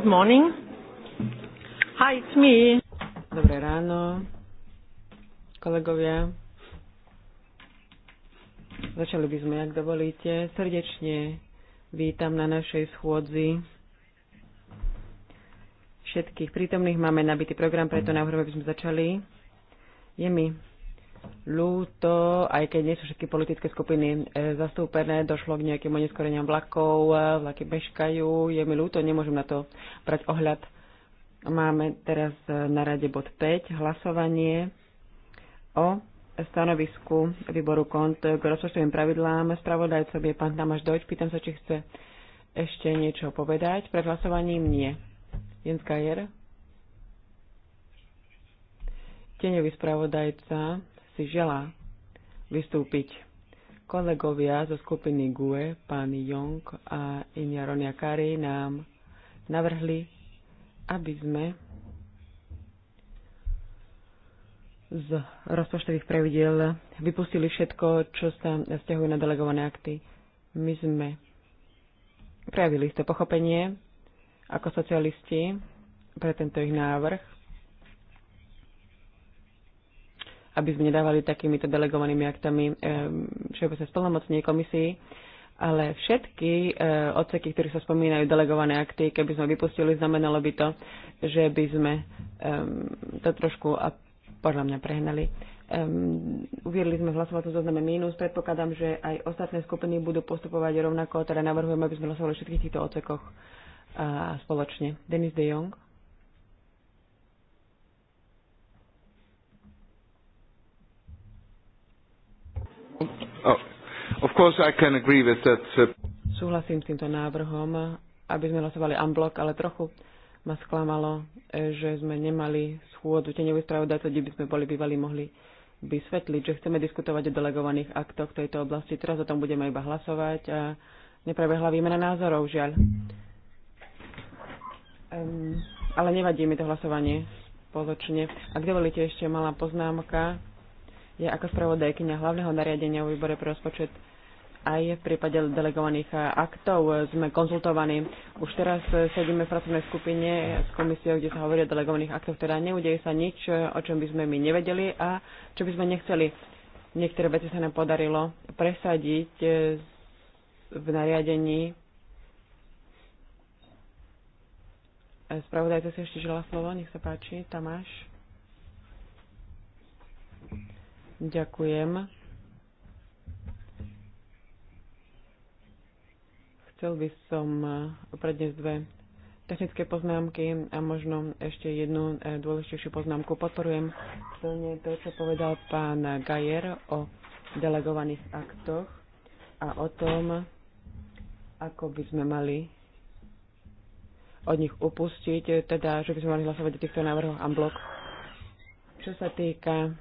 Good morning. Hi, it's me. Dobré ráno, kolegovia. Začali by sme, ak dovolíte. Srdečne vítam na našej schôdzi všetkých prítomných. Máme nabitý program, preto na by sme začali. Je mi ľúto, aj keď nie sú všetky politické skupiny e, zastúpené, došlo k nejakým oneskoreniam vlakov, e, vlaky bežkajú, je mi ľúto, nemôžem na to brať ohľad. Máme teraz e, na rade bod 5, hlasovanie o stanovisku výboru kont k rozpočtovým pravidlám. Spravodajcom je pán Tamáš Dojč. Pýtam sa, či chce ešte niečo povedať. Pred hlasovaním nie. Jens Gajer. Teňový spravodajca si želá vystúpiť. Kolegovia zo skupiny GUE, pán Jong a Inia Kari nám navrhli, aby sme z rozpočtových pravidel vypustili všetko, čo sa vzťahuje na delegované akty. My sme prejavili isté pochopenie ako socialisti pre tento ich návrh aby sme nedávali takýmito delegovanými aktami všeobecne splnomocnej komisii, ale všetky e, odseky, ktoré sa spomínajú delegované akty, keby sme vypustili, znamenalo by to, že by sme to trošku a podľa mňa prehnali. Um, uviedli sme v hlasovacom zozname mínus. Predpokladám, že aj ostatné skupiny budú postupovať rovnako, teda navrhujem, aby sme hlasovali všetkých týchto ocekoch uh, spoločne. Denis de Jong. Of course I can agree with that. Uh, Súhlasím s týmto návrhom, aby sme hlasovali unblock, ale trochu ma sklamalo, e, že sme nemali schôdu teňových spravodajcov, kde by sme boli bývali mohli vysvetliť, že chceme diskutovať o delegovaných aktoch v tejto oblasti. Teraz o tom budeme iba hlasovať a neprebehla výmena názorov, žiaľ. Um, ale nevadí mi to hlasovanie spoločne. Ak dovolíte ešte malá poznámka, ja ako spravodajkyňa hlavného nariadenia o výbore pre rozpočet aj v prípade delegovaných aktov sme konzultovaní. Už teraz sedíme v pracovnej skupine s komisiou, kde sa hovorí o delegovaných aktoch, teda neudeje sa nič, o čom by sme my nevedeli a čo by sme nechceli. Niektoré veci sa nám podarilo presadiť v nariadení. Spravodajca si ešte žela slovo, nech sa páči, Tamáš. Ďakujem. Chcel by som eh, predniesť dve technické poznámky a možno ešte jednu eh, dôležitejšiu poznámku. Podporujem plne to, čo povedal pán Gajer o delegovaných aktoch a o tom, ako by sme mali od nich upustiť, teda, že by sme mali hlasovať o týchto návrhoch unblock. Čo sa týka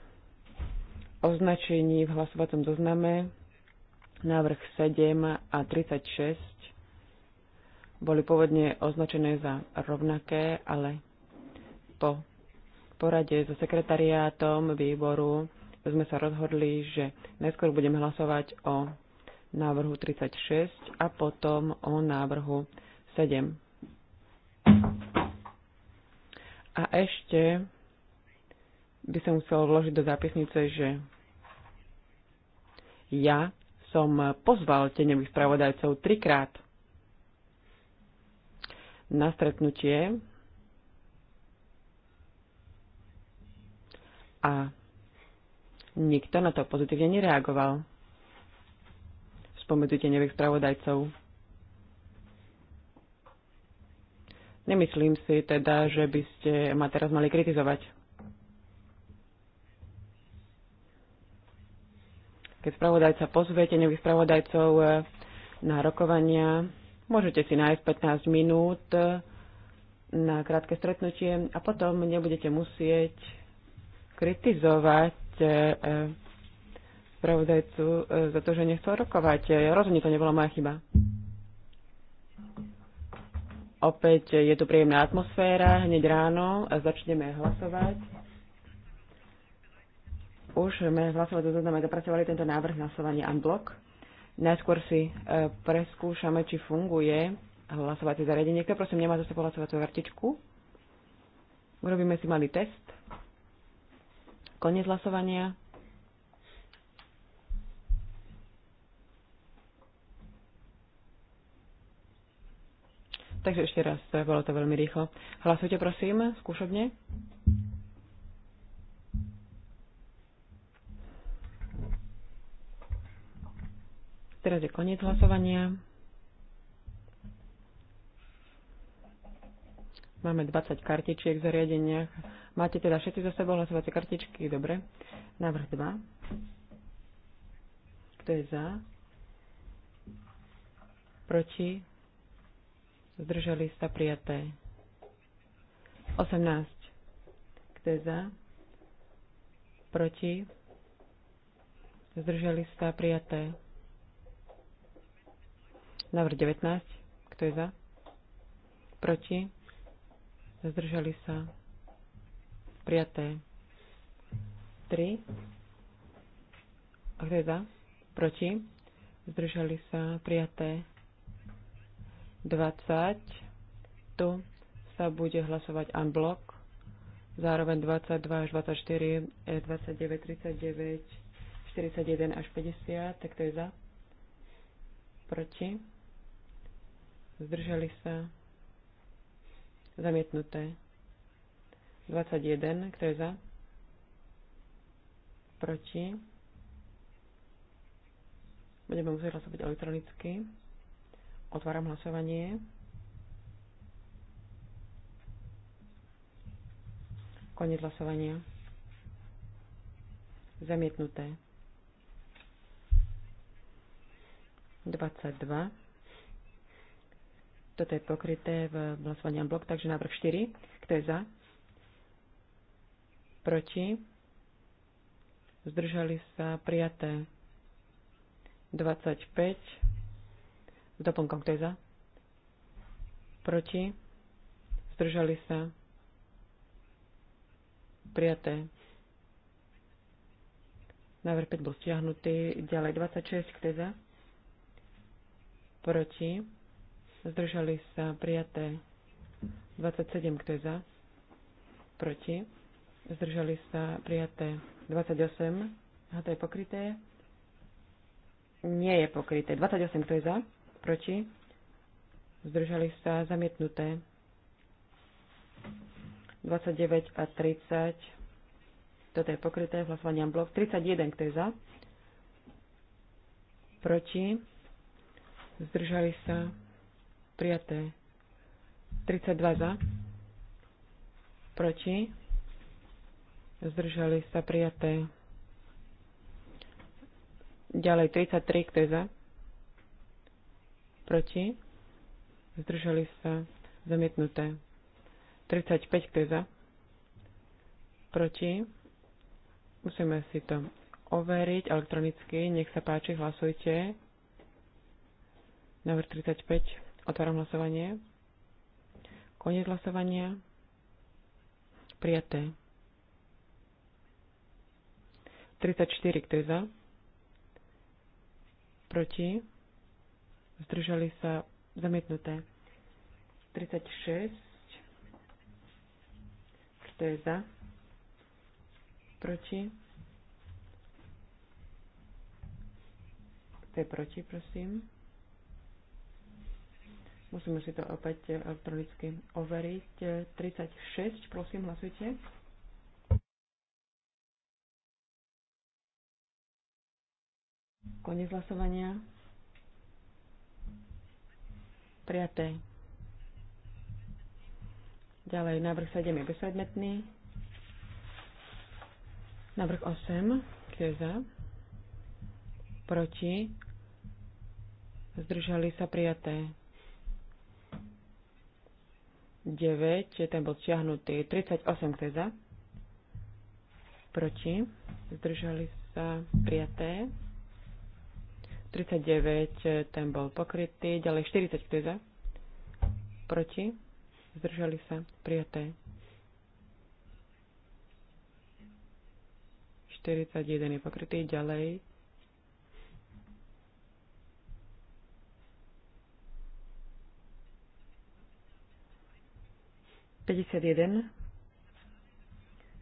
označení v hlasovacom zozname, Návrh 7 a 36 boli pôvodne označené za rovnaké, ale po porade so sekretariátom výboru sme sa rozhodli, že najskôr budeme hlasovať o návrhu 36 a potom o návrhu 7. A ešte by som musel vložiť do zápisnice, že ja som pozval tenových spravodajcov trikrát na stretnutie a nikto na to pozitívne nereagoval. Spomedzi tenových spravodajcov. Nemyslím si teda, že by ste ma teraz mali kritizovať. keď spravodajca pozviete nových spravodajcov e, na rokovania, môžete si nájsť 15 minút e, na krátke stretnutie a potom nebudete musieť kritizovať e, spravodajcu za to, že nechcel rokovať. Rozhodne to nebola moja chyba. Opäť je tu príjemná atmosféra, hneď ráno začneme hlasovať už sme hlasovať do zozname dopracovali tento návrh hlasovania unblock. Najskôr si e, preskúšame, či funguje hlasovacie zariadenie. Kto prosím nemá za sebou hlasovaciu kartičku? Urobíme si malý test. Koniec hlasovania. Takže ešte raz, e, bolo to veľmi rýchlo. Hlasujte prosím, skúšobne. Teraz je koniec hlasovania. Máme 20 kartičiek v zariadeniach. Máte teda všetci za sebou hlasovacie kartičky? Dobre. Návrh 2. Kto je za? Proti? Zdržali sa prijaté. 18. Kto je za? Proti? Zdržali sa prijaté. Návrh 19. Kto je za? Proti? Zdržali sa? Prijaté. 3. A kto je za? Proti? Zdržali sa? Prijaté. 20. Tu sa bude hlasovať unblock. Zároveň 22 až 24, 29, 39, 41 až 50. Tak to je za? Proti? zdržali sa, zamietnuté. 21, kto je za, proti, budeme musieť hlasovať elektronicky. Otváram hlasovanie. Koniec hlasovania. Zamietnuté. 22. Toto je pokryté v hlasovaní blok, takže návrh 4. Kto je za? Proti? Zdržali sa prijaté 25. S doplnkom kto je za? Proti? Zdržali sa prijaté. Návrh 5 bol stiahnutý. Ďalej 26. Kto je za? Proti? Zdržali sa prijaté 27, kto je za? Proti. Zdržali sa prijaté 28. A to je pokryté? Nie je pokryté. 28, kto je za? Proti. Zdržali sa zamietnuté 29 a 30. Toto je pokryté hlasovaniam blok. 31, kto je za? Proti. Zdržali sa Prijaté. 32 za. Proti. Zdržali sa prijaté. Ďalej 33, kto je za? Proti. Zdržali sa zamietnuté. 35, kto je za? Proti. Musíme si to overiť elektronicky. Nech sa páči, hlasujte. Návrh 35. Otváram hlasovanie. Koniec hlasovania. Prijaté. 34, kto je za? Proti? Zdržali sa zamietnuté. 36, kto je za? Proti? Kto je proti, prosím? Musíme si to opäť elektronicky overiť. 36, prosím, hlasujte. Konec hlasovania. Prijaté. Ďalej, návrh 7 je bezpredmetný. Návrh 8, kto je za? Proti? Zdržali sa prijaté. 9, ten bol stiahnutý. 38, kto za? Proti. Zdržali sa prijaté. 39, ten bol pokrytý. Ďalej 40, kto za? Proti. Zdržali sa prijaté. 41 je pokrytý. Ďalej 51.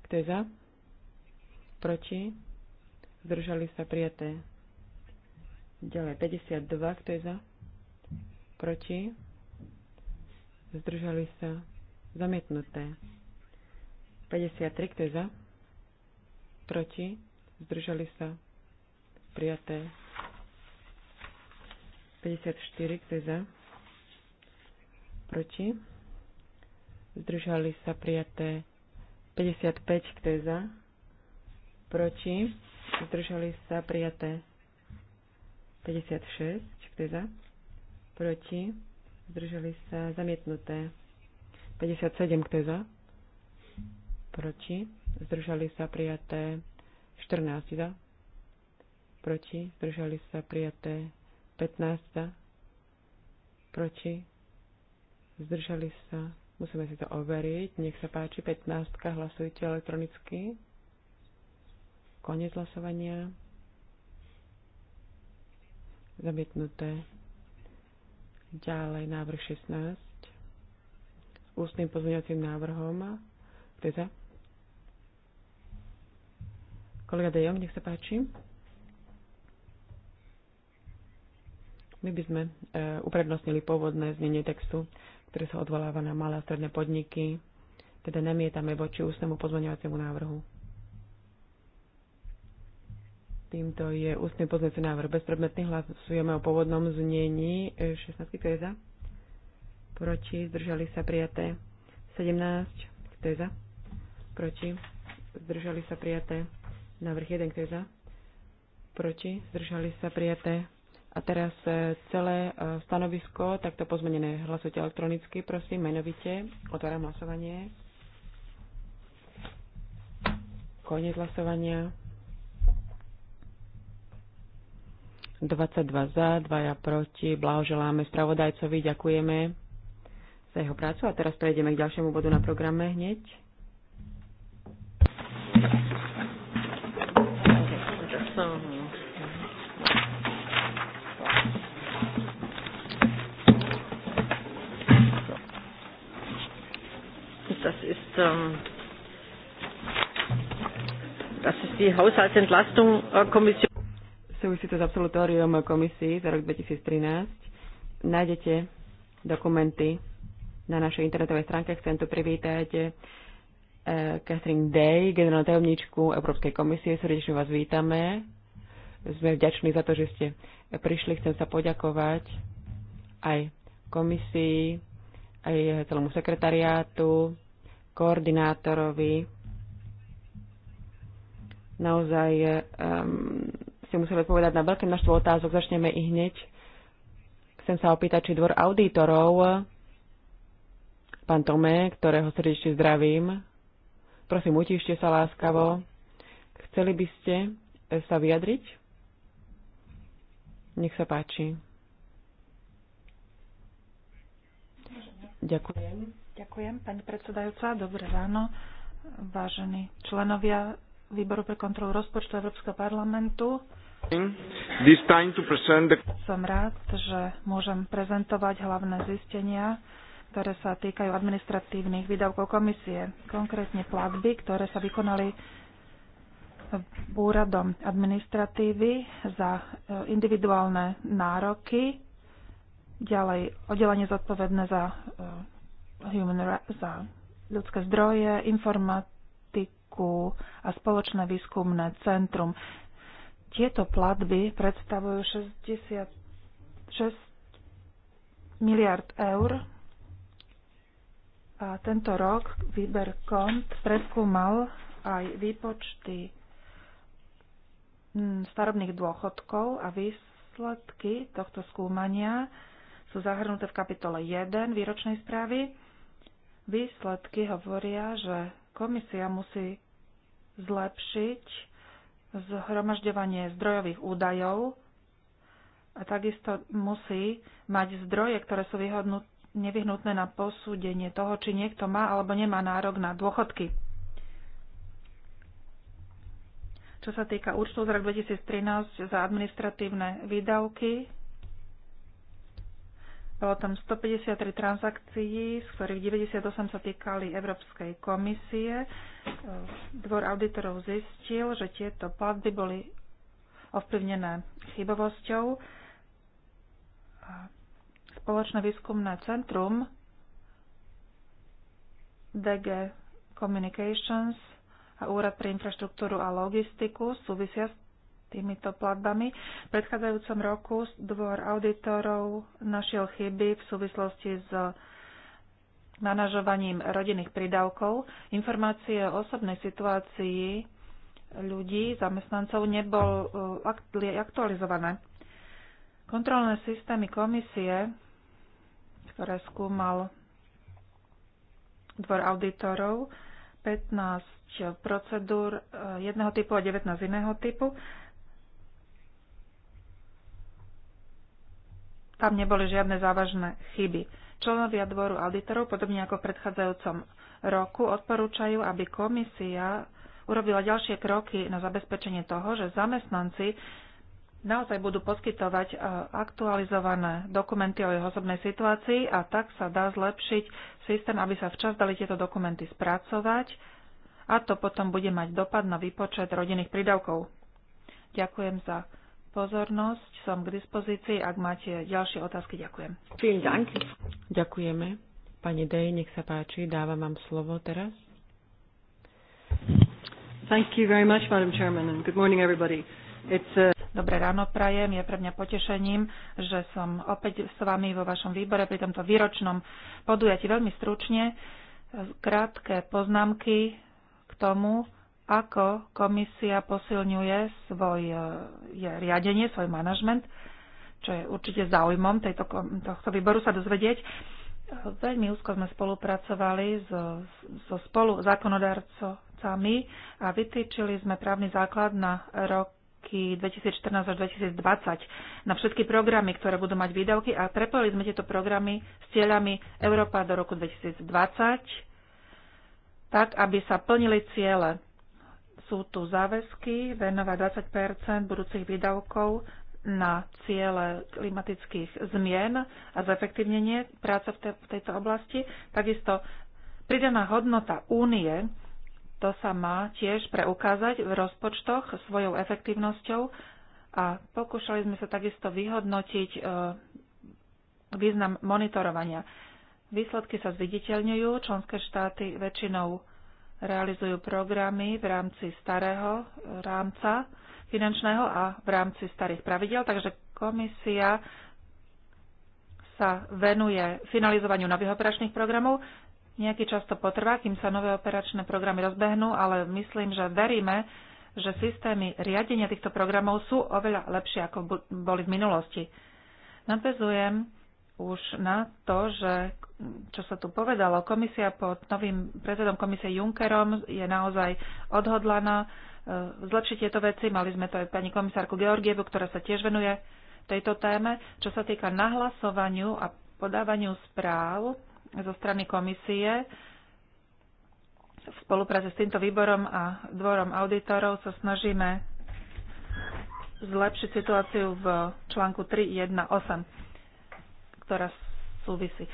Kto je za? Proti? Zdržali sa prijaté. Ďalej 52. Kto je za? Proti? Zdržali sa zamietnuté. 53. Kto je za? Proti? Zdržali sa prijaté. 54. Kto je za? Proti? zdržali sa prijaté 55, kto je za, proti, zdržali sa prijaté 56, k je za, proti, zdržali sa zamietnuté 57, k téza, za, proti, zdržali sa prijaté 14 za, proti, zdržali sa prijaté 15 za, proti, zdržali sa Musíme si to overiť. Nech sa páči, 15. Hlasujte elektronicky. Konec hlasovania. Zamietnuté. Ďalej návrh 16. S ústnym pozmeňovacím návrhom. Kto je za? Kolega Dejom, nech sa páči. My by sme e, uprednostnili pôvodné znenie textu ktoré sa odvoláva na malé a stredné podniky, teda nemietame voči ústnemu pozmeňovaciemu návrhu. Týmto je ústny pozmeňovací návrh bezpredmetný. Hlasujeme o pôvodnom znení 16. Eh, kto je za? Proti? Zdržali sa prijaté. 17. Kto je za? Proti? Zdržali sa prijaté. Návrh 1. Kto je za? Proti? Zdržali sa prijaté. A teraz e, celé e, stanovisko, takto pozmenené, hlasujte elektronicky, prosím, menovite. Otváram hlasovanie. Koniec hlasovania. 22 za, 2 proti. Blahoželáme spravodajcovi, ďakujeme za jeho prácu. A teraz prejdeme k ďalšiemu bodu na programe hneď. ähm, das ist die Haushaltsentlastung äh, Kommission. Súvisí to s absolutórium komisii za rok 2013. Nájdete dokumenty na našej internetovej stránke. Chcem tu privítať e, Catherine Day, generálnu tajomničku Európskej komisie. Srdečne vás vítame. Sme vďační za to, že ste prišli. Chcem sa poďakovať aj komisii, aj celému sekretariátu, koordinátorovi naozaj um, si museli odpovedať na veľké množstvo otázok. Začneme i hneď. Chcem sa opýtať, či dvor auditorov, pán Tome, ktorého srdečne zdravím, prosím, utište sa láskavo. Chceli by ste eh, sa vyjadriť? Nech sa páči. Ďakujem. Ďakujem, pani predsedajúca. Dobré ráno, vážení členovia Výboru pre kontrolu rozpočtu Európskeho parlamentu. Som rád, že môžem prezentovať hlavné zistenia, ktoré sa týkajú administratívnych výdavkov komisie, konkrétne platby, ktoré sa vykonali úradom administratívy za e, individuálne nároky, ďalej oddelenie zodpovedné za e, human, za ľudské zdroje, informatiku a spoločné výskumné centrum. Tieto platby predstavujú 66 miliard eur a tento rok výber kont preskúmal aj výpočty mm, starobných dôchodkov a výsledky tohto skúmania sú zahrnuté v kapitole 1 výročnej správy Výsledky hovoria, že komisia musí zlepšiť zhromažďovanie zdrojových údajov a takisto musí mať zdroje, ktoré sú nevyhnutné na posúdenie toho, či niekto má alebo nemá nárok na dôchodky. Čo sa týka účtu z roku 2013 za administratívne výdavky, bolo tam 153 transakcií, z ktorých 98 sa týkali Európskej komisie. Dvor auditorov zistil, že tieto platby boli ovplyvnené chybovosťou. Spoločné výskumné centrum DG Communications a Úrad pre infraštruktúru a logistiku súvisia s týmito platbami. V predchádzajúcom roku dvor auditorov našiel chyby v súvislosti s manažovaním rodinných prídavkov. Informácie o osobnej situácii ľudí, zamestnancov, nebol eh, aktualizované. Kontrolné systémy komisie, ktoré skúmal dvor auditorov, 15 procedúr eh, jedného typu a 19 iného typu, Tam neboli žiadne závažné chyby. Členovia dvoru auditorov, podobne ako v predchádzajúcom roku, odporúčajú, aby komisia urobila ďalšie kroky na zabezpečenie toho, že zamestnanci naozaj budú poskytovať e, aktualizované dokumenty o ich osobnej situácii a tak sa dá zlepšiť systém, aby sa včas dali tieto dokumenty spracovať a to potom bude mať dopad na výpočet rodinných prídavkov. Ďakujem za pozornosť. Som k dispozícii, ak máte ďalšie otázky. Ďakujem. Ďakujeme. Pani Dej, nech sa páči, dávam vám slovo teraz. Thank you very much, Madam Chairman, and good morning, everybody. It's a... Uh, Dobré ráno prajem, je pre mňa potešením, že som opäť s vami vo vašom výbore pri tomto výročnom podujatí. Veľmi stručne, krátke poznámky k tomu, ako komisia posilňuje svoje riadenie, svoj manažment, čo je určite záujmom tejto, tohto výboru sa dozvedieť. E, veľmi úzko sme spolupracovali so, so spolu zákonodarcami a vytýčili sme právny základ na roky 2014 až 2020 na všetky programy, ktoré budú mať výdavky a prepojili sme tieto programy s cieľami Európa do roku 2020 tak, aby sa plnili ciele sú tu záväzky venovať 20 budúcich výdavkov na ciele klimatických zmien a zefektívnenie práce v, te, v tejto oblasti. Takisto pridaná hodnota únie, to sa má tiež preukázať v rozpočtoch svojou efektívnosťou a pokúšali sme sa takisto vyhodnotiť e, význam monitorovania. Výsledky sa zviditeľňujú, členské štáty väčšinou realizujú programy v rámci starého e, rámca finančného a v rámci starých pravidel, takže komisia sa venuje finalizovaniu nových operačných programov. Nejaký čas to potrvá, kým sa nové operačné programy rozbehnú, ale myslím, že veríme, že systémy riadenia týchto programov sú oveľa lepšie, ako boli v minulosti. Nadvezujem už na to, že čo sa tu povedalo, komisia pod novým predsedom komisie Junckerom je naozaj odhodlaná e, zlepšiť tieto veci. Mali sme to aj pani komisárku Georgievu, ktorá sa tiež venuje tejto téme. Čo sa týka nahlasovaniu a podávaniu správ zo strany komisie, v spolupráci s týmto výborom a dvorom auditorov sa snažíme zlepšiť situáciu v článku 3.1.8 ktorá súvisí. E,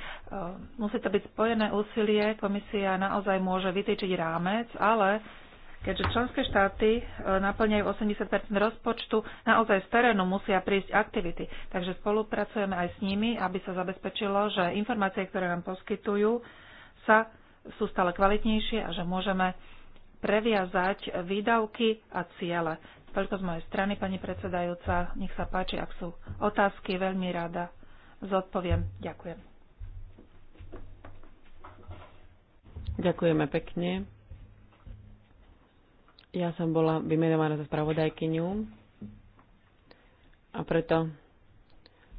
musí to byť spojené úsilie, komisia naozaj môže vytýčiť rámec, ale keďže členské štáty e, naplňajú 80 rozpočtu, naozaj z terénu musia prísť aktivity. Takže spolupracujeme aj s nimi, aby sa zabezpečilo, že informácie, ktoré nám poskytujú, sa sú stále kvalitnejšie a že môžeme previazať výdavky a ciele. Toľko z mojej strany, pani predsedajúca. Nech sa páči, ak sú otázky, veľmi rada zodpoviem. Ďakujem. Ďakujeme pekne. Ja som bola vymenovaná za spravodajkyňu a preto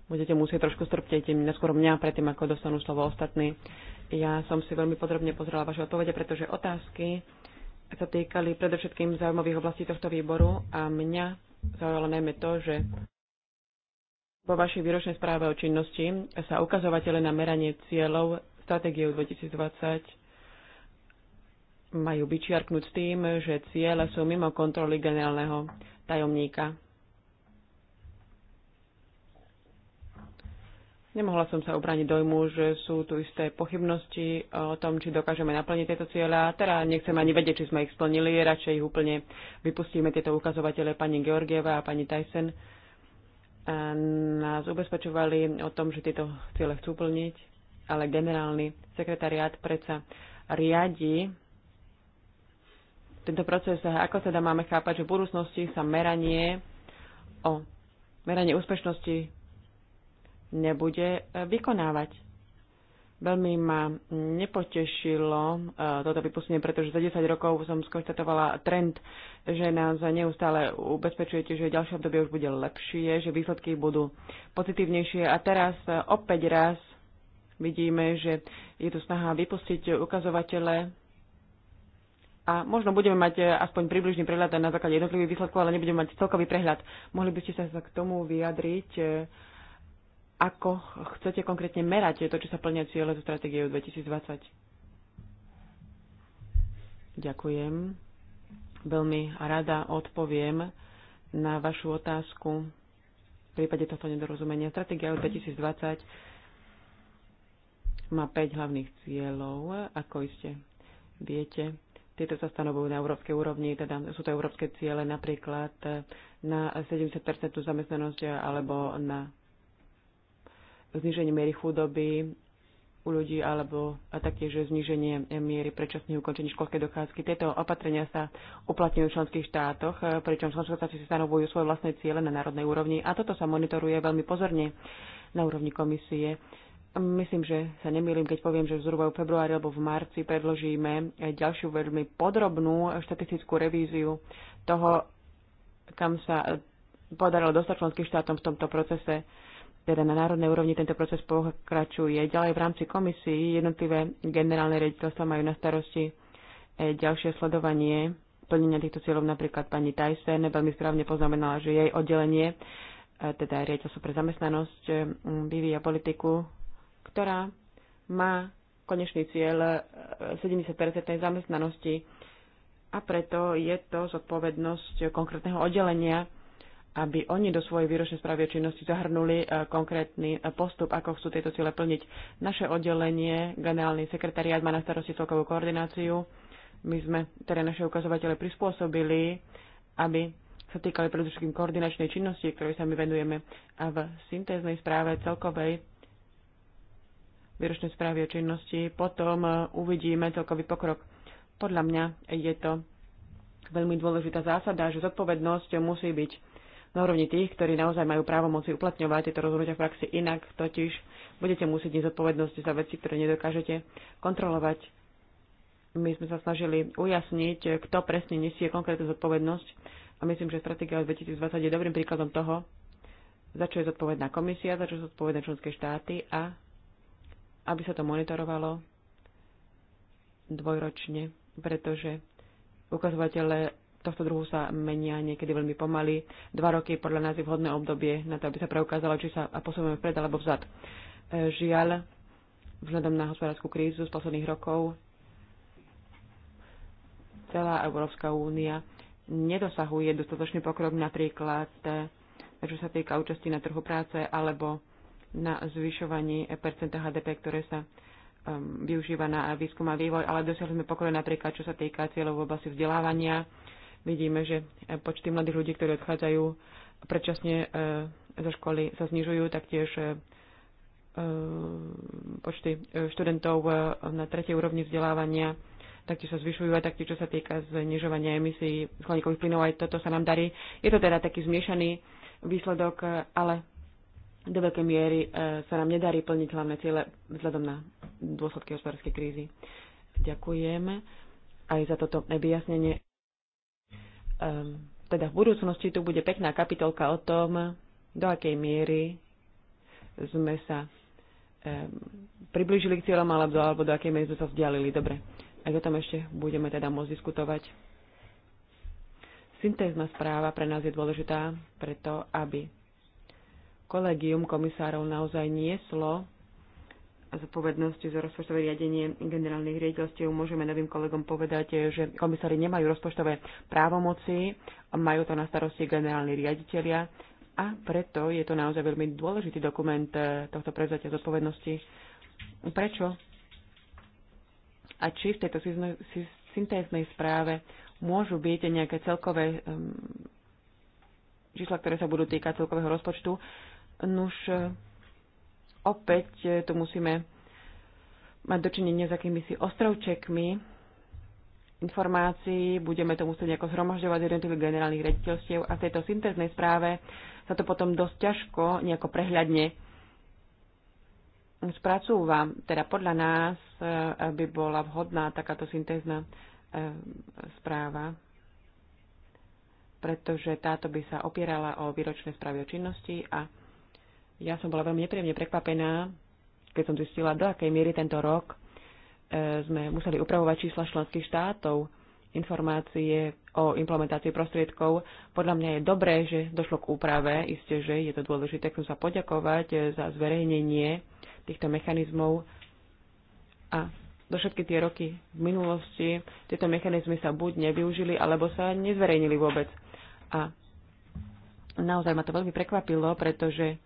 budete musieť trošku strpteť neskôr mňa, predtým ako dostanú slovo ostatní. Ja som si veľmi podrobne pozrela vaše odpovede, pretože otázky sa týkali predovšetkým zaujímavých oblastí tohto výboru a mňa zaujalo najmä to, že vo vašej výročnej správe o činnosti sa ukazovatele na meranie cieľov stratégie 2020 majú vyčiarknúť tým, že ciele sú mimo kontroly generálneho tajomníka. Nemohla som sa obrániť dojmu, že sú tu isté pochybnosti o tom, či dokážeme naplniť tieto cieľa. Teraz nechcem ani vedieť, či sme ich splnili, radšej ich úplne vypustíme tieto ukazovatele pani Georgieva a pani Tyson Ehm, nás ubezpečovali o tom, že tieto ciele chcú plniť, ale generálny sekretariát predsa riadi tento proces, ako teda máme chápať, že v budúcnosti sa meranie o meranie úspešnosti nebude eh, vykonávať. Veľmi ma nepotešilo e, toto vypustenie, pretože za 10 rokov som skonštatovala trend, že nás neustále ubezpečujete, že ďalšie obdobie už bude lepšie, že výsledky budú pozitívnejšie. A teraz e, opäť raz vidíme, že je tu snaha vypustiť ukazovatele a možno budeme mať e, aspoň približný prehľad na základe jednotlivých výsledkov, ale nebudeme mať celkový prehľad. Mohli by ste sa k tomu vyjadriť? ako chcete konkrétne merať to, čo sa plnia cieľe zo stratégie 2020? Ďakujem. Veľmi rada odpoviem na vašu otázku v prípade tohto nedorozumenia. Stratégia 2020 má 5 hlavných cieľov, ako iste viete. Tieto sa stanovujú na európskej úrovni, teda sú to európske ciele napríklad na 70% zamestnanosť alebo na zniženie miery chudoby u ľudí alebo a taktiež zniženie miery predčasných ukončení školskej dochádzky. Tieto opatrenia sa uplatňujú v členských štátoch, eh, pričom členské štáty si stanovujú svoje vlastné ciele na národnej úrovni a toto sa monitoruje veľmi pozorne na úrovni komisie. Myslím, že sa nemýlim, keď poviem, že zhruba v februári alebo v marci predložíme eh, ďalšiu veľmi podrobnú štatistickú revíziu toho, kam sa eh, podarilo dostať členským štátom v tomto procese teda na národnej úrovni tento proces pokračuje. Ďalej v rámci komisii jednotlivé generálne rediteľstva majú na starosti eh, ďalšie sledovanie plnenia týchto cieľov. Napríklad pani Tyson veľmi správne poznamenala, že jej oddelenie, eh, teda riaditeľstvo pre zamestnanosť, eh, vyvíja politiku, ktorá má konečný cieľ 70% zamestnanosti a preto je to zodpovednosť konkrétneho oddelenia aby oni do svojej výročnej správy činnosti zahrnuli e, konkrétny e, postup, ako chcú tieto cíle plniť. Naše oddelenie, generálny sekretariát má na starosti celkovú koordináciu. My sme teda naše ukazovatele prispôsobili, aby sa týkali predovšetkým koordinačnej činnosti, ktorej sa my venujeme. A v syntéznej správe celkovej výročnej správy o činnosti potom e, uvidíme celkový pokrok. Podľa mňa je to veľmi dôležitá zásada, že zodpovednosť musí byť na úrovni tých, ktorí naozaj majú právo moci uplatňovať tieto rozhodnutia v praxi. Inak totiž budete musieť zodpovednosť za veci, ktoré nedokážete kontrolovať. My sme sa snažili ujasniť, kto presne nesie konkrétnu zodpovednosť a myslím, že stratégia 2020 je dobrým príkladom toho, za čo je zodpovedná komisia, za čo sú zodpovedné členské štáty a aby sa to monitorovalo dvojročne, pretože ukazovatele tohto druhu sa menia niekedy veľmi pomaly. Dva roky podľa nás je vhodné obdobie na to, aby sa preukázalo, či sa posunieme vpred alebo vzad. E, žiaľ, vzhľadom na hospodárskú krízu z posledných rokov celá Európska únia nedosahuje dostatočný pokrok napríklad, e, čo sa týka účasti na trhu práce alebo na zvyšovaní percenta HDP, ktoré sa e, využíva na výskum a vývoj, ale dosiahli sme pokroj napríklad, čo sa týka cieľov v oblasti vzdelávania, Vidíme, že počty mladých ľudí, ktorí odchádzajú predčasne e, zo školy, sa znižujú, taktiež e, e, počty študentov na tretej úrovni vzdelávania taktiež sa zvyšujú a taktiež čo sa týka znižovania emisí skleníkových plynov, aj toto sa nám darí. Je to teda taký zmiešaný výsledok, ale do veľkej miery sa nám nedarí plniť hlavné ciele vzhľadom na dôsledky hospodárskej krízy. Ďakujem aj za toto vyjasnenie. Ehm, teda v budúcnosti tu bude pekná kapitolka o tom, do akej miery sme sa ehm, priblížili k cieľom alebo, alebo do akej miery sme sa vzdialili. Dobre, aj o tom ešte budeme teda môcť diskutovať. Syntézna správa pre nás je dôležitá preto, aby kolegium komisárov naozaj nieslo zodpovednosť za rozpočtové riadenie generálnych riaditeľstiev. Môžeme novým kolegom povedať, že komisári nemajú rozpočtové právomoci, majú to na starosti generálni riaditeľia a preto je to naozaj veľmi dôležitý dokument eh, tohto prevzatia zodpovednosti. Prečo? A či v tejto syntéznej správe môžu byť nejaké celkové ehm, čísla, ktoré sa budú týkať celkového rozpočtu? Nuž, eh, opäť e, tu musíme mať dočinenie s akýmisi ostrovčekmi informácií, budeme to musieť nejako zhromažďovať z jednotlivých generálnych rediteľstiev a v tejto syntéznej správe sa to potom dosť ťažko nejako prehľadne spracúva. Teda podľa nás e, by bola vhodná takáto syntézna e, správa, pretože táto by sa opierala o výročné správy o činnosti a ja som bola veľmi nepríjemne prekvapená, keď som zistila, do akej miery tento rok e, sme museli upravovať čísla členských štátov, informácie o implementácii prostriedkov. Podľa mňa je dobré, že došlo k úprave, isté, že je to dôležité. Chcem sa poďakovať e, za zverejnenie týchto mechanizmov a do všetky tie roky v minulosti tieto mechanizmy sa buď nevyužili, alebo sa nezverejnili vôbec. A naozaj ma to veľmi prekvapilo, pretože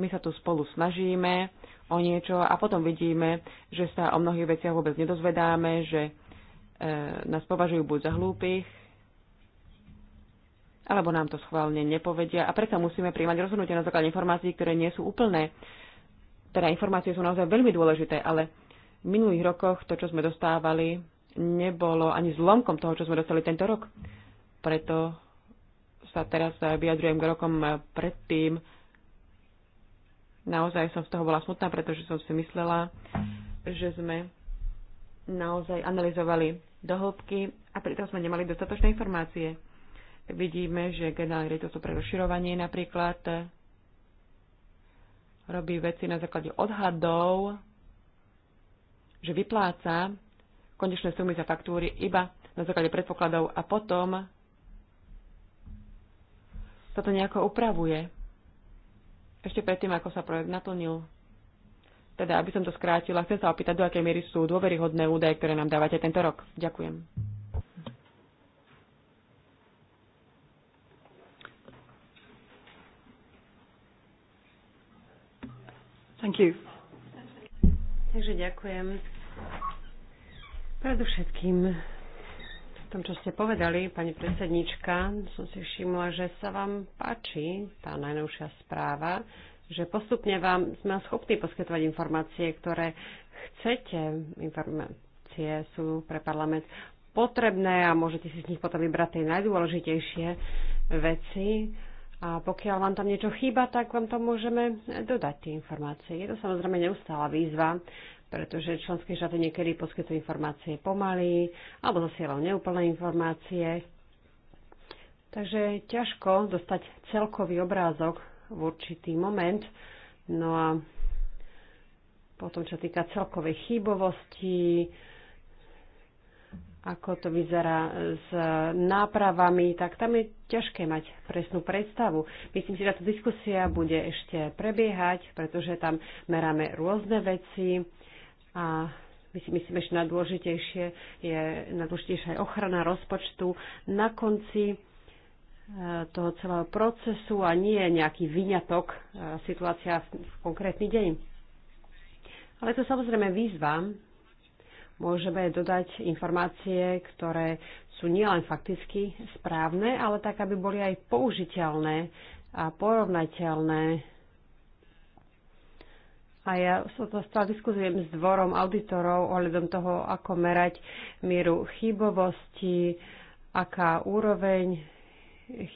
my sa tu spolu snažíme o niečo a potom vidíme, že sa o mnohých veciach vôbec nedozvedáme, že e, nás považujú buď za hlúpych, alebo nám to schválne nepovedia a preto musíme príjmať rozhodnutia na základe informácií, ktoré nie sú úplné. Teda informácie sú naozaj veľmi dôležité, ale v minulých rokoch to, čo sme dostávali, nebolo ani zlomkom toho, čo sme dostali tento rok. Preto sa teraz vyjadrujem k rokom predtým, Naozaj som z toho bola smutná, pretože som si myslela, že sme naozaj analyzovali dohĺbky a pritom sme nemali dostatočné informácie. Vidíme, že generálne rejtosť pre rozširovanie napríklad robí veci na základe odhadov, že vypláca konečné sumy za faktúry iba na základe predpokladov a potom sa to nejako upravuje ešte predtým, ako sa projekt naplnil. Teda, aby som to skrátila, chcem sa opýtať, do akej miery sú dôveryhodné údaje, ktoré nám dávate tento rok. Ďakujem. Thank you. Takže ďakujem. Predovšetkým tom, čo ste povedali, pani predsednička, som si všimla, že sa vám páči tá najnovšia správa, že postupne vám sme schopní poskytovať informácie, ktoré chcete. Informácie sú pre parlament potrebné a môžete si z nich potom vybrať tie najdôležitejšie veci. A pokiaľ vám tam niečo chýba, tak vám to môžeme dodať, tie informácie. Je to samozrejme neustála výzva pretože členské štáty niekedy poskytujú informácie pomaly alebo zasielajú neúplné informácie. Takže ťažko dostať celkový obrázok v určitý moment. No a potom, čo týka celkovej chybovosti, ako to vyzerá s nápravami, tak tam je ťažké mať presnú predstavu. Myslím si, že táto diskusia bude ešte prebiehať, pretože tam meráme rôzne veci a my si myslíme, že najdôležitejšie je najdôležitejšia aj ochrana rozpočtu na konci e, toho celého procesu a nie nejaký vyňatok e, situácia v konkrétny deň. Ale to samozrejme výzva. Môžeme dodať informácie, ktoré sú nielen fakticky správne, ale tak, aby boli aj použiteľné a porovnateľné a ja som to stále diskuzujem s dvorom auditorov ohľadom toho, ako merať mieru chybovosti, aká úroveň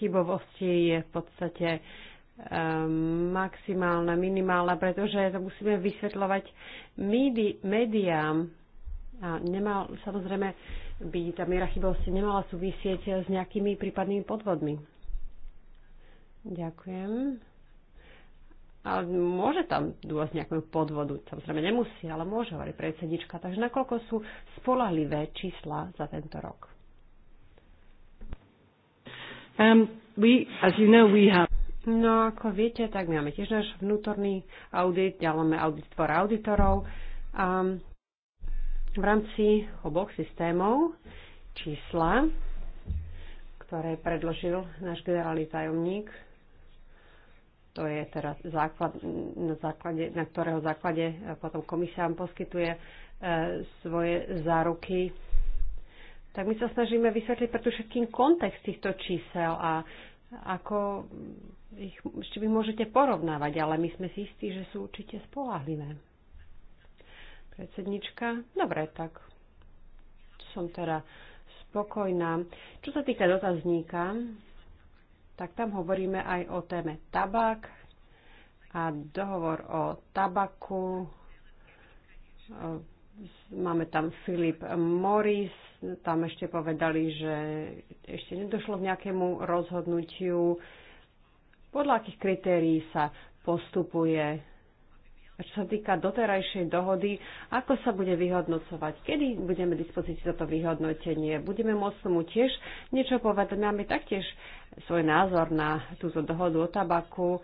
chybovosti je v podstate um, maximálna, minimálna, pretože to musíme vysvetľovať médiám. A nemal, samozrejme by tá miera chybovosti nemala súvisieť s nejakými prípadnými podvodmi. Ďakujem ale môže tam dôjsť nejakú podvodu. Samozrejme nemusí, ale môže, hovorí predsednička. Takže nakoľko sú spolahlivé čísla za tento rok? Um, we, as you know, we have... No, ako viete, tak my máme tiež náš vnútorný audit, ďalej audit tvor auditorov. A um, v rámci oboch systémov čísla, ktoré predložil náš generálny tajomník to je teraz základ, na, základe, na ktorého základe e, potom komisia poskytuje e, svoje záruky. Tak my sa snažíme vysvetliť pre všetkým kontext týchto čísel a ako ich ešte vy môžete porovnávať, ale my sme si istí, že sú určite spolahlivé. Predsednička? Dobre, tak som teda spokojná. Čo sa týka dotazníka, tak tam hovoríme aj o téme tabak a dohovor o tabaku. E, máme tam Filip Morris, tam ešte povedali, že ešte nedošlo k nejakému rozhodnutiu, podľa akých kritérií sa postupuje. A čo sa týka doterajšej dohody, ako sa bude vyhodnocovať? Kedy budeme dispozícii toto vyhodnotenie? Budeme môcť tomu tiež niečo povedať? No máme taktiež svoj názor na túto dohodu o tabaku.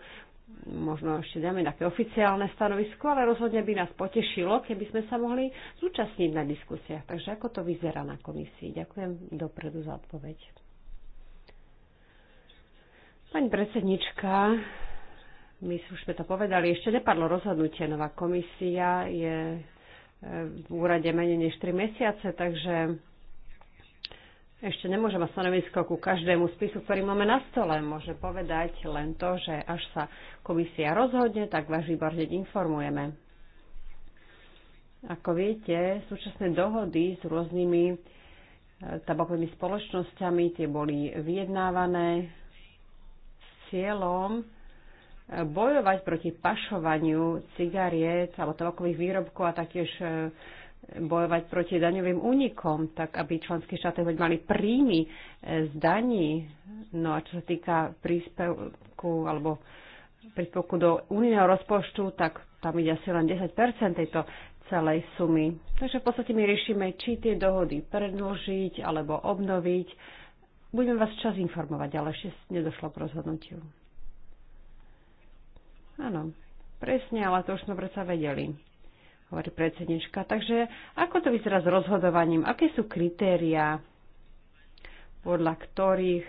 Možno ešte dáme také oficiálne stanovisko, ale rozhodne by nás potešilo, keby sme sa mohli zúčastniť na diskusiách. Takže ako to vyzerá na komisii? Ďakujem dopredu za odpoveď. Pani predsednička, my už sme to povedali, ešte nepadlo rozhodnutie. Nová komisia je e, v úrade menej než 3 mesiace, takže ešte nemôžem mať stanovisko ku každému spisu, ktorý máme na stole. Môže povedať len to, že až sa komisia rozhodne, tak váš výbor hneď informujeme. Ako viete, súčasné dohody s rôznymi e, tabakovými spoločnosťami, tie boli vyjednávané s cieľom e, bojovať proti pašovaniu cigariet alebo tabakových výrobkov a taktiež e, bojovať proti daňovým únikom, tak aby členské štáty mali príjmy e, z daní. No a čo sa týka príspevku alebo príspevku do unijného rozpočtu, tak tam ide asi len 10 tejto celej sumy. Takže v podstate my riešime, či tie dohody predlžiť alebo obnoviť. Budeme vás čas informovať, ale ešte nedošlo k rozhodnutiu. Áno, presne, ale to už sme predsa vedeli hovorí predsednička. Takže ako to vyzerá s rozhodovaním? Aké sú kritériá, podľa ktorých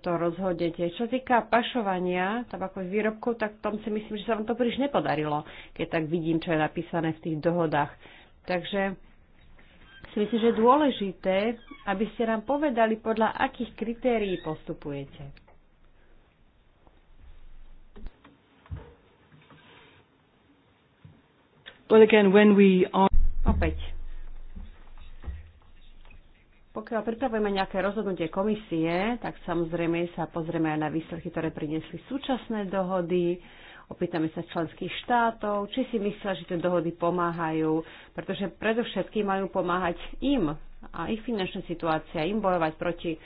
to rozhodnete? Čo týka pašovania tabakových výrobkov, tak tom si myslím, že sa vám to príliš nepodarilo, keď tak vidím, čo je napísané v tých dohodách. Takže si myslím, že je dôležité, aby ste nám povedali, podľa akých kritérií postupujete. But again, when we are... Opäť. Pokiaľ pripravujeme nejaké rozhodnutie komisie, tak samozrejme sa pozrieme aj na výsledky, ktoré priniesli súčasné dohody, opýtame sa členských štátov, či si myslia, že tie dohody pomáhajú, pretože predovšetkým majú pomáhať im a ich finančná situácia, im bojovať proti eh,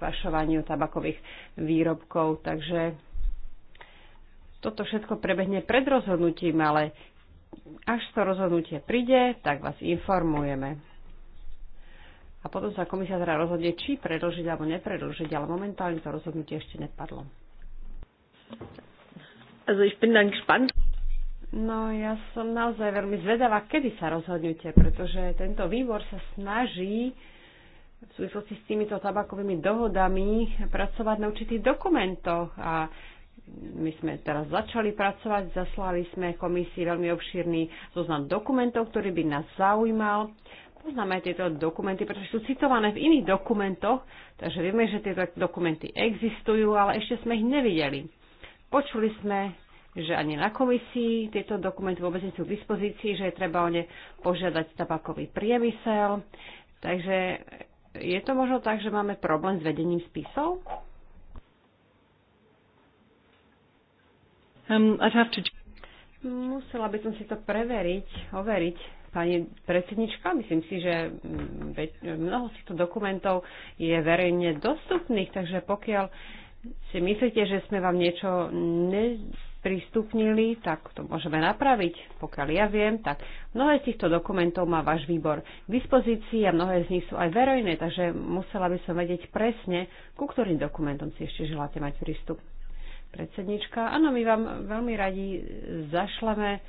pašovaniu tabakových výrobkov. Takže toto všetko prebehne pred rozhodnutím, ale až to rozhodnutie príde, tak vás informujeme. A potom sa komisia teda rozhodne, či predlžiť alebo nepredlžiť, ale momentálne to rozhodnutie ešte nepadlo. Also ich bin dann gespannt. No ja som naozaj veľmi zvedavá, kedy sa rozhodnete, pretože tento výbor sa snaží v súvislosti s týmito tabakovými dohodami pracovať na určitých dokumentoch a my sme teraz začali pracovať, zaslali sme komisii veľmi obšírny zoznam dokumentov, ktorý by nás zaujímal. Poznáme tieto dokumenty, pretože sú citované v iných dokumentoch, takže vieme, že tieto dokumenty existujú, ale ešte sme ich nevideli. Počuli sme, že ani na komisii tieto dokumenty vôbec nie sú k dispozícii, že je treba o ne požiadať tabakový priemysel. Takže je to možno tak, že máme problém s vedením spisov? Um, I'd have to... Musela by som si to preveriť, overiť, pani predsednička. Myslím si, že mm, mnoho z týchto dokumentov je verejne dostupných, takže pokiaľ si myslíte, že sme vám niečo neprístupnili, tak to môžeme napraviť. Pokiaľ ja viem, tak mnohé z týchto dokumentov má váš výbor k dispozícii a mnohé z nich sú aj verejné, takže musela by som vedieť presne, ku ktorým dokumentom si ešte želáte mať prístup predsednička. Áno, my vám veľmi radi zašleme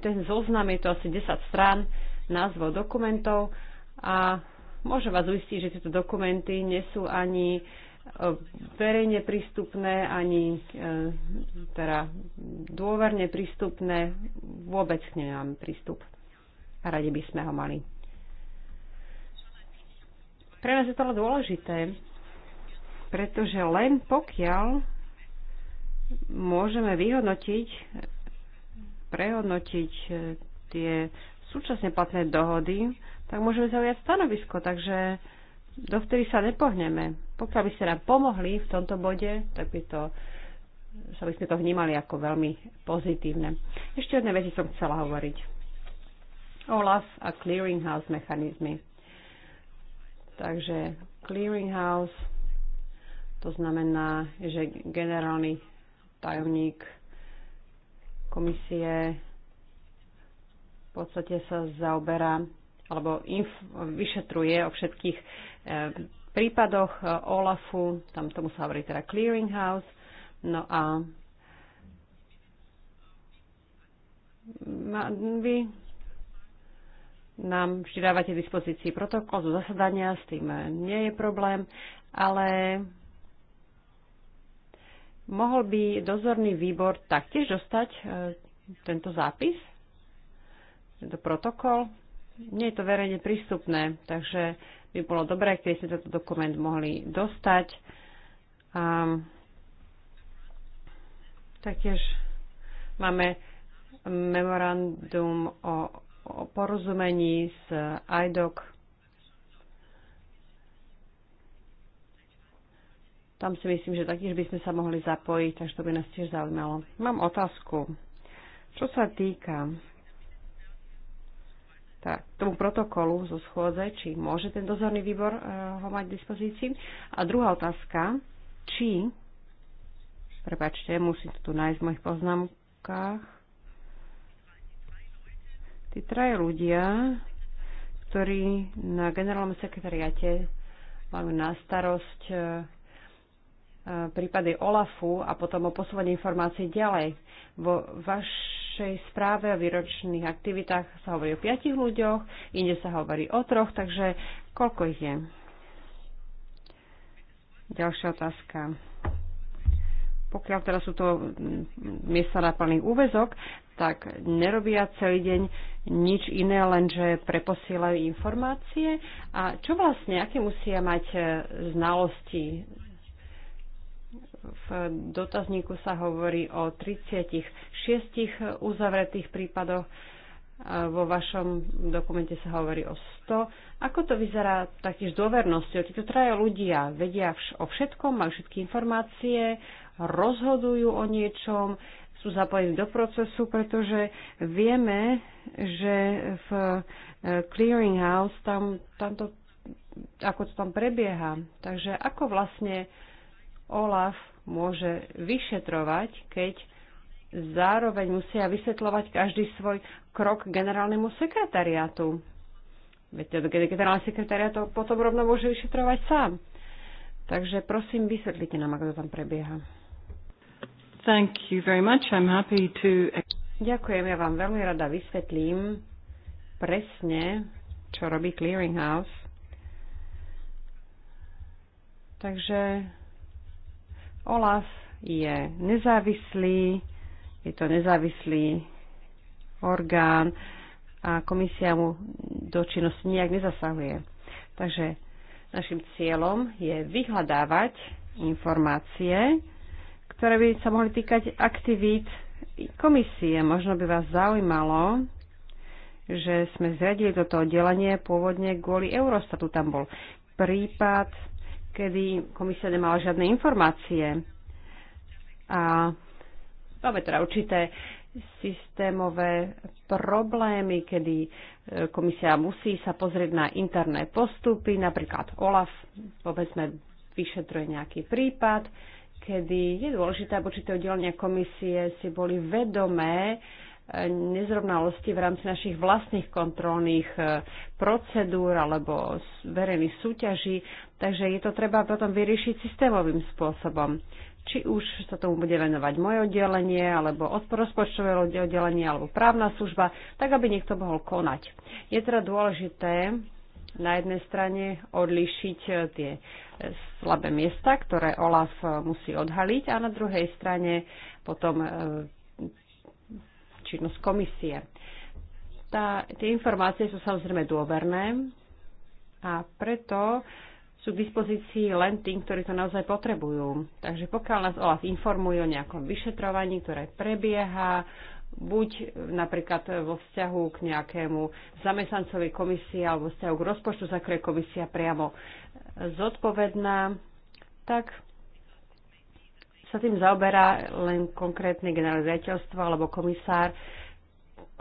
ten zoznam, je to asi 10 strán názvov dokumentov a môžem vás uistiť, že tieto dokumenty nie sú ani e, verejne prístupné, ani e, teda dôverne prístupné. Vôbec k nemám prístup. A radi by sme ho mali. Pre nás je to dôležité, pretože len pokiaľ môžeme vyhodnotiť, prehodnotiť e, tie súčasne platné dohody, tak môžeme zaujať stanovisko. Takže do ktorých sa nepohneme. Pokiaľ by ste nám pomohli v tomto bode, tak by to sa by sme to vnímali ako veľmi pozitívne. Ešte jedné veci som chcela hovoriť. OLAF a clearinghouse mechanizmy. Takže clearinghouse to znamená, že generálny tajomník komisie v podstate sa zaoberá alebo inf- vyšetruje o všetkých e, prípadoch e, OLAFu, tam tomu sa hovorí teda clearinghouse, no a vy nám vždy dávate dispozícii protokol zo zasadania, s tým eh, nie je problém, ale Mohol by dozorný výbor taktiež dostať e, tento zápis, tento protokol? Nie je to verejne prístupné, takže by bolo dobré, keď ste tento dokument mohli dostať. A taktiež máme memorandum o, o porozumení s IDOC Tam si myslím, že taktiež by sme sa mohli zapojiť, takže to by nás tiež zaujímalo. Mám otázku. Čo sa týka tak, tomu protokolu zo schôdze, či môže ten dozorný výbor e, ho mať k dispozícii. A druhá otázka, či, prepačte, musím to tu nájsť v mojich poznámkach, tí traje ľudia, ktorí na generálnom sekretariate majú na starosť e, prípady OLAFu a potom o posúvaní informácií ďalej. Vo vašej správe o výročných aktivitách sa hovorí o piatich ľuďoch, inde sa hovorí o troch, takže koľko ich je? Ďalšia otázka. Pokiaľ teraz sú to mm, miesta na plný úvezok, tak nerobia celý deň nič iné, lenže preposielajú informácie. A čo vlastne, aké musia mať e, znalosti v dotazníku sa hovorí o 36 uzavretých prípadoch, vo vašom dokumente sa hovorí o 100. Ako to vyzerá taktiež s dôvernosťou? Títo traja ľudia vedia vš- o všetkom, majú všetky informácie, rozhodujú o niečom, sú zapojení do procesu, pretože vieme, že v e, clearinghouse tam, tam to, ako to tam prebieha. Takže ako vlastne Olaf môže vyšetrovať, keď zároveň musia vysvetľovať každý svoj krok generálnemu sekretariátu. Viete, generálny sekretariát to potom rovno môže vyšetrovať sám. Takže prosím, vysvetlite nám, ako to tam prebieha. Thank you very much. I'm happy to... Ďakujem, ja vám veľmi rada vysvetlím presne, čo robí Clearinghouse. Takže OLAF je nezávislý, je to nezávislý orgán a komisia mu do činnosti nijak nezasahuje. Takže našim cieľom je vyhľadávať informácie, ktoré by sa mohli týkať aktivít komisie. Možno by vás zaujímalo, že sme zriadili toto oddelenie pôvodne kvôli Eurostatu. Tam bol prípad kedy komisia nemala žiadne informácie. A máme teda určité systémové problémy, kedy e, komisia musí sa pozrieť na interné postupy, napríklad OLAF, povedzme, vyšetruje nejaký prípad, kedy je dôležité, aby určité oddelenia komisie si boli vedomé nezrovnalosti v rámci našich vlastných kontrolných e, procedúr alebo verejných súťaží, takže je to treba potom vyriešiť systémovým spôsobom. Či už sa tomu bude venovať moje oddelenie, alebo rozpočtové oddelenie, alebo právna služba, tak aby niekto mohol konať. Je teda dôležité na jednej strane odlišiť e, tie e, slabé miesta, ktoré OLAF musí odhaliť a na druhej strane potom činnosť komisie. Tá, tie informácie sú samozrejme dôverné a preto sú k dispozícii len tým, ktorí to naozaj potrebujú. Takže pokiaľ nás OLAF informuje o nejakom vyšetrovaní, ktoré prebieha, buď napríklad vo vzťahu k nejakému zamestnancovi komisie alebo vzťahu k rozpočtu, za ktoré komisia priamo zodpovedná, tak sa tým zaoberá len konkrétne generalizateľstvo alebo komisár,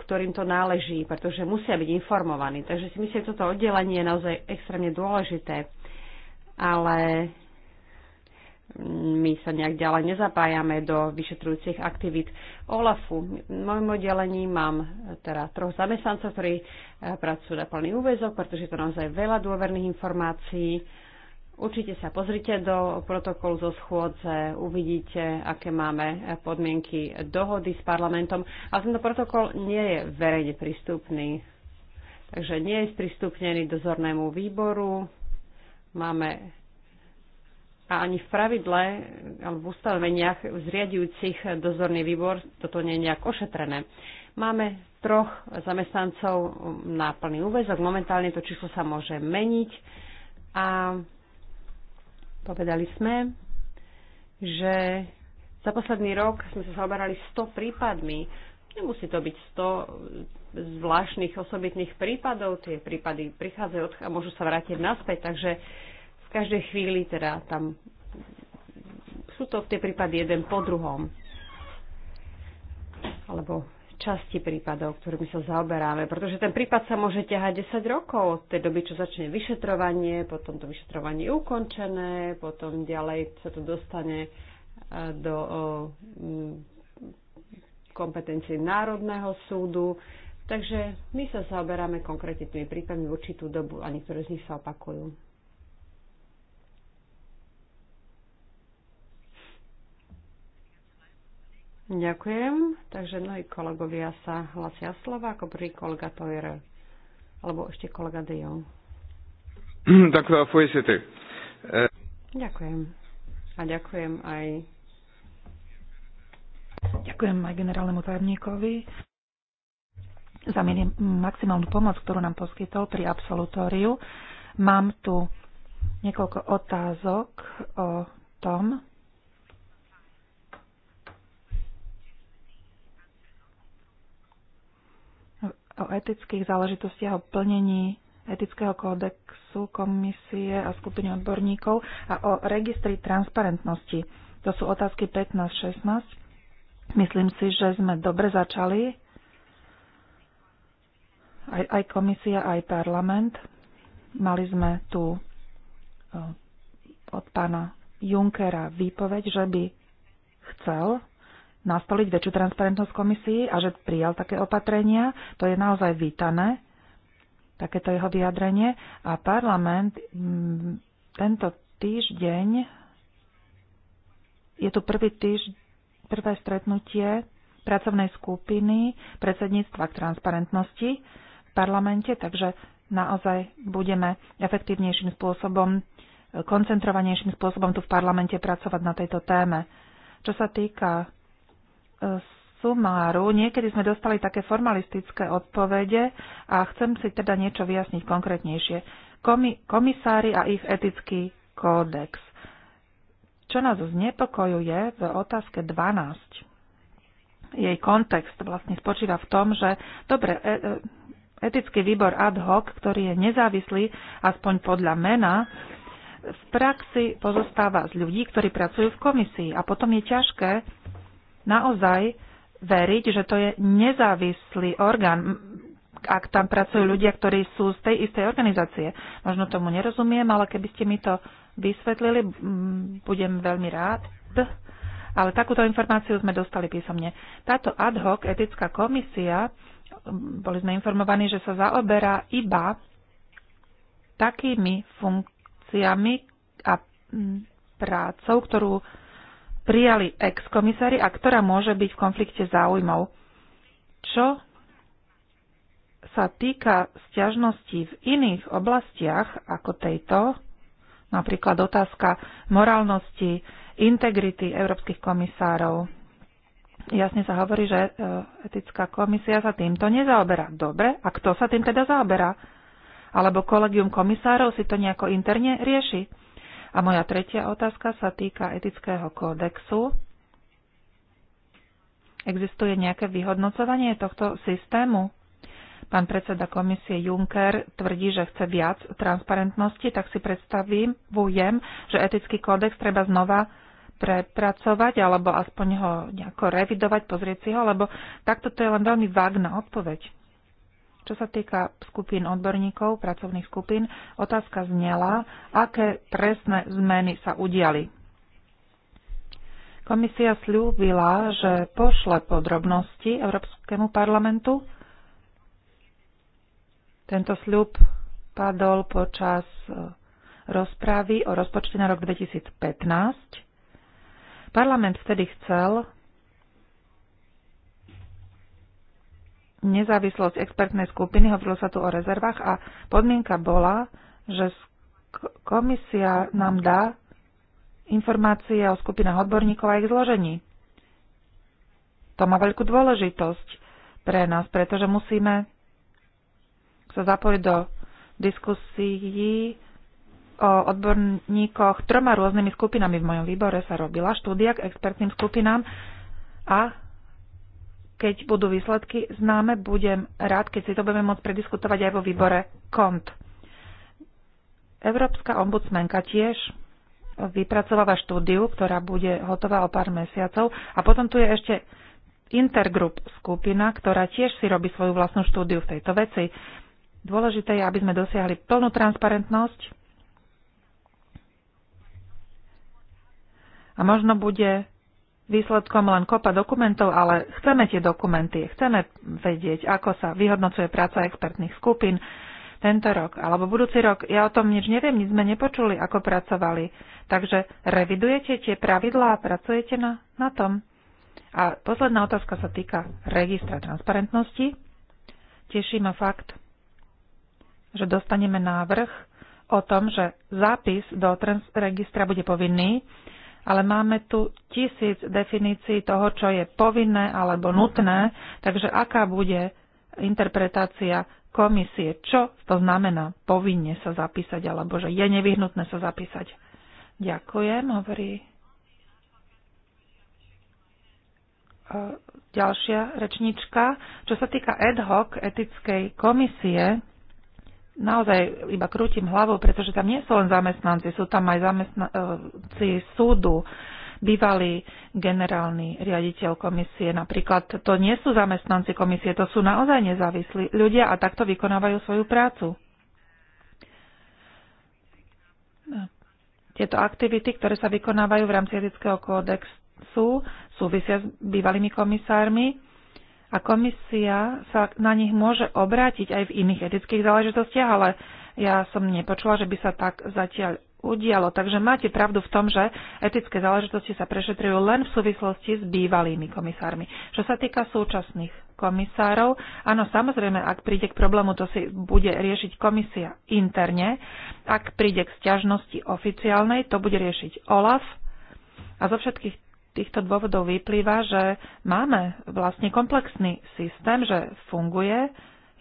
ktorým to náleží, pretože musia byť informovaní. Takže si myslím, že toto oddelenie je naozaj extrémne dôležité. Ale my sa nejak ďalej nezapájame do vyšetrujúcich aktivít OLAFu. V môjom oddelení mám teda troch zamestnancov, ktorí eh, pracujú na plný úvezok, pretože je to naozaj veľa dôverných informácií Určite sa pozrite do protokolu zo schôdze, uvidíte, aké máme podmienky dohody s parlamentom, ale tento protokol nie je verejne prístupný. Takže nie je sprístupnený dozornému výboru. Máme a ani v pravidle alebo v ustanoveniach zriadujúcich dozorný výbor toto nie je nejak ošetrené. Máme troch zamestnancov na plný úvezok. Momentálne to číslo sa môže meniť a Povedali sme, že za posledný rok sme sa zaoberali 100 prípadmi. Nemusí to byť 100 zvláštnych osobitných prípadov. Tie prípady prichádzajú a môžu sa vrátiť naspäť. Takže v každej chvíli teda tam sú to tie prípady jeden po druhom. Alebo časti prípadov, ktorými sa zaoberáme, pretože ten prípad sa môže ťahať 10 rokov od tej doby, čo začne vyšetrovanie, potom to vyšetrovanie je ukončené, potom ďalej sa to dostane e, do mm, kompetencie Národného súdu. Takže my sa zaoberáme konkrétne tými prípadmi v určitú dobu a niektoré z nich sa opakujú. Ďakujem. Takže mnohí kolegovia sa hlasia slova, ako prvý kolega Tojere, alebo ešte kolega De Jong. E- ďakujem. A ďakujem aj Ďakujem aj generálnemu tajomníkovi za maximálnu pomoc, ktorú nám poskytol pri absolutóriu. Mám tu niekoľko otázok o tom, o etických záležitostiach, o plnení etického kódexu komisie a skupiny odborníkov a o registri transparentnosti. To sú otázky 15-16. Myslím si, že sme dobre začali. Aj, aj komisia, aj parlament. Mali sme tu e, od pána Junkera výpoveď, že by chcel nastoliť väčšiu transparentnosť komisii a že prijal také opatrenia. To je naozaj vítané, takéto jeho vyjadrenie. A parlament mm, tento týždeň, je tu prvý týž, prvé stretnutie pracovnej skupiny predsedníctva k transparentnosti v parlamente, takže naozaj budeme efektívnejším spôsobom, koncentrovanejším spôsobom tu v parlamente pracovať na tejto téme. Čo sa týka sumáru. Niekedy sme dostali také formalistické odpovede a chcem si teda niečo vyjasniť konkrétnejšie. Komi- komisári a ich etický kódex. Čo nás znepokojuje v otázke 12? Jej kontext vlastne spočíva v tom, že dobre, e, e, etický výbor ad hoc, ktorý je nezávislý aspoň podľa mena, v praxi pozostáva z ľudí, ktorí pracujú v komisii a potom je ťažké naozaj veriť, že to je nezávislý orgán, ak tam pracujú ľudia, ktorí sú z tej istej organizácie. Možno tomu nerozumiem, ale keby ste mi to vysvetlili, budem veľmi rád. Ale takúto informáciu sme dostali písomne. Táto ad hoc etická komisia, boli sme informovaní, že sa zaoberá iba takými funkciami a prácou, ktorú prijali ex-komisári a ktorá môže byť v konflikte záujmov. Čo sa týka stiažností v iných oblastiach ako tejto, napríklad otázka morálnosti, integrity európskych komisárov, jasne sa hovorí, že e, etická komisia sa týmto nezaoberá. Dobre, a kto sa tým teda zaoberá? Alebo kolegium komisárov si to nejako interne rieši? A moja tretia otázka sa týka etického kódexu. Existuje nejaké vyhodnocovanie tohto systému? Pán predseda komisie Juncker tvrdí, že chce viac transparentnosti, tak si predstavím, vujem, že etický kódex treba znova prepracovať alebo aspoň ho nejako revidovať, pozrieť si ho, lebo takto to je len veľmi vágna odpoveď. Čo sa týka skupín odborníkov, pracovných skupín, otázka znela, aké presné zmeny sa udiali. Komisia slúbila, že pošle podrobnosti Európskemu parlamentu. Tento slúb padol počas e, rozprávy o rozpočte na rok 2015. Parlament vtedy chcel, nezávislosť expertnej skupiny, hovorilo sa tu o rezervách a podmienka bola, že komisia nám dá informácie o skupinách odborníkov a ich zložení. To má veľkú dôležitosť pre nás, pretože musíme sa zapojiť do diskusí o odborníkoch troma rôznymi skupinami. V mojom výbore sa robila štúdia k expertným skupinám a keď budú výsledky známe, budem rád, keď si to budeme môcť prediskutovať aj vo výbore KONT. Európska ombudsmenka tiež vypracováva štúdiu, ktorá bude hotová o pár mesiacov. A potom tu je ešte Intergroup skupina, ktorá tiež si robí svoju vlastnú štúdiu v tejto veci. Dôležité je, aby sme dosiahli plnú transparentnosť a možno bude výsledkom len kopa dokumentov, ale chceme tie dokumenty, chceme vedieť, ako sa vyhodnocuje práca expertných skupín tento rok alebo budúci rok. Ja o tom nič neviem, nič sme nepočuli, ako pracovali. Takže revidujete tie pravidlá a pracujete na, na tom. A posledná otázka sa týka registra transparentnosti. Teší ma fakt, že dostaneme návrh o tom, že zápis do registra bude povinný ale máme tu tisíc definícií toho, čo je povinné alebo nutné, takže aká bude interpretácia komisie, čo to znamená povinne sa zapísať, alebo že je nevyhnutné sa zapísať. Ďakujem, hovorí e, ďalšia rečnička. Čo sa týka ad hoc etickej komisie, naozaj iba krútim hlavou, pretože tam nie sú len zamestnanci, sú tam aj zamestnanci súdu, bývalý generálny riaditeľ komisie. Napríklad to nie sú zamestnanci komisie, to sú naozaj nezávislí ľudia a takto vykonávajú svoju prácu. Tieto aktivity, ktoré sa vykonávajú v rámci etického kódexu, súvisia s bývalými komisármi a komisia sa na nich môže obrátiť aj v iných etických záležitostiach, ale ja som nepočula, že by sa tak zatiaľ udialo. Takže máte pravdu v tom, že etické záležitosti sa prešetrujú len v súvislosti s bývalými komisármi. Čo sa týka súčasných komisárov, áno, samozrejme, ak príde k problému, to si bude riešiť komisia interne. Ak príde k stiažnosti oficiálnej, to bude riešiť OLAF. A zo všetkých týchto dôvodov vyplýva, že máme vlastne komplexný systém, že funguje,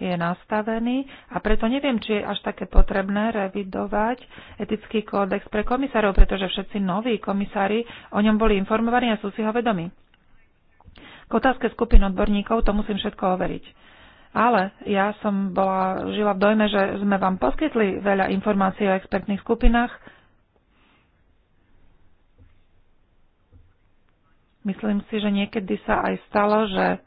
je nastavený a preto neviem, či je až také potrebné revidovať etický kódex pre komisárov, pretože všetci noví komisári o ňom boli informovaní a sú si ho vedomi. K otázke skupín odborníkov to musím všetko overiť. Ale ja som bola, žila v dojme, že sme vám poskytli veľa informácií o expertných skupinách, Myslím si, že niekedy sa aj stalo, že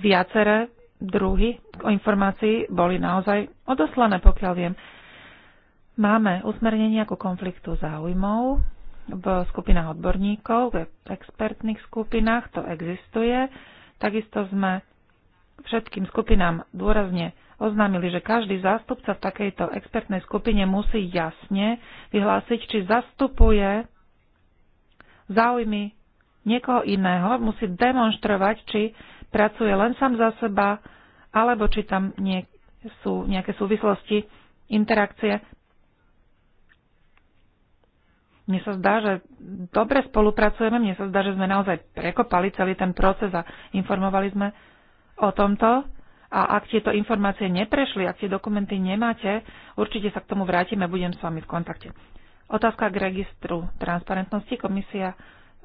viaceré druhy o informácií boli naozaj odoslané, pokiaľ viem. Máme usmernenia ku konfliktu záujmov v skupinách odborníkov, v expertných skupinách, to existuje. Takisto sme všetkým skupinám dôrazne oznámili, že každý zástupca v takejto expertnej skupine musí jasne vyhlásiť, či zastupuje záujmy niekoho iného, musí demonstrovať, či pracuje len sám za seba, alebo či tam nie sú nejaké súvislosti, interakcie. Mne sa zdá, že dobre spolupracujeme, mne sa zdá, že sme naozaj prekopali celý ten proces a informovali sme o tomto. A ak tieto informácie neprešli, ak tie dokumenty nemáte, určite sa k tomu vrátime, budem s vami v kontakte. Otázka k registru transparentnosti. Komisia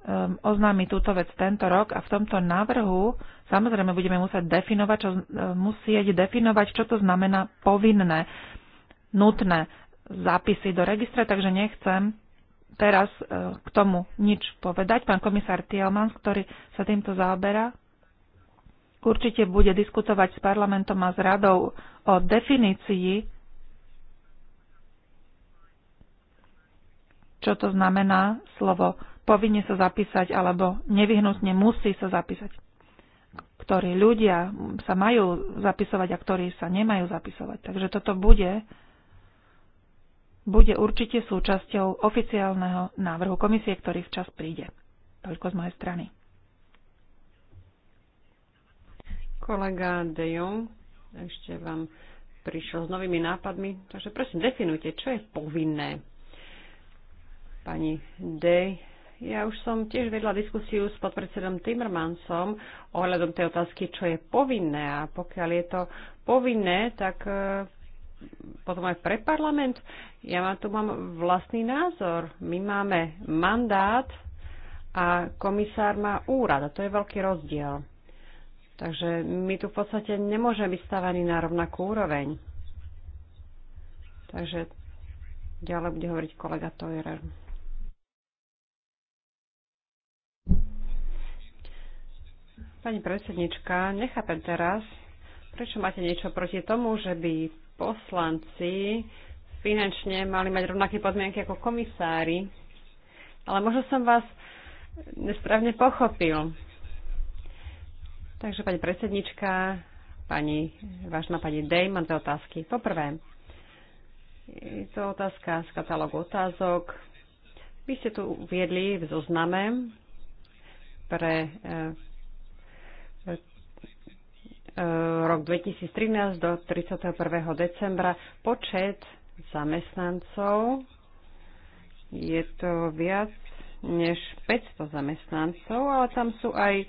um, oznámi túto vec tento rok a v tomto návrhu samozrejme budeme musieť definovať, čo, e, musieť definovať, čo to znamená povinné, nutné zápisy do registra, takže nechcem teraz e, k tomu nič povedať. Pán komisár Tielmans, ktorý sa týmto zaoberá, určite bude diskutovať s parlamentom a s radou o definícii, čo to znamená slovo povinne sa zapísať alebo nevyhnutne musí sa zapísať. Ktorí ľudia sa majú zapisovať a ktorí sa nemajú zapisovať. Takže toto bude, bude určite súčasťou oficiálneho návrhu komisie, ktorý včas príde. Toľko z mojej strany. Kolega De Jong, ešte vám prišiel s novými nápadmi, takže prosím, definujte, čo je povinné. Pani De ja už som tiež vedla diskusiu s podpredsedom Timmermansom ohľadom tej otázky, čo je povinné. A pokiaľ je to povinné, tak e, potom aj pre parlament. Ja mám, tu mám vlastný názor. My máme mandát a komisár má úrad a to je veľký rozdiel. Takže my tu v podstate nemôžeme byť stávaní na rovnakú úroveň. Takže ďalej bude hovoriť kolega Tojerer. Pani predsednička, nechápem teraz, prečo máte niečo proti tomu, že by poslanci finančne mali mať rovnaké podmienky ako komisári. Ale možno som vás nesprávne pochopil. Takže pani predsednička, pani, vážna pani Dej, mám dve otázky. Poprvé, je to otázka z katalógu otázok. Vy ste tu uviedli v zozname pre eh, E, rok 2013 do 31. decembra počet zamestnancov. Je to viac než 500 zamestnancov, ale tam sú aj e,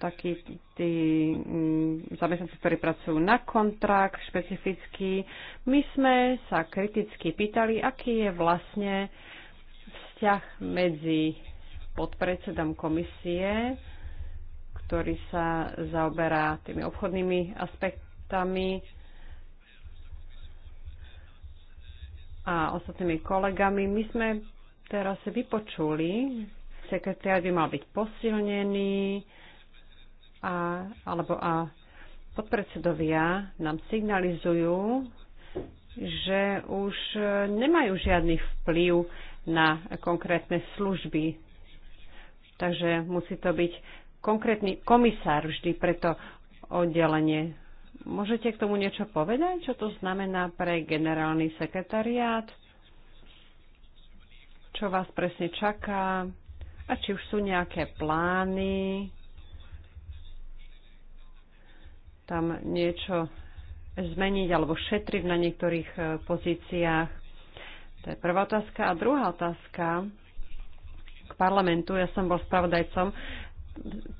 takí tí mm, zamestnanci, ktorí pracujú na kontrakt špecificky. My sme sa kriticky pýtali, aký je vlastne vzťah medzi podpredsedom komisie ktorý sa zaoberá tými obchodnými aspektami a ostatnými kolegami. My sme teraz vypočuli, sekretár by mal byť posilnený, a, alebo a podpredsedovia nám signalizujú, že už nemajú žiadny vplyv na konkrétne služby. Takže musí to byť konkrétny komisár vždy pre to oddelenie. Môžete k tomu niečo povedať, čo to znamená pre generálny sekretariát? Čo vás presne čaká? A či už sú nejaké plány? Tam niečo zmeniť alebo šetriť na niektorých e, pozíciách? To je prvá otázka. A druhá otázka k parlamentu. Ja som bol spravodajcom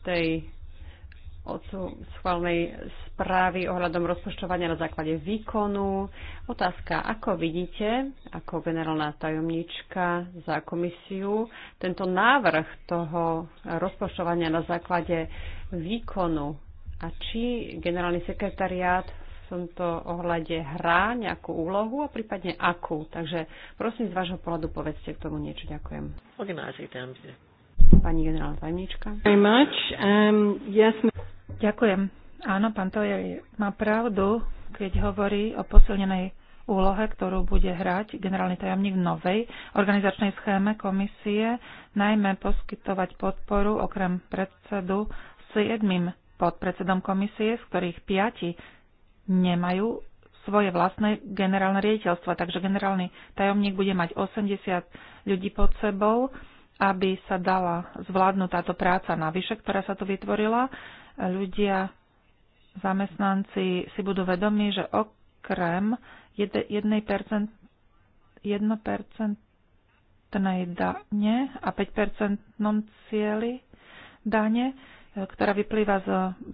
tej schválnej správy ohľadom rozpočtovania na základe výkonu. Otázka, ako vidíte, ako generálna tajomnička za komisiu, tento návrh toho rozpočtovania na základe výkonu a či generálny sekretariát v tomto ohľade hrá nejakú úlohu a prípadne akú. Takže prosím z vášho pohľadu povedzte k tomu niečo. Ďakujem. Pani generálna tajnička. Um, yes. Ďakujem. Áno, pán Tojer má pravdu, keď hovorí o posilnenej úlohe, ktorú bude hrať generálny tajomník v novej organizačnej schéme komisie, najmä poskytovať podporu okrem predsedu s jedným podpredsedom komisie, z ktorých piati nemajú svoje vlastné generálne riaditeľstva. Takže generálny tajomník bude mať 80 ľudí pod sebou aby sa dala zvládnuť táto práca navyše, ktorá sa tu vytvorila. Ľudia, zamestnanci si budú vedomi, že okrem 1% percentnej dane a 5-percentnom cieli dane, ktorá vyplýva z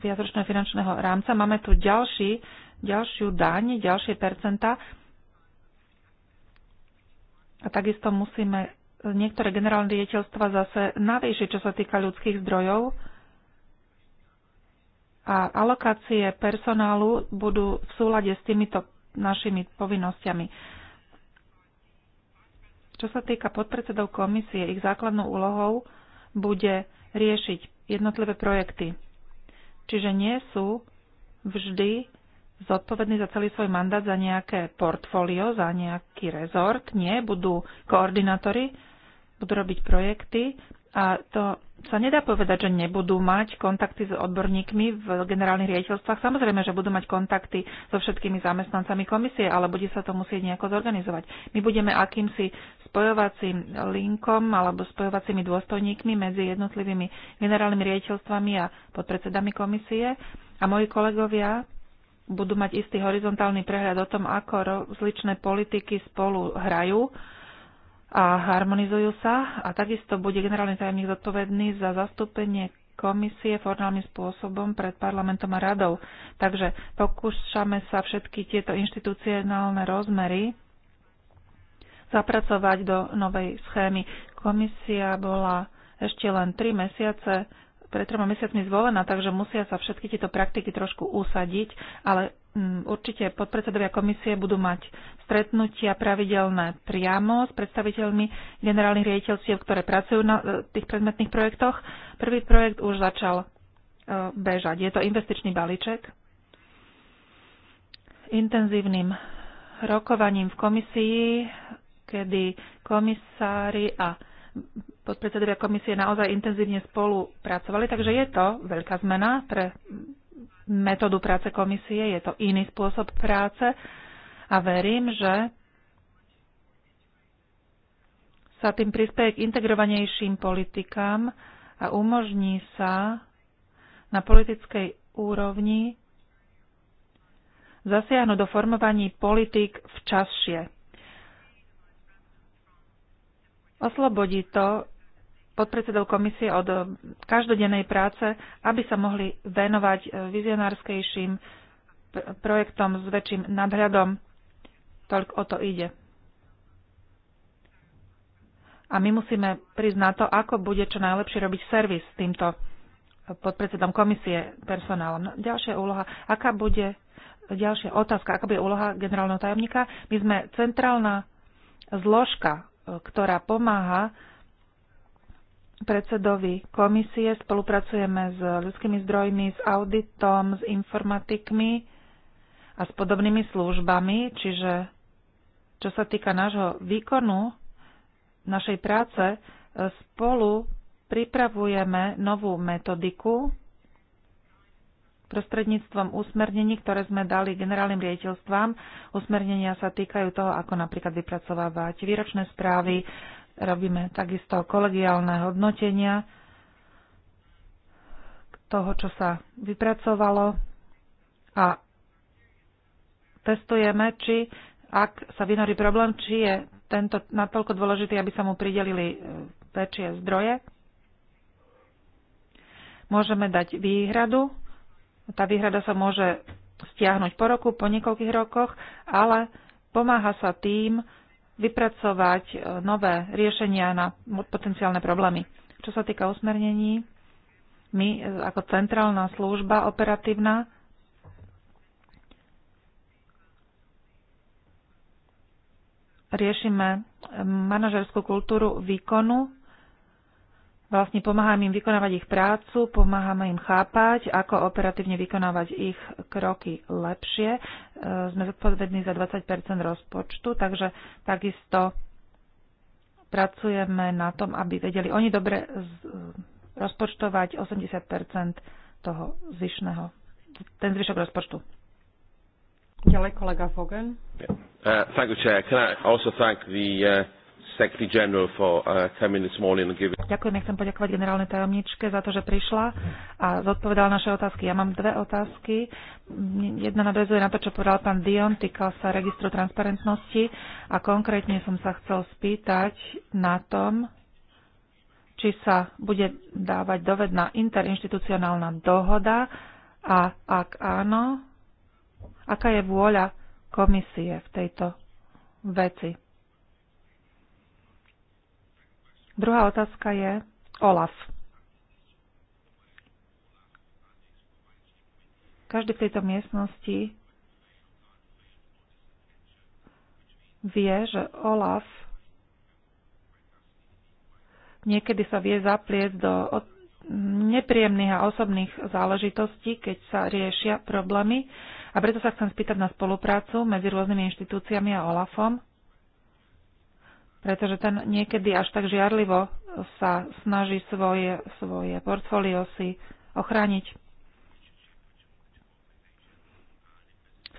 viacročného finančného rámca. Máme tu ďalší, ďalšiu daň, ďalšie percenta. A takisto musíme niektoré generálne riaditeľstva zase navýšiť, čo sa týka ľudských zdrojov a alokácie personálu budú v súlade s týmito našimi povinnosťami. Čo sa týka podpredsedov komisie, ich základnou úlohou bude riešiť jednotlivé projekty. Čiže nie sú vždy zodpovední za celý svoj mandát, za nejaké portfólio, za nejaký rezort. Nie, budú koordinátori budú robiť projekty a to sa nedá povedať, že nebudú mať kontakty s odborníkmi v generálnych riaditeľstvách. Samozrejme, že budú mať kontakty so všetkými zamestnancami komisie, ale bude sa to musieť nejako zorganizovať. My budeme akýmsi spojovacím linkom alebo spojovacími dôstojníkmi medzi jednotlivými generálnymi riaditeľstvami a podpredsedami komisie a moji kolegovia budú mať istý horizontálny prehľad o tom, ako rozličné politiky spolu hrajú a harmonizujú sa. A takisto bude generálny tajomník zodpovedný za zastúpenie komisie formálnym spôsobom pred parlamentom a radou. Takže pokúšame sa všetky tieto inštitucionálne rozmery zapracovať do novej schémy. Komisia bola ešte len 3 mesiace, pred troma mesiacmi zvolená, takže musia sa všetky tieto praktiky trošku usadiť, ale Mm, určite podpredsedovia komisie budú mať stretnutia pravidelné priamo s predstaviteľmi generálnych riaditeľstiev, ktoré pracujú na e, tých predmetných projektoch. Prvý projekt už začal e, bežať. Je to investičný balíček. Intenzívnym rokovaním v komisii, kedy komisári a podpredsedovia komisie naozaj intenzívne spolupracovali, takže je to veľká zmena pre metódu práce komisie, je to iný spôsob práce a verím, že sa tým prispieje k integrovanejším politikám a umožní sa na politickej úrovni zasiahnuť do formovaní politik včasšie. Oslobodí to podpredsedov komisie od eh, každodennej práce, aby sa mohli venovať eh, vizionárskejším projektom s väčším nadhľadom. Toľko o to ide. A my musíme prísť na to, ako bude čo najlepšie robiť servis týmto eh, podpredsedom komisie personálom. Ďalšia úloha, aká bude ďalšia otázka, aká bude úloha generálneho tajomníka? My sme centrálna zložka, ktorá pomáha predsedovi komisie, spolupracujeme s ľudskými zdrojmi, s auditom, s informatikmi a s podobnými službami, čiže čo sa týka nášho výkonu, našej práce, e, spolu pripravujeme novú metodiku prostredníctvom usmernení, ktoré sme dali generálnym riaditeľstvám. Usmernenia sa týkajú toho, ako napríklad vypracovávať výročné správy, Robíme takisto kolegiálne hodnotenia toho, čo sa vypracovalo a testujeme, či ak sa vynorí problém, či je tento natoľko dôležitý, aby sa mu pridelili e, väčšie zdroje. Môžeme dať výhradu. Tá výhrada sa môže stiahnuť po roku, po niekoľkých rokoch, ale pomáha sa tým, vypracovať e, nové riešenia na potenciálne problémy. Čo sa týka usmernení, my e, ako centrálna služba operatívna riešime manažerskú kultúru výkonu Vlastne pomáhame im vykonávať ich prácu, pomáhame im chápať, ako operatívne vykonávať ich kroky lepšie. E, sme zodpovední za 20 rozpočtu, takže takisto pracujeme na tom, aby vedeli oni dobre e, rozpočtovať 80 toho zvyšného, ten zvyšok rozpočtu. Ďalej kolega Vogen. Uh, thank you, Chair. Can I also thank the uh, Secretary General for uh, coming this morning and giving... Ďakujem, chcem poďakovať generálnej tajomničke za to, že prišla a zodpovedala naše otázky. Ja mám dve otázky. Jedna nadvezuje na to, čo povedal pán Dion, týkal sa registru transparentnosti a konkrétne som sa chcel spýtať na tom, či sa bude dávať dovedná interinstitucionálna dohoda a ak áno, aká je vôľa komisie v tejto veci. Druhá otázka je OLAF. Každý v tejto miestnosti vie, že OLAF niekedy sa vie zapliesť do nepríjemných a osobných záležitostí, keď sa riešia problémy. A preto sa chcem spýtať na spoluprácu medzi rôznymi inštitúciami a OLAFom pretože ten niekedy až tak žiarlivo sa snaží svoje, svoje portfólio si ochrániť.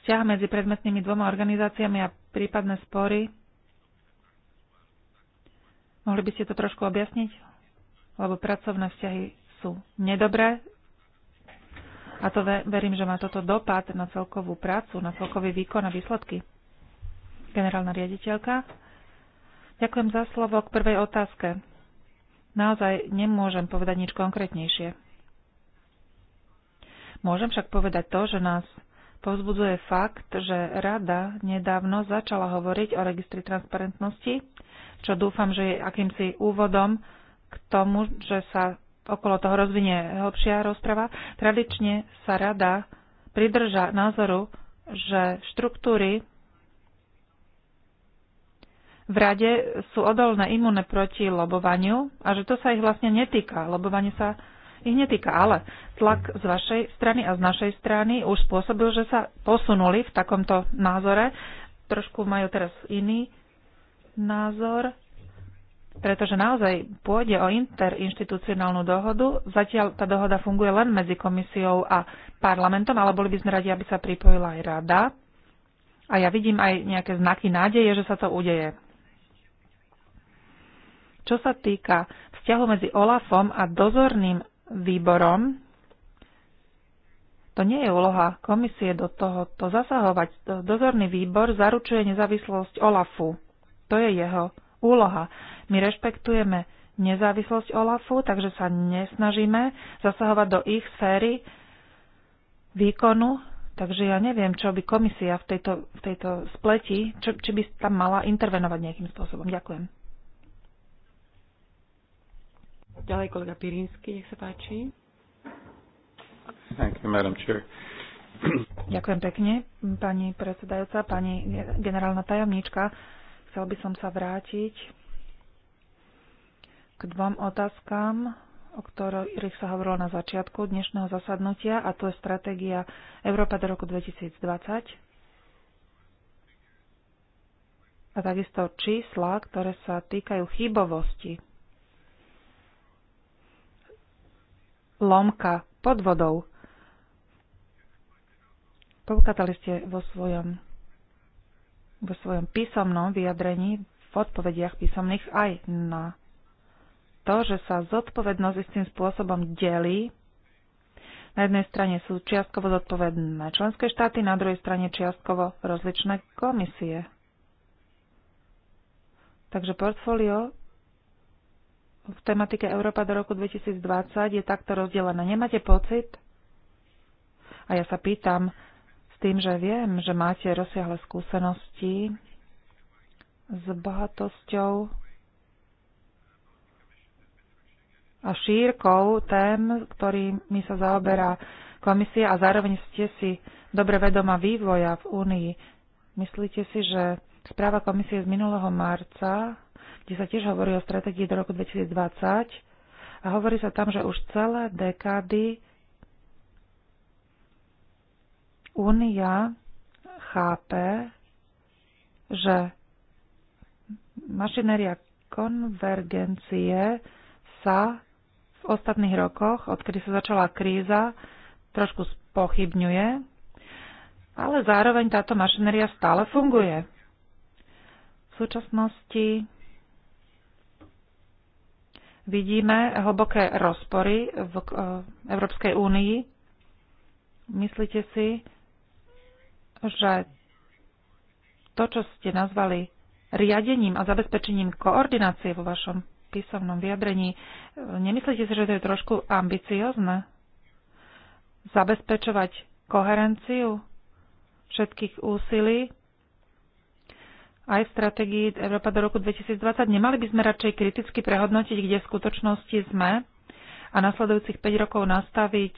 Vzťah medzi predmetnými dvoma organizáciami a prípadné spory. Mohli by ste to trošku objasniť? Lebo pracovné vzťahy sú nedobré a to verím, že má toto dopad na celkovú prácu, na celkový výkon a výsledky. Generálna riaditeľka. Ďakujem za slovo k prvej otázke. Naozaj nemôžem povedať nič konkrétnejšie. Môžem však povedať to, že nás povzbudzuje fakt, že Rada nedávno začala hovoriť o registri transparentnosti, čo dúfam, že je akýmsi úvodom k tomu, že sa okolo toho rozvinie hĺbšia rozprava. Tradične sa Rada pridrža názoru, že štruktúry v rade sú odolné imunné proti lobovaniu a že to sa ich vlastne netýka. Lobovanie sa ich netýka, ale tlak z vašej strany a z našej strany už spôsobil, že sa posunuli v takomto názore. Trošku majú teraz iný názor, pretože naozaj pôjde o interinstitucionálnu dohodu. Zatiaľ tá dohoda funguje len medzi komisiou a parlamentom, ale boli by sme radi, aby sa pripojila aj rada. A ja vidím aj nejaké znaky nádeje, že sa to udeje. Čo sa týka vzťahu medzi OLAFom a dozorným výborom, to nie je úloha komisie do tohoto zasahovať. Dozorný výbor zaručuje nezávislosť OLAFu. To je jeho úloha. My rešpektujeme nezávislosť OLAFu, takže sa nesnažíme zasahovať do ich sféry výkonu. Takže ja neviem, čo by komisia v tejto, v tejto spleti, čo, či by tam mala intervenovať nejakým spôsobom. Ďakujem. Ďalej kolega Pirinsky, nech sa páči. Thank you, Madam Chair. Ďakujem pekne, pani predsedajúca, pani generálna tajomníčka. Chcel by som sa vrátiť k dvom otázkam, o ktorých sa hovorilo na začiatku dnešného zasadnutia, a to je stratégia Európa do roku 2020. A takisto čísla, ktoré sa týkajú chybovosti lomka pod vodou. Poukázali ste vo svojom, vo svojom písomnom vyjadrení, v odpovediach písomných aj na to, že sa zodpovednosť istým spôsobom delí. Na jednej strane sú čiastkovo zodpovedné členské štáty, na druhej strane čiastkovo rozličné komisie. Takže portfólio v tematike Európa do roku 2020 je takto rozdelená. Nemáte pocit? A ja sa pýtam s tým, že viem, že máte rozsiahle skúsenosti s bohatosťou a šírkou tém, ktorými sa zaoberá komisia a zároveň ste si dobre vedoma vývoja v Únii. Myslíte si, že správa komisie z minulého marca kde sa tiež hovorí o stratégii do roku 2020 a hovorí sa tam, že už celé dekády Únia chápe, že mašinéria konvergencie sa v ostatných rokoch, odkedy sa začala kríza, trošku spochybňuje, ale zároveň táto mašinéria stále funguje. V súčasnosti Vidíme hlboké rozpory v e, Európskej únii. Myslíte si, že to, čo ste nazvali riadením a zabezpečením koordinácie vo vašom písomnom vyjadrení, e, nemyslíte si, že to je trošku ambiciozne? Zabezpečovať koherenciu všetkých úsilí aj v stratégii Európa do roku 2020. Nemali by sme radšej kriticky prehodnotiť, kde v skutočnosti sme a nasledujúcich 5 rokov nastaviť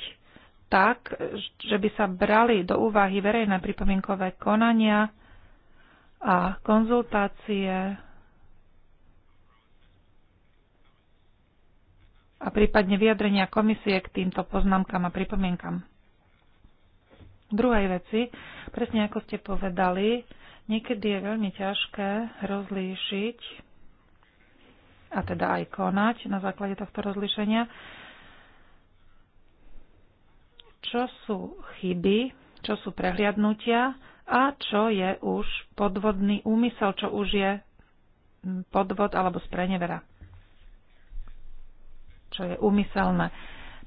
tak, že by sa brali do úvahy verejné pripomienkové konania a konzultácie a prípadne vyjadrenia komisie k týmto poznámkam a pripomienkam. Druhej veci, presne ako ste povedali, Niekedy je veľmi ťažké rozlíšiť, a teda aj konať na základe tohto rozlíšenia, čo sú chyby, čo sú prehliadnutia a čo je už podvodný úmysel, čo už je podvod alebo sprenevera. Čo je úmyselné.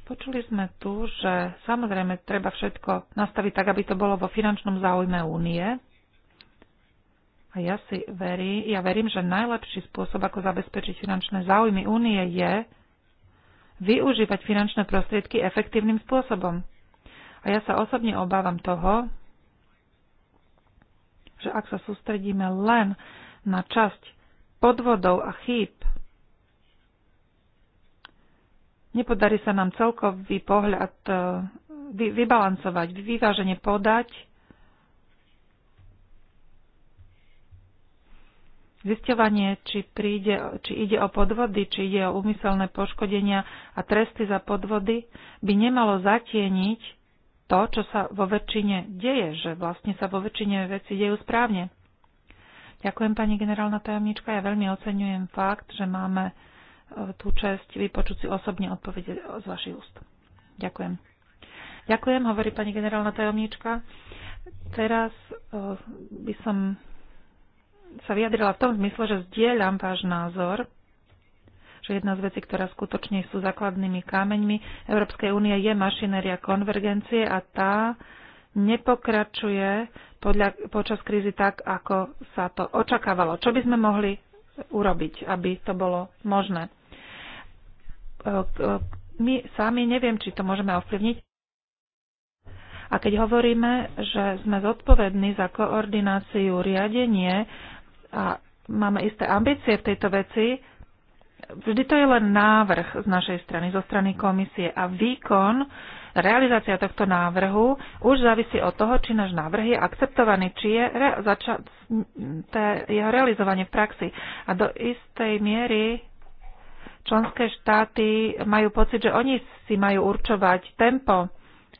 Počuli sme tu, že samozrejme treba všetko nastaviť tak, aby to bolo vo finančnom záujme únie, a ja si verím, ja verím, že najlepší spôsob, ako zabezpečiť finančné záujmy únie je využívať finančné prostriedky efektívnym spôsobom. A ja sa osobne obávam toho, že ak sa sústredíme len na časť podvodov a chýb, nepodarí sa nám celkový pohľad e, vybalancovať, vyváženie podať Zistovanie, či, príde, či ide o podvody, či ide o úmyselné poškodenia a tresty za podvody, by nemalo zatieniť to, čo sa vo väčšine deje, že vlastne sa vo väčšine veci dejú správne. Ďakujem, pani generálna tajomnička. Ja veľmi oceňujem fakt, že máme e, tú čest vypočuť si osobne odpovede z vašich úst. Ďakujem. Ďakujem, hovorí pani generálna tajomníčka. Teraz e, by som sa vyjadrila v tom zmysle, že zdieľam váš názor, že jedna z vecí, ktorá skutočne sú základnými kameňmi, Európskej únie, je mašinéria konvergencie a tá nepokračuje podľa, počas krízy tak, ako sa to očakávalo. Čo by sme mohli urobiť, aby to bolo možné? E, e, my sami neviem, či to môžeme ovplyvniť. A keď hovoríme, že sme zodpovední za koordináciu riadenie a máme isté ambície v tejto veci, vždy to je len návrh z našej strany, zo strany komisie a výkon, realizácia tohto návrhu už závisí od toho, či náš návrh je akceptovaný, či je re- zača- jeho realizovanie v praxi. A do istej miery členské štáty majú pocit, že oni si majú určovať tempo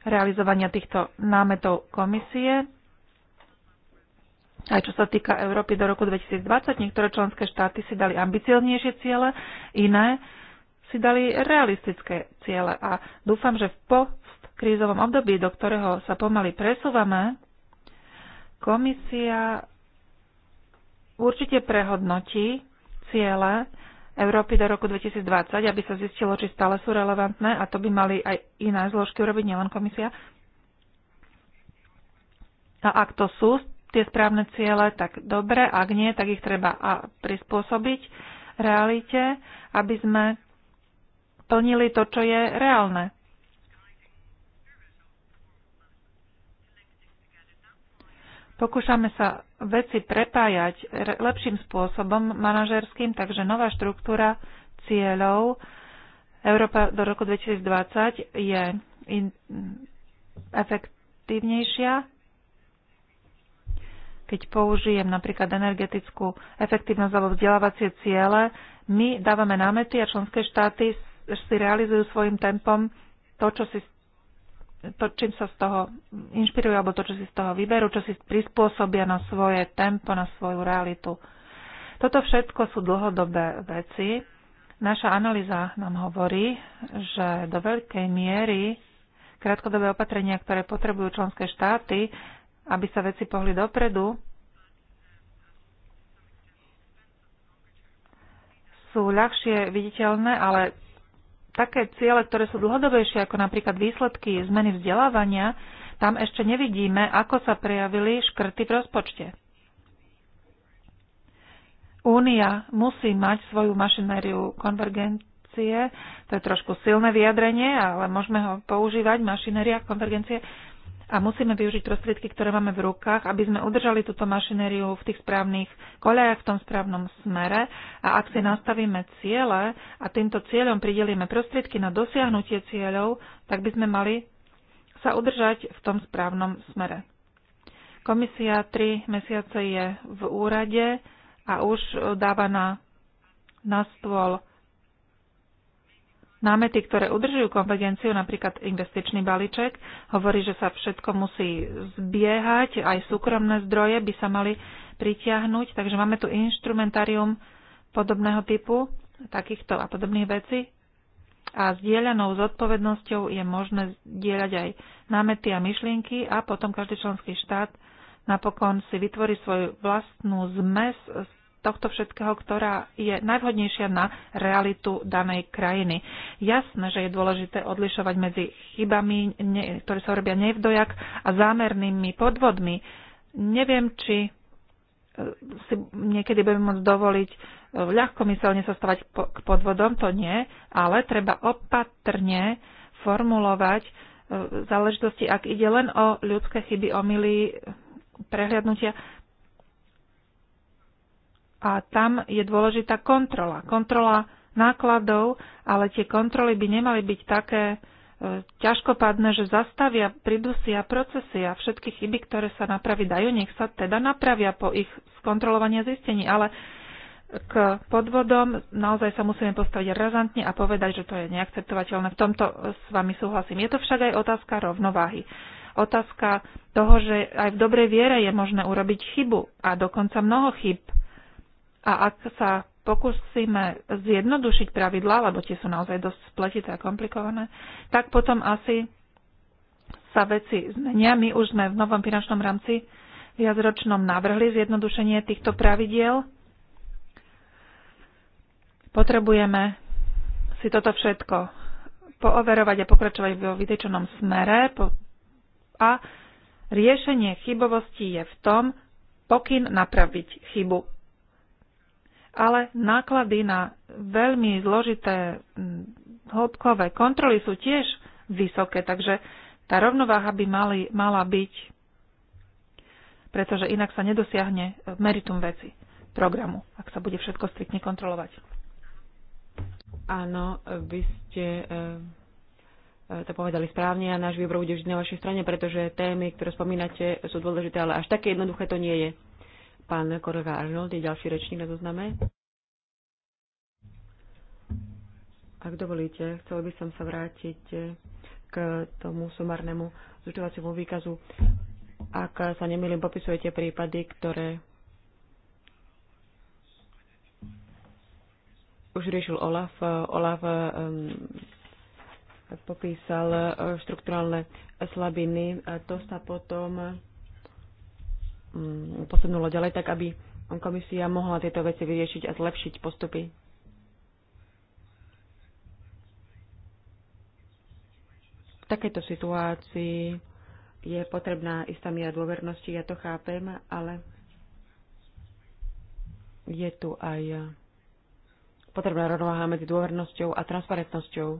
realizovania týchto námetov komisie aj čo sa týka Európy do roku 2020. Niektoré členské štáty si dali ambicioznejšie ciele, iné si dali realistické ciele a dúfam, že v postkrízovom období, do ktorého sa pomaly presúvame, komisia určite prehodnotí ciele Európy do roku 2020, aby sa zistilo, či stále sú relevantné a to by mali aj iné zložky urobiť, nielen komisia. A ak to sú tie správne ciele, tak dobre, ak nie, tak ich treba a prispôsobiť realite, aby sme plnili to, čo je reálne. Pokúšame sa veci prepájať lepším spôsobom manažerským, takže nová štruktúra cieľov Európa do roku 2020 je efektívnejšia keď použijem napríklad energetickú efektívnosť alebo vzdelávacie ciele, my dávame námety a členské štáty si realizujú svojim tempom to, čo si, to, čím sa z toho inšpirujú, alebo to, čo si z toho vyberú, čo si prispôsobia na svoje tempo, na svoju realitu. Toto všetko sú dlhodobé veci. Naša analýza nám hovorí, že do veľkej miery krátkodobé opatrenia, ktoré potrebujú členské štáty, aby sa veci pohli dopredu, sú ľahšie viditeľné, ale také ciele, ktoré sú dlhodobejšie, ako napríklad výsledky zmeny vzdelávania, tam ešte nevidíme, ako sa prejavili škrty v rozpočte. Únia musí mať svoju mašinériu konvergencie, to je trošku silné vyjadrenie, ale môžeme ho používať, mašinéria konvergencie, a musíme využiť prostriedky, ktoré máme v rukách, aby sme udržali túto mašinériu v tých správnych koľajach, v tom správnom smere a ak si nastavíme ciele a týmto cieľom pridelíme prostriedky na dosiahnutie cieľov, tak by sme mali sa udržať v tom správnom smere. Komisia 3 mesiace je v úrade a už dáva na, na stôl námety, ktoré udržujú konvergenciu, napríklad investičný balíček, hovorí, že sa všetko musí zbiehať, aj súkromné zdroje by sa mali pritiahnuť, takže máme tu instrumentárium podobného typu, takýchto a podobných vecí. A zdieľanou zodpovednosťou je možné dielať aj námety a myšlienky a potom každý členský štát napokon si vytvorí svoju vlastnú zmes z tohto všetkého, ktorá je najvhodnejšia na realitu danej krajiny. Jasné, že je dôležité odlišovať medzi chybami, ne, ktoré sa robia nevdojak, a zámernými podvodmi. Neviem, či e, si niekedy budeme môcť dovoliť e, ľahkomyselne sa stavať k podvodom, to nie, ale treba opatrne formulovať e, záležitosti, ak ide len o ľudské chyby, omily, prehliadnutia, a tam je dôležitá kontrola. Kontrola nákladov, ale tie kontroly by nemali byť také e, ťažkopádne, že zastavia, pridusia procesy a všetky chyby, ktoré sa napraví dajú, nech sa teda napravia po ich skontrolovaní a zistení. Ale k podvodom naozaj sa musíme postaviť razantne a povedať, že to je neakceptovateľné. V tomto s vami súhlasím. Je to však aj otázka rovnováhy. Otázka toho, že aj v dobrej viere je možné urobiť chybu a dokonca mnoho chyb a ak sa pokúsime zjednodušiť pravidlá, lebo tie sú naozaj dosť spletité a komplikované, tak potom asi sa veci zmenia. My už sme v novom finančnom rámci viacročnom navrhli zjednodušenie týchto pravidiel. Potrebujeme si toto všetko pooverovať a pokračovať vo vytečenom smere. A riešenie chybovosti je v tom, pokyn napraviť chybu ale náklady na veľmi zložité hĺbkové kontroly sú tiež vysoké, takže tá rovnováha by mali, mala byť, pretože inak sa nedosiahne e, meritum veci programu, ak sa bude všetko striktne kontrolovať. Áno, vy ste e, e, to povedali správne a náš výbor bude vždy na vašej strane, pretože témy, ktoré spomínate, sú dôležité, ale až také jednoduché to nie je. Pán kolega Arnold je ďalší rečník na zozname. Ak dovolíte, chcel by som sa vrátiť k tomu sumárnemu zúčtovaciemu výkazu. Ak sa nemýlim, popisujete prípady, ktoré už riešil Olaf. Olaf um, popísal štrukturálne slabiny. To sa potom Mm, posunulo ďalej, tak aby komisia mohla tieto veci vyriešiť a zlepšiť postupy. V takejto situácii je potrebná istá miera dôvernosti, ja to chápem, ale je tu aj potrebná rovnováha medzi dôvernosťou a transparentnosťou.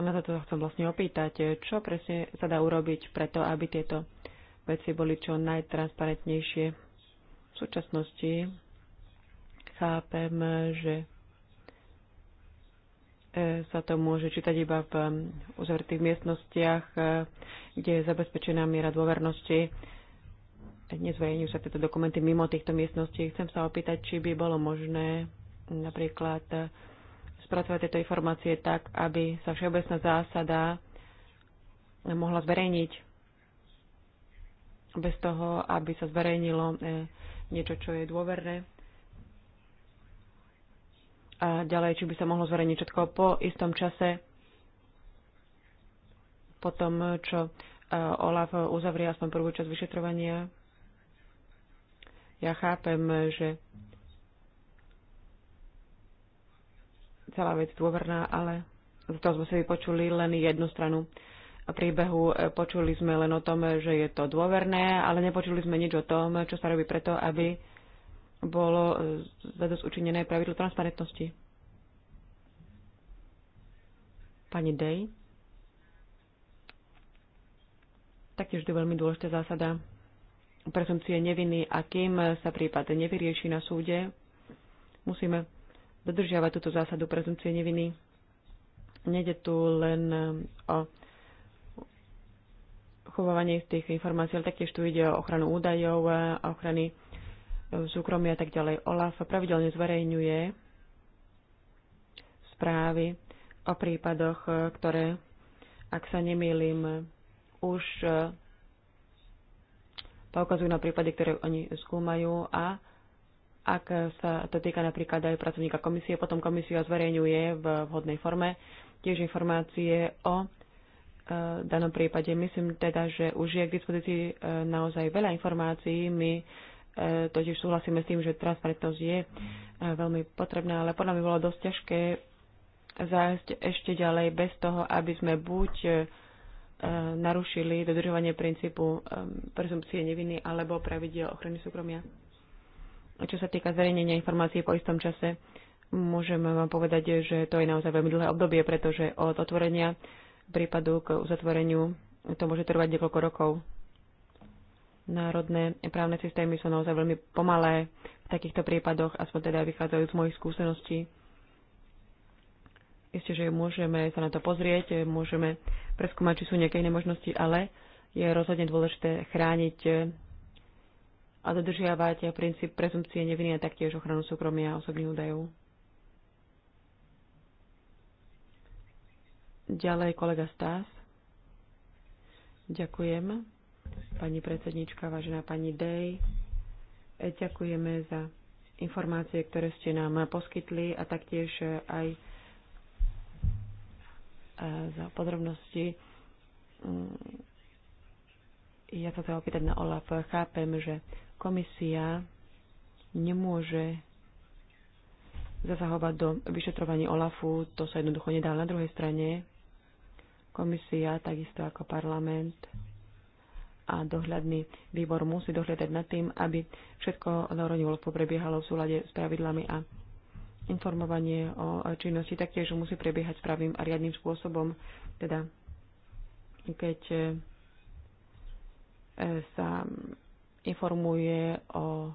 A na toto chcem vlastne opýtať, e, čo presne sa dá urobiť preto, aby tieto veci boli čo najtransparentnejšie. V súčasnosti chápem, že e, sa to môže čítať iba v uzavretých miestnostiach, e, kde je zabezpečená miera dôvernosti. Nezverejňujú sa tieto dokumenty mimo týchto miestností. Chcem sa opýtať, či by bolo možné napríklad spracovať tieto informácie tak, aby sa všeobecná zásada mohla zverejniť bez toho, aby sa zverejnilo eh, niečo, čo je dôverné. A ďalej, či by sa mohlo zverejniť všetko po istom čase, po tom, čo eh, Olaf uzavrie aspoň prvú časť vyšetrovania. Ja chápem, že celá vec dôverná, ale toho sme si vypočuli len jednu stranu príbehu. Počuli sme len o tom, že je to dôverné, ale nepočuli sme nič o tom, čo sa robí preto, aby bolo e, zadosť učinené pravidlo transparentnosti. Pani Dej. Taktiež je veľmi dôležitá zásada presumcie neviny a kým sa prípad nevyrieši na súde, musíme dodržiavať túto zásadu prezumcie neviny. Nede tu len eh, o chovávanie z tých informácií, ale taktiež tu ide o ochranu údajov, eh, ochrany eh, súkromia a tak ďalej. OLAF pravidelne zverejňuje správy o prípadoch, ktoré, ak sa nemýlim, už poukazujú na prípady, ktoré oni skúmajú a ak sa to týka napríklad aj pracovníka komisie, potom komisia zverejňuje v vhodnej forme tiež informácie o e, danom prípade. Myslím teda, že už je k dispozícii e, naozaj veľa informácií. My e, totiž súhlasíme s tým, že transparentnosť je veľmi potrebná, ale podľa mňa bolo dosť ťažké zájsť ešte ďalej bez toho, aby sme buď narušili dodržovanie princípu prezumpcie neviny alebo pravidel ochrany súkromia. Čo sa týka zverejnenia informácií po istom čase, môžem vám povedať, že to je naozaj veľmi dlhé obdobie, pretože od otvorenia prípadu k uzatvoreniu to môže trvať niekoľko rokov. Národné právne systémy sú naozaj veľmi pomalé v takýchto prípadoch, aspoň teda vychádzajú z mojich skúseností. Isté, že môžeme sa na to pozrieť, môžeme preskúmať, či sú nejaké iné možnosti, ale je rozhodne dôležité chrániť a dodržiavať princíp prezumcie neviny a taktiež ochranu súkromia a osobných údajov. Ďalej kolega Stás. Ďakujem. Pani predsednička, vážená pani Dej, e, ďakujeme za informácie, ktoré ste nám poskytli a taktiež aj e, za podrobnosti. Mm, ja sa chcem opýtať na OLAF. Chápem, že Komisia nemôže zasahovať do vyšetrovania OLAFu, to sa jednoducho nedá. Na druhej strane komisia, takisto ako parlament a dohľadný výbor musí dohľadať nad tým, aby všetko na úrovni OLAFu prebiehalo v súlade s pravidlami a informovanie o činnosti taktiež musí prebiehať správnym a riadným spôsobom. Teda keď eh, sa informuje o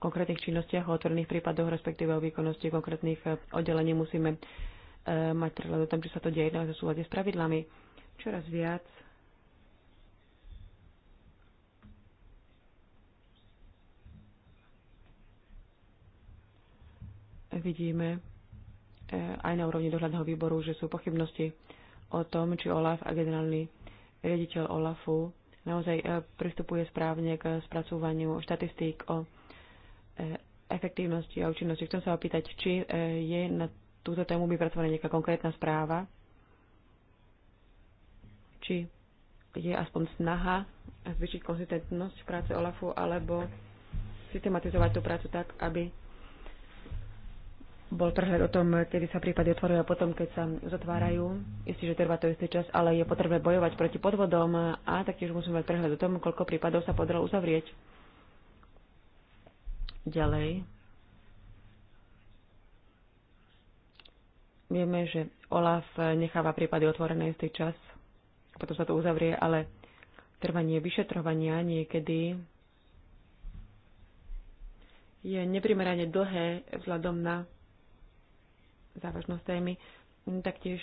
konkrétnych činnostiach, o otvorených prípadoch, respektíve o výkonnosti konkrétnych eh, oddelení. Musíme eh, mať prehľad o tom, či sa to deje naozaj v súlade s pravidlami. Čoraz viac vidíme eh, aj na úrovni dohľadného výboru, že sú pochybnosti o tom, či OLAF a generálny riaditeľ OLAFu naozaj e, pristupuje správne k spracúvaniu štatistík o e, efektívnosti a účinnosti. Chcem sa opýtať, či e, je na túto tému vypracovaná nejaká konkrétna správa, či je aspoň snaha zvyšiť konzistentnosť práce OLAFu, alebo systematizovať tú prácu tak, aby bol prehľad o tom, kedy sa prípady otvorujú a potom, keď sa zatvárajú. Isté, že trvá to istý čas, ale je potrebné bojovať proti podvodom a taktiež musíme mať prehľad o tom, koľko prípadov sa podarilo uzavrieť. Ďalej. Vieme, že Olaf necháva prípady otvorené istý čas, potom sa to uzavrie, ale trvanie vyšetrovania niekedy je neprimerane dlhé vzhľadom na závažnosť témy. Taktiež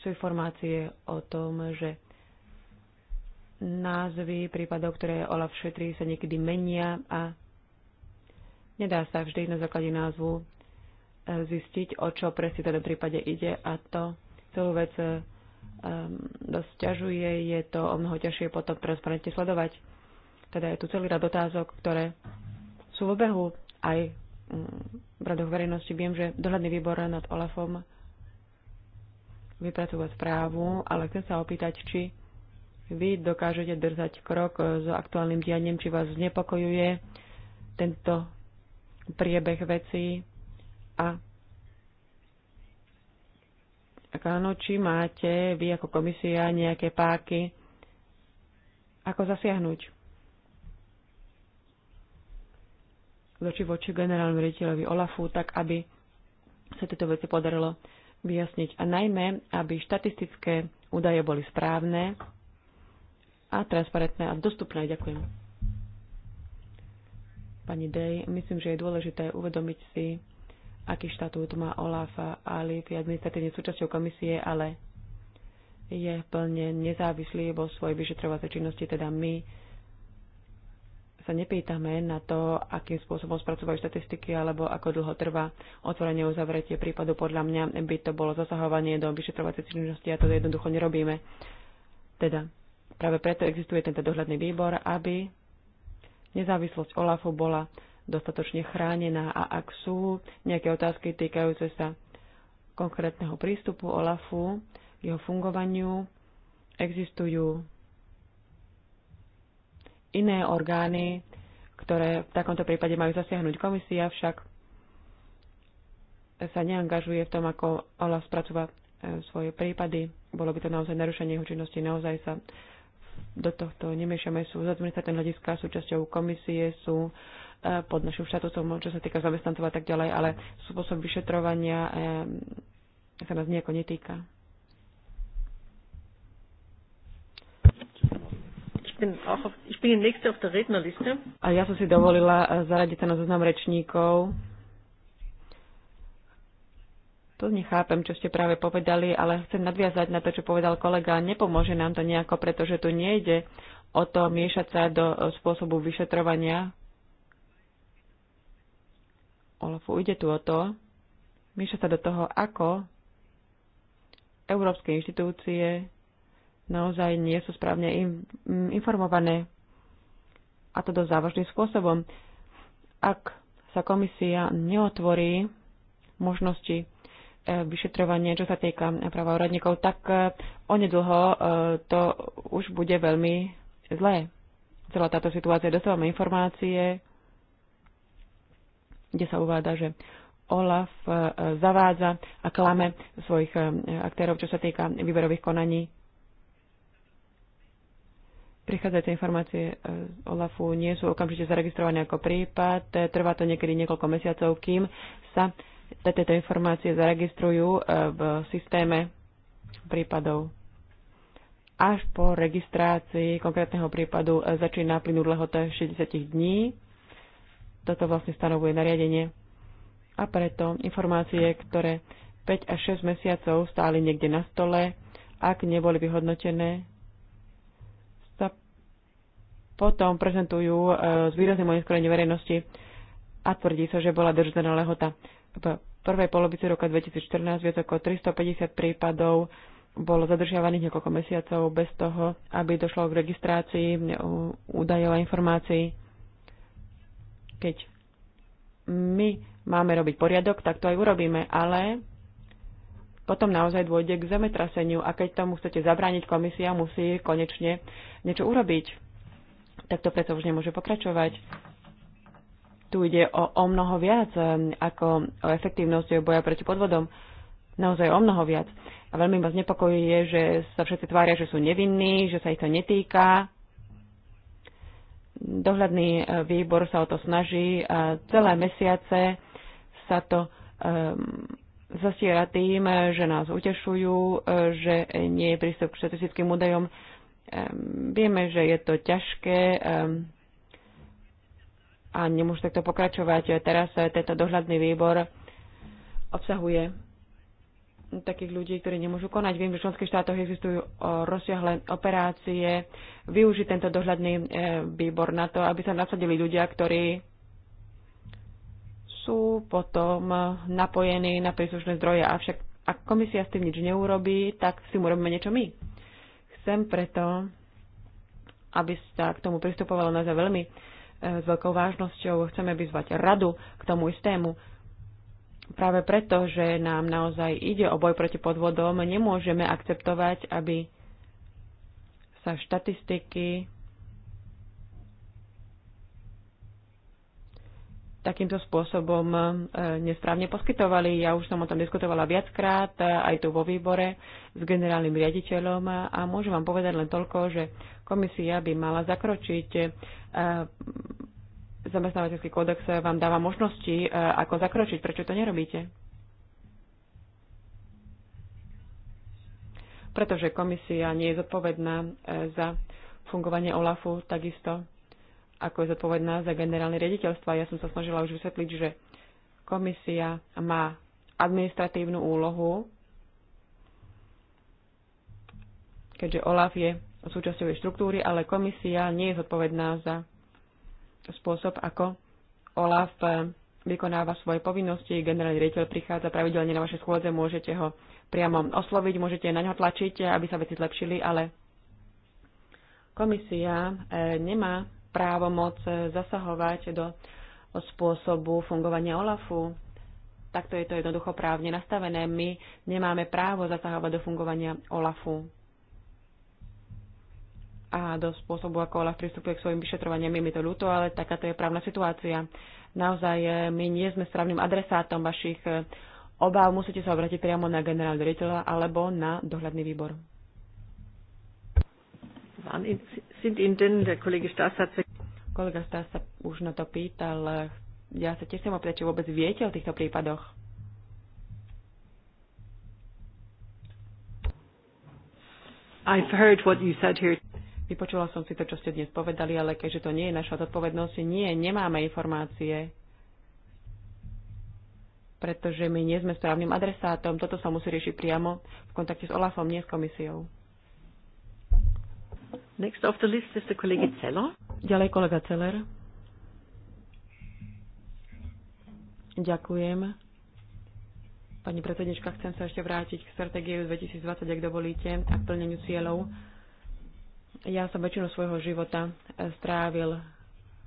sú informácie o tom, že názvy prípadov, ktoré OLAF šetrí, sa niekedy menia a nedá sa vždy na základe názvu eh, zistiť, o čo presne v v prípade ide a to celú vec um, dosť ťažuje, je to o mnoho ťažšie potom transparentne sledovať. Teda je tu celý rad otázok, ktoré sú v obehu aj v radoch verejnosti. Viem, že dohľadný výbor nad OLAFom vypracúva správu, ale chcem sa opýtať, či vy dokážete držať krok s aktuálnym dianím, či vás znepokojuje tento priebeh vecí a ak áno, či máte vy ako komisia nejaké páky, ako zasiahnuť voči, voči generálnemu riaditeľovi Olafu, tak aby sa tieto veci podarilo vyjasniť. A najmä, aby štatistické údaje boli správne a transparentné a dostupné. Ďakujem. Pani Dej, myslím, že je dôležité uvedomiť si, aký štatút má Olaf a LIF je administratívne súčasťou komisie, ale je plne nezávislý vo svojej vyšetrovacej činnosti, teda my sa nepýtame na to, akým spôsobom spracovajú štatistiky alebo ako dlho trvá otvorenie uzavretie prípadu. Podľa mňa by to bolo zasahovanie do vyšetrovacej činnosti a to jednoducho nerobíme. Teda práve preto existuje tento dohľadný výbor, aby nezávislosť OLAFu bola dostatočne chránená a ak sú nejaké otázky týkajúce sa konkrétneho prístupu OLAFu, jeho fungovaniu, existujú iné orgány, ktoré v takomto prípade majú zasiahnuť. Komisia však sa neangažuje v tom, ako OLAF spracúva e, svoje prípady. Bolo by to naozaj narušenie jeho činnosti. Naozaj sa do tohto nemiešame. Sú z administratívneho hľadiska súčasťou komisie, sú e, pod našim štatusom, čo sa týka zamestnancov a tak ďalej, ale spôsob vyšetrovania e, sa nás nejako netýka. A ja som si dovolila eh, zaradiť sa na zoznam rečníkov. To nechápem, čo ste práve povedali, ale chcem nadviazať na to, čo povedal kolega. Nepomôže nám to nejako, pretože tu nejde o to miešať sa do eh, spôsobu vyšetrovania. Olafu, ide tu o to, miešať sa do toho, ako európske inštitúcie naozaj nie sú správne informované. A to dosť závažným spôsobom. Ak sa komisia neotvorí možnosti e, vyšetrovania, čo sa týka práva úradníkov, tak e, onedlho e, to už bude veľmi zlé. Celá táto situácia. Dostávame informácie, kde sa uvádza, že Olaf zavádza a klame svojich aktérov, čo sa týka výberových konaní prichádzajúce informácie e, z OLAFu nie sú okamžite zaregistrované ako prípad. E, trvá to niekedy niekoľko mesiacov, kým sa tieto informácie zaregistrujú e, v systéme prípadov. Až po registrácii konkrétneho prípadu začína plynúť lehota 60 dní. Toto vlastne stanovuje nariadenie. A preto informácie, ktoré 5 až 6 mesiacov stáli niekde na stole, ak neboli vyhodnotené, potom prezentujú e, s výrazným oneskorení verejnosti a tvrdí sa, že bola držená lehota. V prvej polovici roka 2014 viac ako 350 prípadov bolo zadržiavaných niekoľko mesiacov bez toho, aby došlo k registrácii e, údajov a informácií. Keď my máme robiť poriadok, tak to aj urobíme, ale potom naozaj dôjde k zemetraseniu a keď tomu chcete zabrániť, komisia musí konečne niečo urobiť tak to preto už nemôže pokračovať. Tu ide o, o mnoho viac um, ako o efektívnosť boja proti podvodom. Naozaj o mnoho viac. A veľmi ma znepokojuje, že sa všetci tvária, že sú nevinní, že sa ich to netýka. Dohľadný uh, výbor sa o to snaží a celé mesiace sa to um, zastiera tým, že nás utešujú, uh, že nie je prístup k štatistickým údajom. Vieme, že je to ťažké a nemôžete takto pokračovať. Teraz eh, tento dohľadný výbor obsahuje takých ľudí, ktorí nemôžu konať. Viem, že v členských štátoch existujú eh, rozsiahle operácie. Využiť tento dohľadný eh, výbor na to, aby sa nasadili ľudia, ktorí sú potom napojení na príslušné zdroje. Avšak ak komisia s tým nič neurobí, tak si urobíme niečo my. Chcem preto, aby sa k tomu pristupovalo naozaj veľmi e, s veľkou vážnosťou. Chceme vyzvať radu k tomu istému. Práve preto, že nám naozaj ide o boj proti podvodom, nemôžeme akceptovať, aby sa štatistiky takýmto spôsobom e, nesprávne poskytovali. Ja už som o tom diskutovala viackrát, e, aj tu vo výbore s generálnym riaditeľom a môžem vám povedať len toľko, že komisia by mala zakročiť. E, zamestnávateľský kódex vám dáva možnosti, ako zakročiť. Prečo to nerobíte? Pretože komisia nie je zodpovedná za fungovanie OLAFu takisto ako je zodpovedná za generálne riaditeľstvo. Ja som sa snažila už vysvetliť, že komisia má administratívnu úlohu, keďže OLAF je súčasťou jej štruktúry, ale komisia nie je zodpovedná za spôsob, ako OLAF eh, vykonáva svoje povinnosti. Generálny riaditeľ prichádza pravidelne na vaše schôdze, môžete ho priamo osloviť, môžete na ňo tlačiť, aby sa veci zlepšili, ale komisia eh, nemá právomoc eh, zasahovať do spôsobu fungovania OLAFu. Takto je to jednoducho právne nastavené. My nemáme právo zasahovať do fungovania OLAFu a do spôsobu, ako OLAF pristupuje k svojim vyšetrovaniam. Je mi to ľúto, ale takáto je právna situácia. Naozaj, eh, my nie sme správnym adresátom vašich eh, obáv. Musíte sa obrátiť priamo na generál riaditeľa alebo na dohľadný výbor. Kolega Stas sa už na to pýtal. Ja sa tiež chcem opýtať, či vôbec viete o týchto prípadoch. I've heard what you said here. Vypočula som si to, čo ste dnes povedali, ale keďže to nie je naša zodpovednosť, nie, nemáme informácie, pretože my nie sme správnym adresátom. Toto sa musí riešiť priamo v kontakte s Olafom, nie s komisiou. Next off the list is the kollege Zeller. Ďalej kolega Zeller. Ďakujem. Pani predsednička, chcem sa ešte vrátiť k stratégiu 2020, ak dovolíte, a k plneniu cieľov. Ja som väčšinu svojho života strávil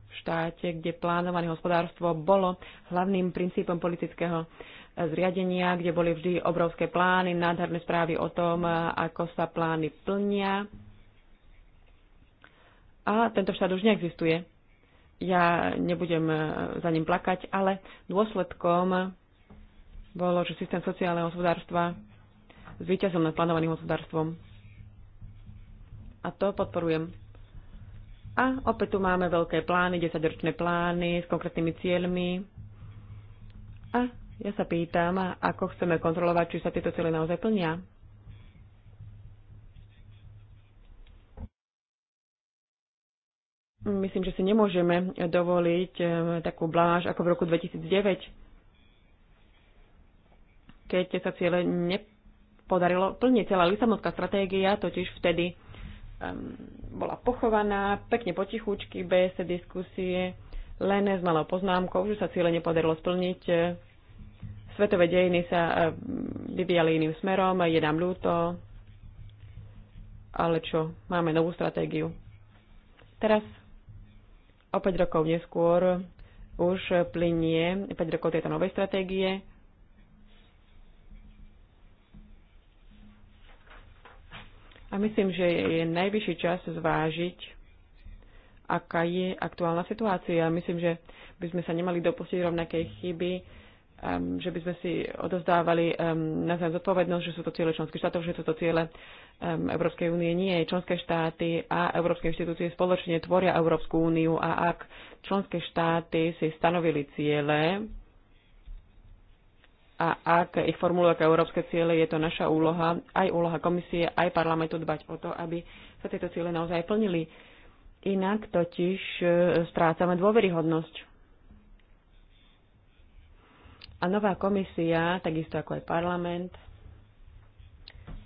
v štáte, kde plánované hospodárstvo bolo hlavným princípom politického zriadenia, kde boli vždy obrovské plány, nádherné správy o tom, ako sa plány plnia a tento štát už neexistuje. Ja nebudem e, za ním plakať, ale dôsledkom bolo, že systém sociálneho hospodárstva výťazom nad plánovaným hospodárstvom. A to podporujem. A opäť tu máme veľké plány, desaťročné plány s konkrétnymi cieľmi. A ja sa pýtam, ako chceme kontrolovať, či sa tieto cieľe naozaj plnia. Myslím, že si nemôžeme dovoliť e, takú bláž ako v roku 2009, keď sa cieľe nepodarilo plniť. Celá Lisabonská stratégia totiž vtedy um, bola pochovaná pekne potichučky, bez diskusie, len s malou poznámkou, že sa cieľe nepodarilo splniť. E, svetové dejiny sa e, vyvíjali iným smerom, je nám ľúto, ale čo, máme novú stratégiu. Teraz O 5 rokov neskôr už plinie 5 rokov tejto novej stratégie. A myslím, že je najvyšší čas zvážiť, aká je aktuálna situácia. Myslím, že by sme sa nemali dopustiť rovnakej chyby, že by sme si odozdávali na zodpovednosť, že sú to ciele členských štátov, že sú to ciele Európskej únie. Nie, členské štáty a európske inštitúcie spoločne tvoria Európsku úniu a ak členské štáty si stanovili ciele a ak ich formulujú ako európske ciele, je to naša úloha, aj úloha komisie, aj parlamentu dbať o to, aby sa tieto ciele naozaj plnili. Inak totiž e, strácame dôveryhodnosť a nová komisia, takisto ako aj parlament,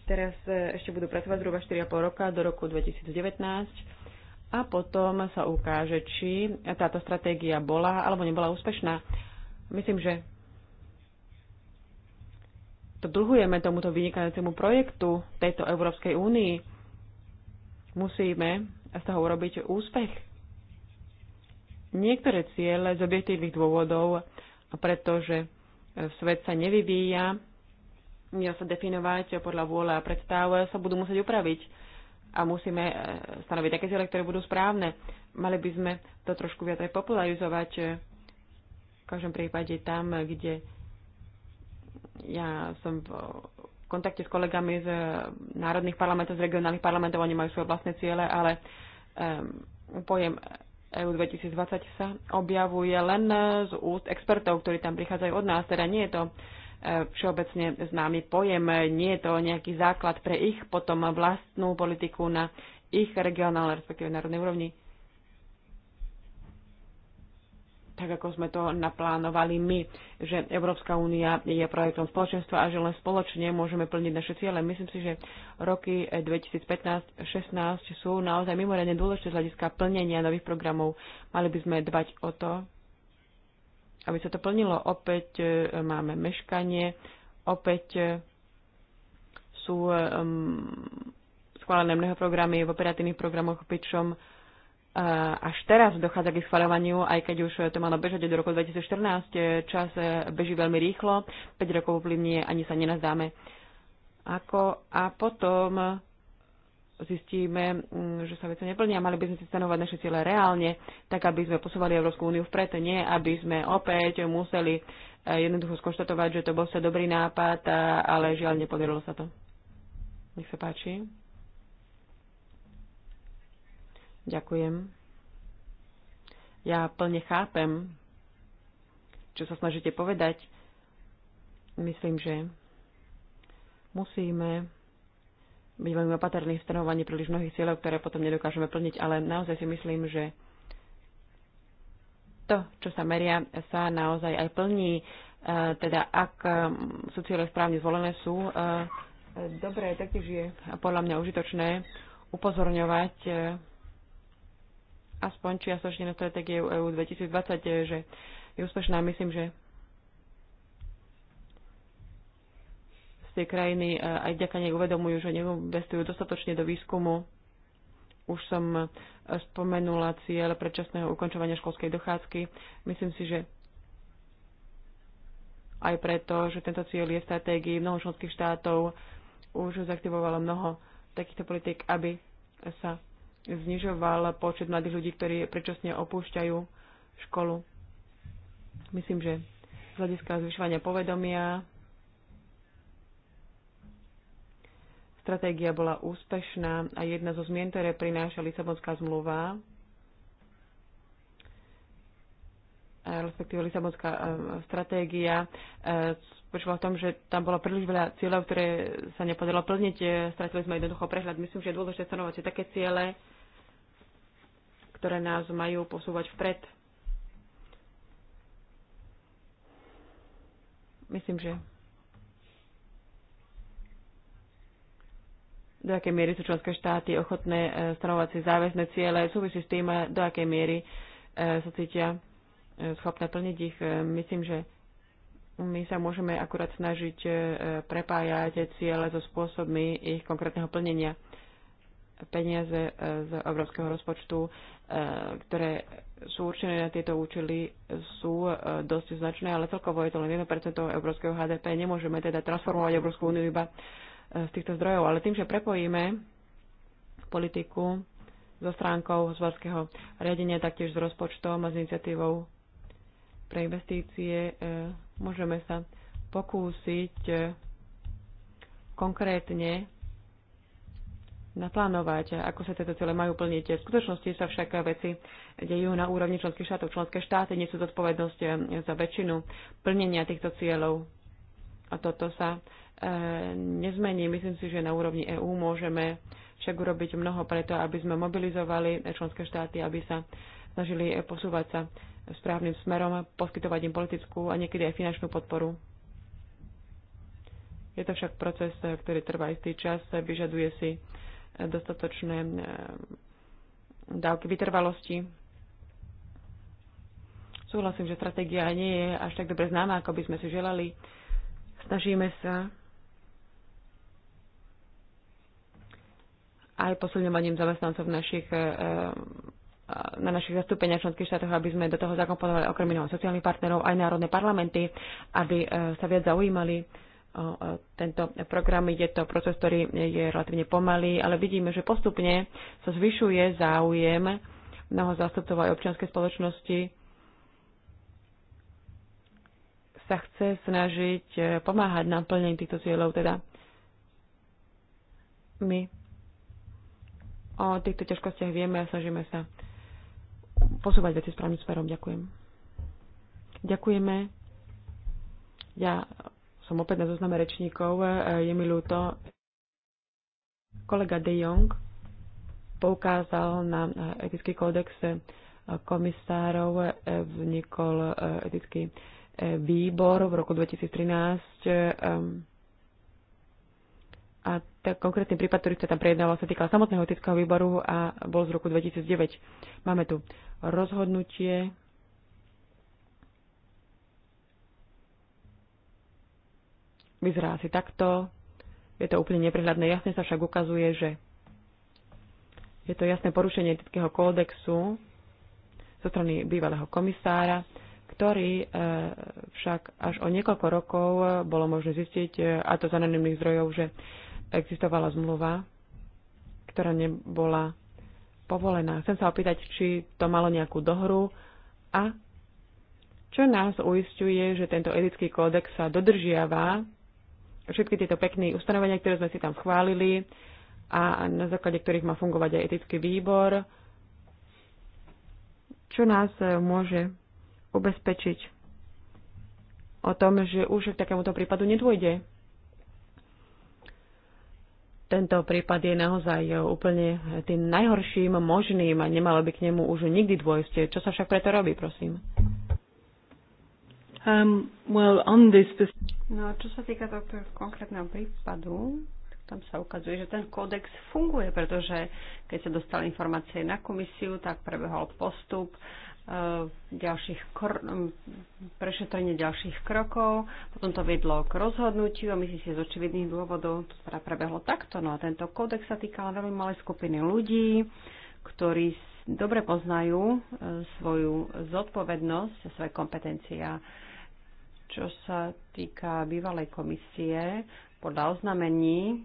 teraz e, ešte budú pracovať zhruba 4,5 roka do roku 2019 a potom sa ukáže, či táto stratégia bola alebo nebola úspešná. Myslím, že to dlhujeme tomuto vynikajúcemu projektu tejto Európskej únii. Musíme z toho urobiť úspech. Niektoré ciele z objektívnych dôvodov, pretože svet sa nevyvíja, ja sa definovať podľa vôle a predstav eh, sa budú musieť upraviť a musíme eh, stanoviť také ciele, ktoré budú správne. Mali by sme to trošku viac aj popularizovať eh. v každom prípade tam, kde ja som v kontakte s kolegami z národných parlamentov, z regionálnych parlamentov, oni majú svoje vlastné ciele, ale um, pojem EU 2020 sa objavuje len z úst expertov, ktorí tam prichádzajú od nás. Teda nie je to e, všeobecne známy pojem, nie je to nejaký základ pre ich potom vlastnú politiku na ich regionálnej, respektíve národnej úrovni. tak ako sme to naplánovali my, že Európska únia je projektom spoločenstva a že len spoločne môžeme plniť naše ciele. Myslím si, že roky 2015-16 sú naozaj mimoriadne dôležité z hľadiska plnenia nových programov. Mali by sme dbať o to, aby sa to plnilo. Opäť e, máme meškanie, opäť e, sú um, schválené mnoho programy v operatívnych programoch, pričom až teraz dochádza k schvaľovaniu, aj keď už to malo bežať do roku 2014. Eh, čas eh, beží veľmi rýchlo, 5 rokov uplynie, ani sa nenazdáme. Ako a potom zistíme, mm, že sa veci neplnia, mali by sme si stanovať naše ciele reálne, tak aby sme posúvali Európsku úniu vpred, nie aby sme opäť museli eh, jednoducho skonštatovať, že to bol sa dobrý nápad, ale žiaľ nepodarilo sa to. Nech sa páči. Ďakujem. Ja plne chápem, čo sa snažíte povedať. Myslím, že musíme byť veľmi opatrní v stanovaní príliš mnohých cieľov, ktoré potom nedokážeme plniť, ale naozaj si myslím, že to, čo sa meria, sa naozaj aj plní. E, teda ak e, sú cieľe správne zvolené, sú e, dobré, taktiež je podľa mňa užitočné upozorňovať aspoň čiastočne na stratégiu EU 2020, eh, že je úspešná. Myslím, že z tej krajiny eh, aj ďaká nej uvedomujú, že neinvestujú dostatočne do výskumu. Už som eh, spomenula cieľ predčasného ukončovania školskej dochádzky. Myslím si, že aj preto, že tento cieľ je v stratégii mnoho členských štátov, už zaktivovalo mnoho takýchto politik, aby sa znižoval počet mladých ľudí, ktorí predčasne opúšťajú školu. Myslím, že z hľadiska zvyšovania povedomia stratégia bola úspešná a jedna zo zmien, ktoré prináša Lisabonská zmluva, respektíve Lisabonská e, stratégia, e, spočíva v tom, že tam bolo príliš veľa cieľov, ktoré sa nepodarilo plniť. E, stratili sme jednoducho prehľad. Myslím, že je dôležité stanovať si také ciele, ktoré nás majú posúvať vpred. Myslím, že do akej miery sú členské štáty ochotné e, stanovať si záväzne ciele, súvisí s tým, e, do akej miery e, sa cítia schopné plniť ich. Myslím, že my sa môžeme akurát snažiť prepájať ciele so spôsobmi ich konkrétneho plnenia peniaze e, z európskeho rozpočtu, e, ktoré sú určené na tieto účely, sú e, dosť značné, ale celkovo je to len 1% európskeho HDP. Nemôžeme teda transformovať Európsku úniu iba z týchto zdrojov, ale tým, že prepojíme politiku so stránkou hospodárskeho riadenia, taktiež s rozpočtom a s iniciatívou pre investície, môžeme sa pokúsiť konkrétne naplánovať, ako sa tieto cele majú plniť. V skutočnosti sa však veci dejú na úrovni členských štátov. Členské štáty nesú zodpovednosť eh, za väčšinu plnenia týchto cieľov. A toto sa e, nezmení. Myslím si, že na úrovni EÚ môžeme však urobiť mnoho preto, aby sme mobilizovali členské štáty, aby sa snažili eh, posúvať sa správnym smerom, poskytovať im politickú a niekedy aj finančnú podporu. Je to však proces, ktorý trvá istý čas, vyžaduje si dostatočné eh, dávky vytrvalosti. Súhlasím, že stratégia nie je až tak dobre známa, ako by sme si želali. Snažíme sa aj posilňovaním zamestnancov v našich, eh, eh, na našich zastúpeniach členských štátoch, aby sme do toho zakomponovali okrem iného sociálnych partnerov aj národné parlamenty, aby sa viac zaujímali tento program. Je to proces, ktorý je relatívne pomalý, ale vidíme, že postupne sa zvyšuje záujem mnoho zástupcov aj občianskej spoločnosti sa chce snažiť e, pomáhať na plnení týchto cieľov, teda my o týchto ťažkostiach vieme a snažíme sa posúvať veci správnym smerom. Ďakujem. Ďakujeme. Ja som opäť na zozname rečníkov. E, je mi ľúto. Kolega De Jong poukázal na e, etický kódex e, komisárov, vznikol etický výbor v roku 2013 a ten konkrétny prípad, ktorý sa tam prejednalo, sa týkal samotného etického výboru a bol z roku 2009. Máme tu rozhodnutie Vyzerá asi takto. Je to úplne neprehľadné. Jasne sa však ukazuje, že je to jasné porušenie etického kódexu zo strany bývalého komisára, ktorý e, však až o niekoľko rokov e, bolo možné zistiť, e, a to z anonimných zdrojov, že existovala zmluva, ktorá nebola povolená. Chcem sa opýtať, či to malo nejakú dohru a čo nás uistuje, že tento etický kódex sa dodržiava všetky tieto pekné ustanovenia, ktoré sme si tam schválili a na základe ktorých má fungovať aj etický výbor, čo nás e, môže ubezpečiť o tom, že už k takémuto prípadu nedôjde. Tento prípad je naozaj úplne tým najhorším možným a nemalo by k nemu už nikdy dôjsť. Čo sa však preto robí, prosím? Um, well, on this... No a čo sa týka tohto konkrétneho prípadu, tak tam sa ukazuje, že ten kódex funguje, pretože keď sa dostali informácie na komisiu, tak prebehol postup e, ďalších kr- prešetrenie ďalších krokov, potom to viedlo k rozhodnutiu a myslím si z očividných dôvodov to teda prebehlo takto. No a tento kódex sa týkal veľmi malej skupiny ľudí, ktorí dobre poznajú e, svoju zodpovednosť, svoje kompetencia čo sa týka bývalej komisie, podľa oznamení,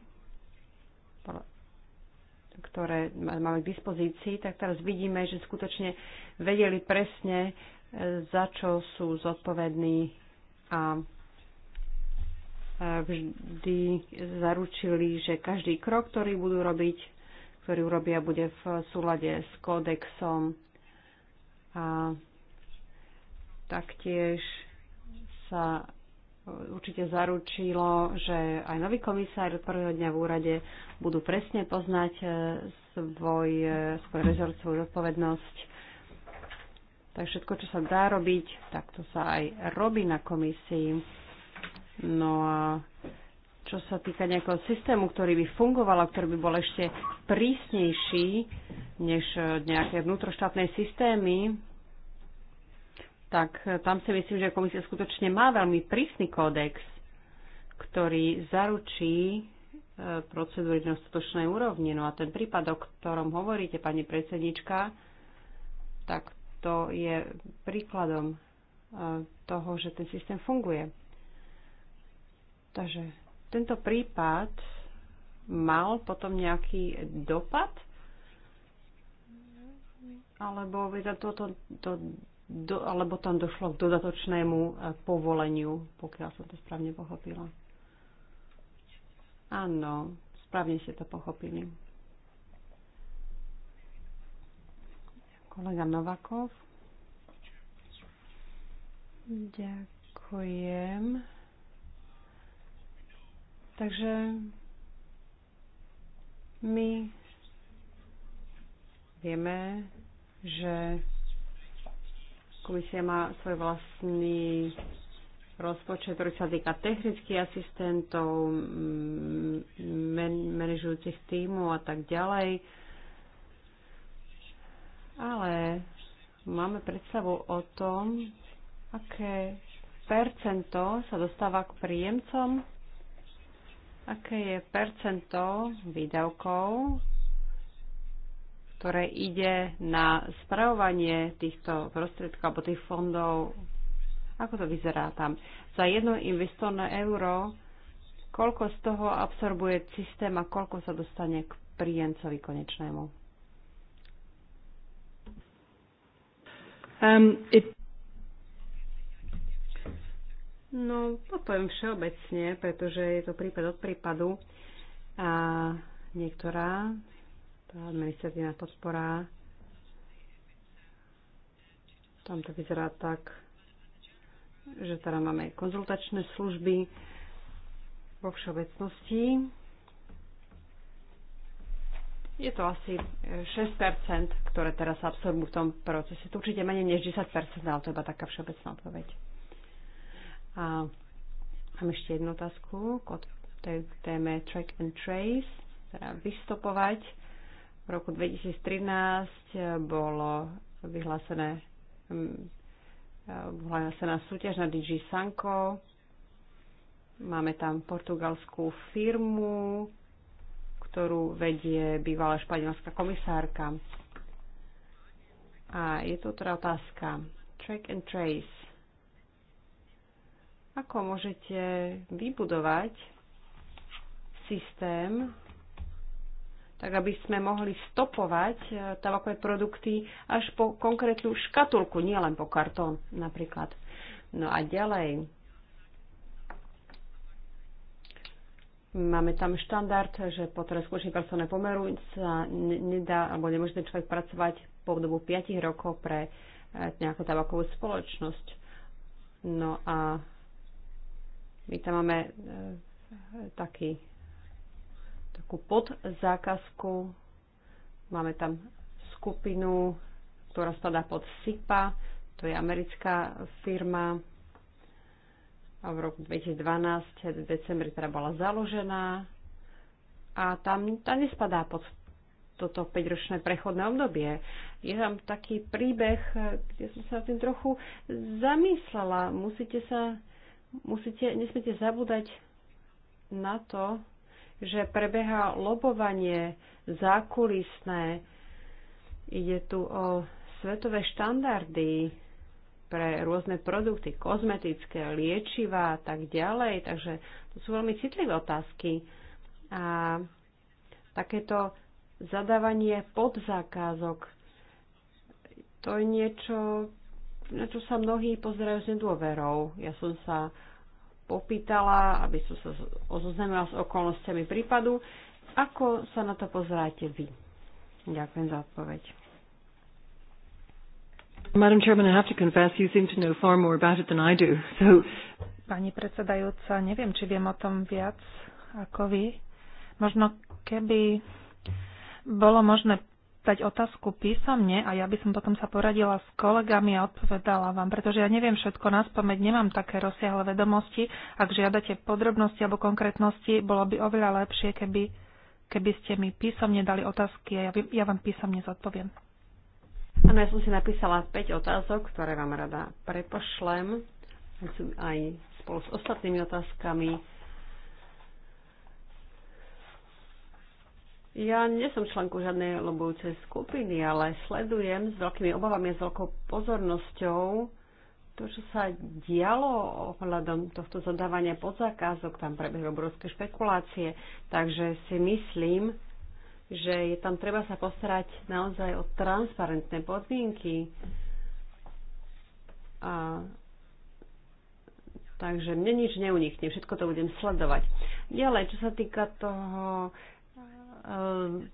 ktoré máme k dispozícii, tak teraz vidíme, že skutočne vedeli presne, e, za čo sú zodpovední a e, vždy zaručili, že každý krok, ktorý budú robiť, ktorý urobia, bude v súlade s kódexom a taktiež sa e, určite zaručilo, že aj nový komisár od prvého dňa v úrade budú presne poznať e, svoj, e, svoj rezort, svoju zodpovednosť. Tak všetko, čo sa dá robiť, tak to sa aj robí na komisii. No a čo sa týka nejakého systému, ktorý by fungoval a ktorý by bol ešte prísnejší než nejaké vnútroštátne systémy, tak e, tam si myslím, že komisia skutočne má veľmi prísny kódex, ktorý zaručí e, procedúry na dostatočnej úrovni. No a ten prípad, o ktorom hovoríte, pani predsednička, tak to je príkladom e, toho, že ten systém funguje. Takže tento prípad mal potom nejaký dopad? Alebo to, to do, alebo tam došlo k dodatočnému e, povoleniu, pokiaľ som to správne pochopila. Áno, správne ste to pochopili. Kolega Novakov. Ďakujem. Takže my vieme, že Komisia má svoj vlastný rozpočet, ktorý sa týka technických asistentov, mm, manažujúcich týmov a tak ďalej. Ale máme predstavu o tom, aké percento sa dostáva k príjemcom, aké je percento výdavkov ktoré ide na spravovanie týchto prostriedkov alebo tých fondov. Ako to vyzerá tam? Za jedno investované euro, koľko z toho absorbuje systém a koľko sa dostane k príjemcovi konečnému? Um, it... No, to poviem všeobecne, pretože je to prípad od prípadu. A niektorá tá administratívna podpora. Tam to vyzerá tak, že teda máme konzultačné služby vo všeobecnosti. Je to asi 6%, ktoré teraz absorbujú v tom procese. To určite menej než 10%, ale to je iba taká všeobecná odpoveď. A mám ešte jednu otázku k téme track and trace, teda vystopovať. V roku 2013 eh, bolo vyhlásené mm, eh, vyhlásená súťaž na DG Sanko. Máme tam portugalskú firmu, ktorú vedie bývalá španielská komisárka. A je tu teda otázka. Track and trace. Ako môžete vybudovať systém, tak aby sme mohli stopovať e, tabakové produkty až po konkrétnu škatulku, nielen po kartón napríklad. No a ďalej. Máme tam štandard, že po teda skutočný pracovné pomeru sa nedá, alebo nemôže ten človek pracovať po dobu 5 rokov pre e, nejakú tabakovú spoločnosť. No a my tam máme e, taký takú podzákazku. Máme tam skupinu, ktorá spadá pod SIPA, to je americká firma a v roku 2012, v decembri teda bola založená a tam tá nespadá pod toto 5-ročné prechodné obdobie. Je tam taký príbeh, kde som sa tým trochu zamyslela. Musíte sa, musíte, nesmiete zabúdať na to, že prebieha lobovanie zákulisné. Ide tu o svetové štandardy pre rôzne produkty, kozmetické, liečivá a tak ďalej. Takže to sú veľmi citlivé otázky. A takéto zadávanie podzakázok, to je niečo, na čo sa mnohí pozerajú s nedôverou. Ja som sa popýtala, aby som sa ozoznámila s okolnostiami prípadu. Ako sa na to pozeráte vy? Ďakujem za odpoveď. Madam Chairman, I have to confess, you seem to know far more about it than I do. So... Pani predsedajúca, neviem, či viem o tom viac ako vy. Možno keby bolo možné dať otázku písomne a ja by som potom sa poradila s kolegami a odpovedala vám, pretože ja neviem všetko na spomeň, nemám také rozsiahle vedomosti. Ak žiadate podrobnosti alebo konkrétnosti, bolo by oveľa lepšie, keby, keby ste mi písomne dali otázky a ja, ja vám písomne zodpoviem. Áno, ja som si napísala 5 otázok, ktoré vám rada prepošlem aj spolu s ostatnými otázkami Ja nie som členkou žiadnej lobujúcej skupiny, ale sledujem s veľkými obavami a s veľkou pozornosťou to, čo sa dialo ohľadom tohto zadávania podzákazok. Tam prebehli obrovské špekulácie, takže si myslím, že je tam treba sa postarať naozaj o transparentné podmienky. A Takže mne nič neunikne, všetko to budem sledovať. Ďalej, čo sa týka toho Eh,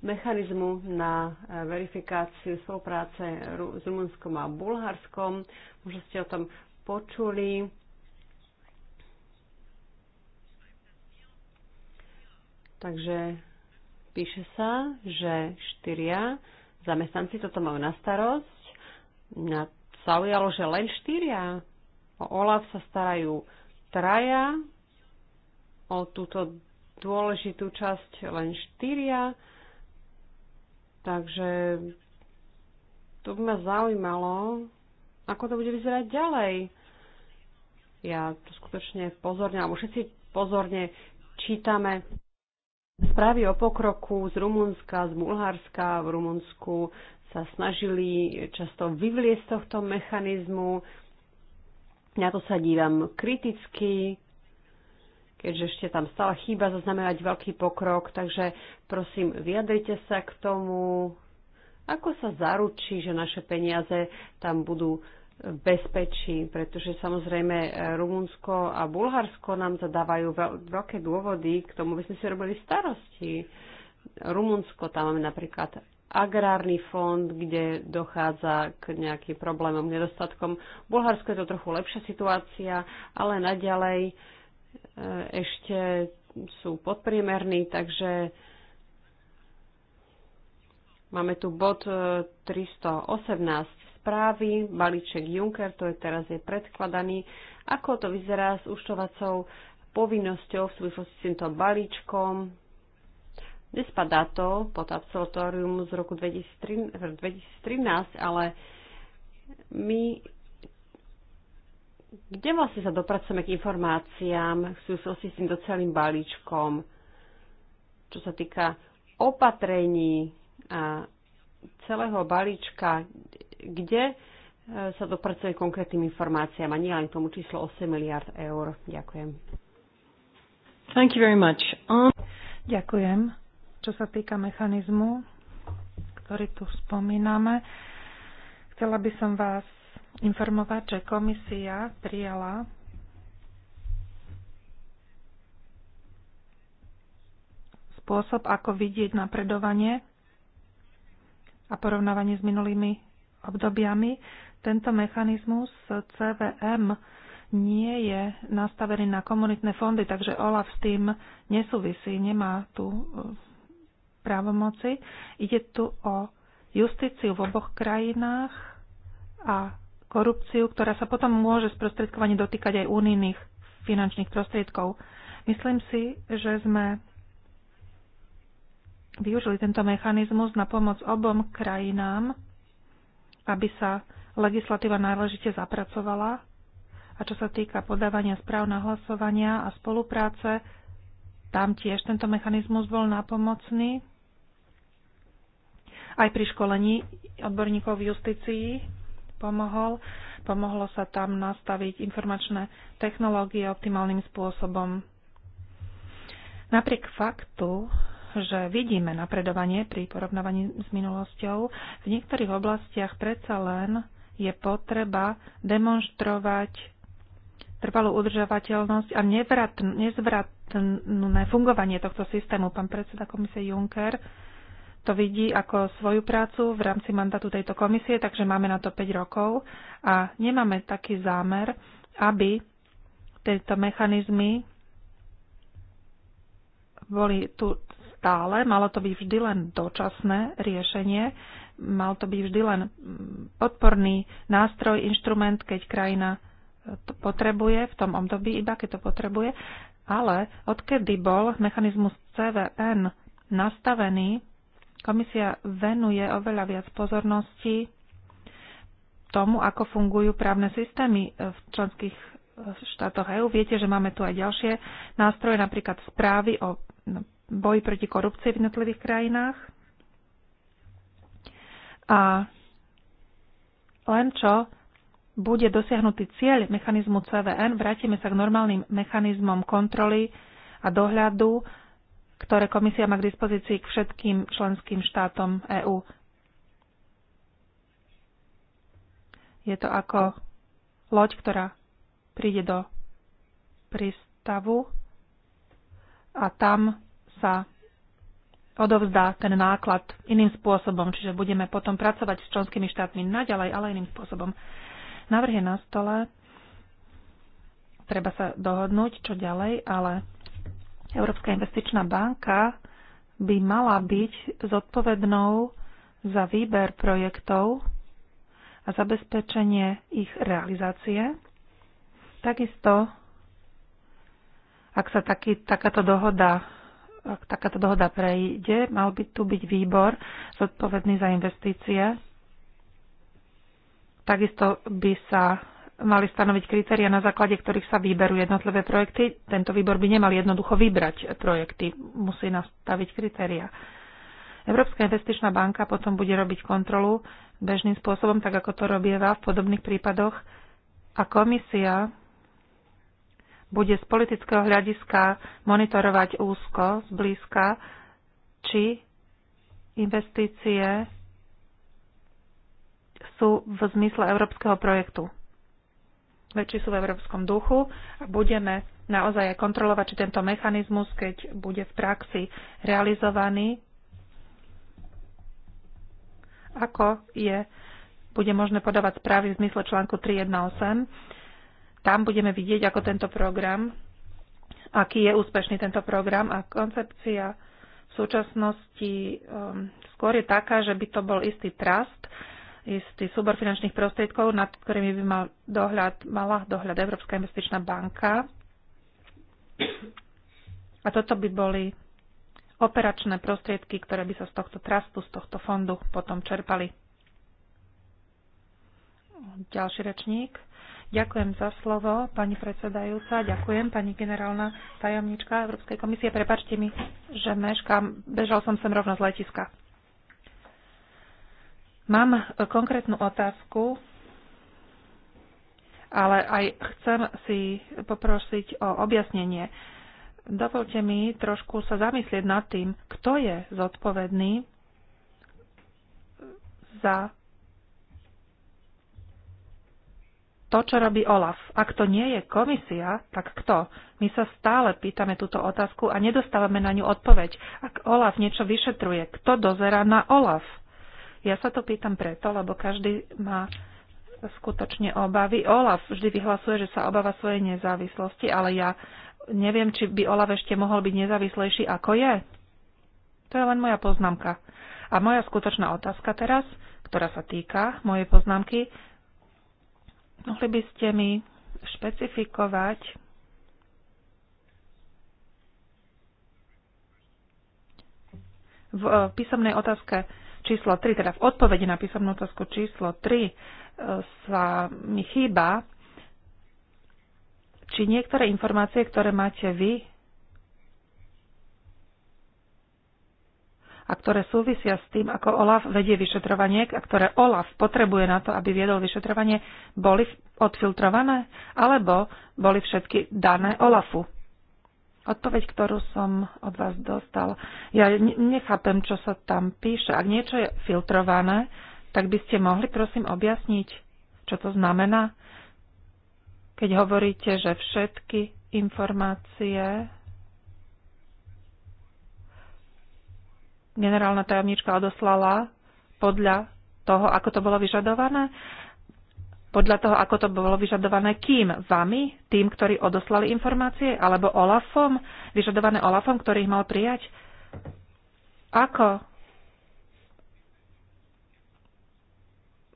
mechanizmu na eh, verifikáciu spolupráce s Rumunskom a Bulharskom. Možno ste o tom počuli. Takže píše sa, že štyria zamestnanci toto majú na starosť. Mňa ujalo, že len štyria. O Olaf sa starajú traja, o túto dôležitú časť len štyria. Takže to by ma zaujímalo, ako to bude vyzerať ďalej. Ja to skutočne pozorne, alebo všetci pozorne čítame správy o pokroku z Rumunska, z Bulharska. V Rumunsku sa snažili často vyvliesť z tohto mechanizmu. Na to sa dívam kriticky, keďže ešte tam stále chýba zaznamenať veľký pokrok, takže prosím, vyjadrite sa k tomu, ako sa zaručí, že naše peniaze tam budú bezpečí, pretože samozrejme eh, Rumunsko a Bulharsko nám zadávajú veľké dôvody k tomu, aby sme si robili starosti. Rumunsko, tam máme napríklad agrárny fond, kde dochádza k nejakým problémom, nedostatkom. Bulharsko je to trochu lepšia situácia, ale naďalej ešte sú podpriemerní, takže máme tu bod 318 e, správy, balíček Juncker, to je teraz je predkladaný. Ako to vyzerá s uštovacou povinnosťou v súvislosti s týmto balíčkom? Nespadá to pod absolutórium z roku 2013, ale my kde vlastne sa dopracujeme k informáciám v súvislosti s týmto celým balíčkom, čo sa týka opatrení a celého balíčka, kde e, sa dopracuje konkrétnym informáciám a nie len k tomu číslo 8 miliard eur. Ďakujem. Thank you very much. Um... Ďakujem. Čo sa týka mechanizmu, ktorý tu spomíname, chcela by som vás informovať, že komisia prijala spôsob, ako vidieť napredovanie a porovnávanie s minulými obdobiami. Tento mechanizmus CVM nie je nastavený na komunitné fondy, takže OLAF s tým nesúvisí, nemá tu e, právomoci. Ide tu o justíciu v oboch krajinách a korupciu, ktorá sa potom môže sprostredkovane dotýkať aj unijných finančných prostriedkov. Myslím si, že sme využili tento mechanizmus na pomoc obom krajinám, aby sa legislatíva náležite zapracovala. A čo sa týka podávania správ nahlasovania a spolupráce, tam tiež tento mechanizmus bol nápomocný. Aj pri školení odborníkov v justícii pomohol. Pomohlo sa tam nastaviť informačné technológie optimálnym spôsobom. Napriek faktu, že vidíme napredovanie pri porovnávaní s minulosťou, v niektorých oblastiach predsa len je potreba demonstrovať trvalú udržovateľnosť a nevratn, nezvratné fungovanie tohto systému. Pán predseda komisie Juncker to vidí ako svoju prácu v rámci mandátu tejto komisie, takže máme na to 5 rokov a nemáme taký zámer, aby tieto mechanizmy boli tu stále, malo to byť vždy len dočasné riešenie, mal to byť vždy len mm, podporný nástroj, inštrument, keď krajina e, to potrebuje v tom období, iba keď to potrebuje, ale odkedy bol mechanizmus CVN nastavený, Komisia venuje oveľa viac pozornosti tomu, ako fungujú právne systémy v členských eh, štátoch EÚ. Viete, že máme tu aj ďalšie nástroje, napríklad správy o no, boji proti korupcii v jednotlivých krajinách. A len čo bude dosiahnutý cieľ mechanizmu CVN, vrátime sa k normálnym mechanizmom kontroly a dohľadu ktoré komisia má k dispozícii k všetkým členským štátom EÚ. Je to ako loď, ktorá príde do prístavu a tam sa odovzdá ten náklad iným spôsobom, čiže budeme potom pracovať s členskými štátmi naďalej, ale iným spôsobom. Návrh je na stole, treba sa dohodnúť, čo ďalej, ale Európska investičná banka by mala byť zodpovednou za výber projektov a zabezpečenie ich realizácie. Takisto, ak sa taký, takáto dohoda ak takáto dohoda prejde, mal by tu byť výbor zodpovedný za investície. Takisto by sa mali stanoviť kritéria, na základe ktorých sa vyberú jednotlivé projekty. Tento výbor by nemal jednoducho vybrať projekty, musí nastaviť kritéria. Európska investičná banka potom bude robiť kontrolu bežným spôsobom, tak ako to robieva v podobných prípadoch. A komisia bude z politického hľadiska monitorovať úzko, zblízka, či investície sú v zmysle európskeho projektu väčší sú v európskom duchu a budeme naozaj aj kontrolovať, či tento mechanizmus, keď bude v praxi realizovaný, ako je, bude možné podávať správy v zmysle článku 318. Tam budeme vidieť, ako tento program, aký je úspešný tento program a koncepcia v súčasnosti um, skôr je taká, že by to bol istý trust, istý súbor finančných prostriedkov, nad ktorými by mal dohľad, mala dohľad Európska investičná banka. A toto by boli operačné prostriedky, ktoré by sa z tohto trastu, z tohto fondu potom čerpali. Ďalší rečník. Ďakujem za slovo, pani predsedajúca. Ďakujem, pani generálna tajomnička Európskej komisie. Prepačte mi, že meškám. Bežal som sem rovno z letiska. Mám e, konkrétnu otázku, ale aj chcem si poprosiť o objasnenie. Dovolte mi trošku sa zamyslieť nad tým, kto je zodpovedný za to, čo robí Olaf. Ak to nie je komisia, tak kto? My sa stále pýtame túto otázku a nedostávame na ňu odpoveď. Ak Olaf niečo vyšetruje, kto dozera na Olaf? Ja sa to pýtam preto, lebo každý má skutočne obavy. Olaf vždy vyhlasuje, že sa obáva svojej nezávislosti, ale ja neviem, či by Olaf ešte mohol byť nezávislejší, ako je. To je len moja poznámka. A moja skutočná otázka teraz, ktorá sa týka mojej poznámky, mohli by ste mi špecifikovať, v e, písomnej otázke číslo 3, teda v odpovedi na písomnú otázku číslo 3 e, sa mi chýba, či niektoré informácie, ktoré máte vy a ktoré súvisia s tým, ako OLAF vedie vyšetrovanie a ktoré OLAF potrebuje na to, aby viedol vyšetrovanie, boli odfiltrované alebo boli všetky dané OLAFu. Odpoveď, ktorú som od vás dostal, ja nechápem, čo sa tam píše. Ak niečo je filtrované, tak by ste mohli, prosím, objasniť, čo to znamená, keď hovoríte, že všetky informácie generálna tajomnička odoslala podľa toho, ako to bolo vyžadované podľa toho, ako to bolo vyžadované kým? Vami? Tým, ktorí odoslali informácie? Alebo Olafom? Vyžadované Olafom, ktorý ich mal prijať? Ako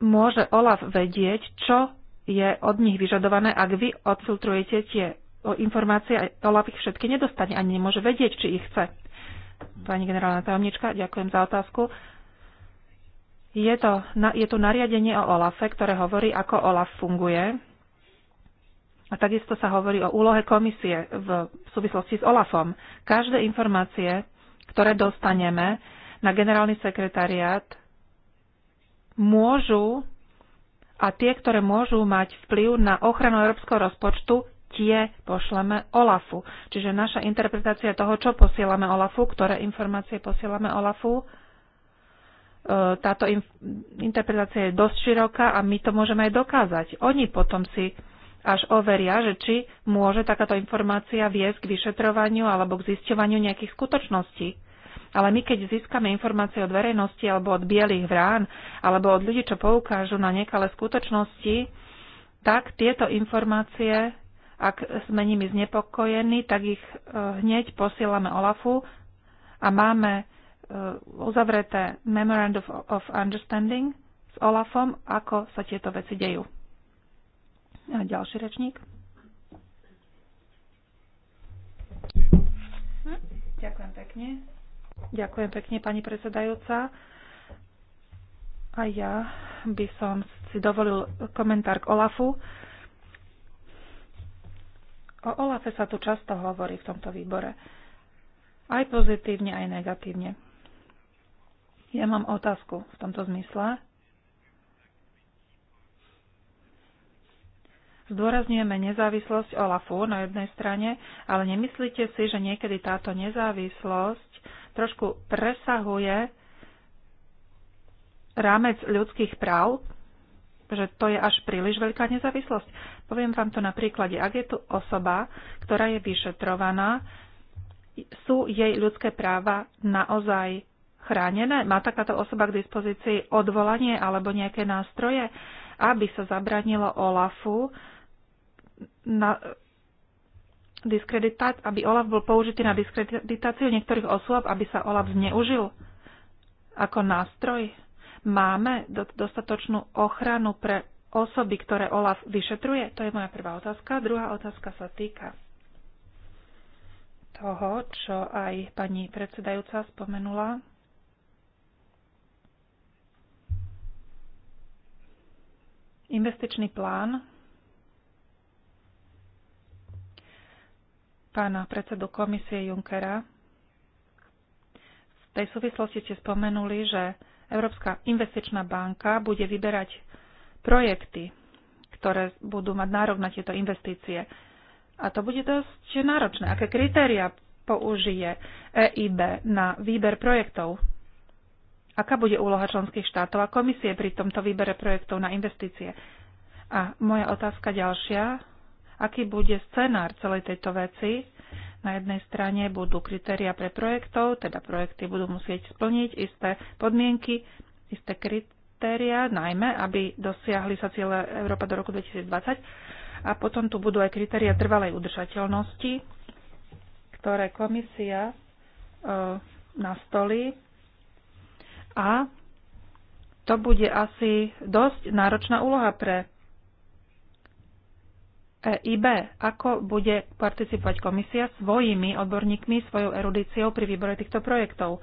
môže Olaf vedieť, čo je od nich vyžadované, ak vy odfiltrujete tie informácie a Olaf ich všetky nedostane, ani nemôže vedieť, či ich chce. Pani generálna tajomnička, ďakujem za otázku. Je, to, je tu nariadenie o OLAFe, ktoré hovorí, ako OLAF funguje. A takisto sa hovorí o úlohe komisie v súvislosti s OLAFom. Každé informácie, ktoré dostaneme na generálny sekretariat, môžu a tie, ktoré môžu mať vplyv na ochranu európskeho rozpočtu, tie pošleme OLAFu. Čiže naša interpretácia toho, čo posielame OLAFu, ktoré informácie posielame OLAFu, E, táto interpretácia je dosť široká a my to môžeme aj dokázať. Oni potom si až overia, že či môže takáto informácia viesť k vyšetrovaniu alebo k zisťovaniu nejakých skutočností. Ale my, keď získame informácie od verejnosti alebo od bielých vrán alebo od ľudí, čo poukážu na nekalé skutočnosti, tak tieto informácie, ak sme nimi znepokojení, tak ich e, hneď posielame Olafu a máme Eh, uzavreté Memorandum of Understanding s Olafom, ako sa tieto veci dejú. A ďalší rečník. Ďakujem pekne. Ďakujem pekne, pani predsedajúca. A ja by som si dovolil komentár k Olafu. O Olafe sa tu často hovorí v tomto výbore. Aj pozitívne, aj negatívne. Ja mám otázku v tomto zmysle. Zdôrazňujeme nezávislosť OLAFu na jednej strane, ale nemyslíte si, že niekedy táto nezávislosť trošku presahuje rámec ľudských práv, že to je až príliš veľká nezávislosť. Poviem vám to na príklade. Ak je tu osoba, ktorá je vyšetrovaná, sú jej ľudské práva naozaj chránené? Má takáto osoba k dispozícii odvolanie alebo nejaké nástroje, aby sa zabranilo OLAFu na diskreditať, aby OLAF bol použitý na diskreditáciu niektorých osôb, aby sa OLAF zneužil ako nástroj? Máme dostatočnú ochranu pre osoby, ktoré OLAF vyšetruje? To je moja prvá otázka. Druhá otázka sa týka toho, čo aj pani predsedajúca spomenula. Investičný plán pána predsedu komisie Junckera. V tej súvislosti ste spomenuli, že Európska investičná banka bude vyberať projekty, ktoré budú mať nárok na tieto investície. A to bude dosť náročné. Aké kritéria použije EIB na výber projektov? Aká bude úloha členských štátov a komisie pri tomto výbere projektov na investície? A moja otázka ďalšia. Aký bude scenár celej tejto veci? Na jednej strane budú kritéria pre projektov, teda projekty budú musieť splniť isté podmienky, isté kritéria, najmä, aby dosiahli sa ciele Európa do roku 2020. A potom tu budú aj kritéria trvalej udržateľnosti, ktoré komisia e, nastolí a to bude asi dosť náročná úloha pre EIB. Ako bude participovať komisia svojimi odborníkmi, svojou erudíciou pri výbore týchto projektov?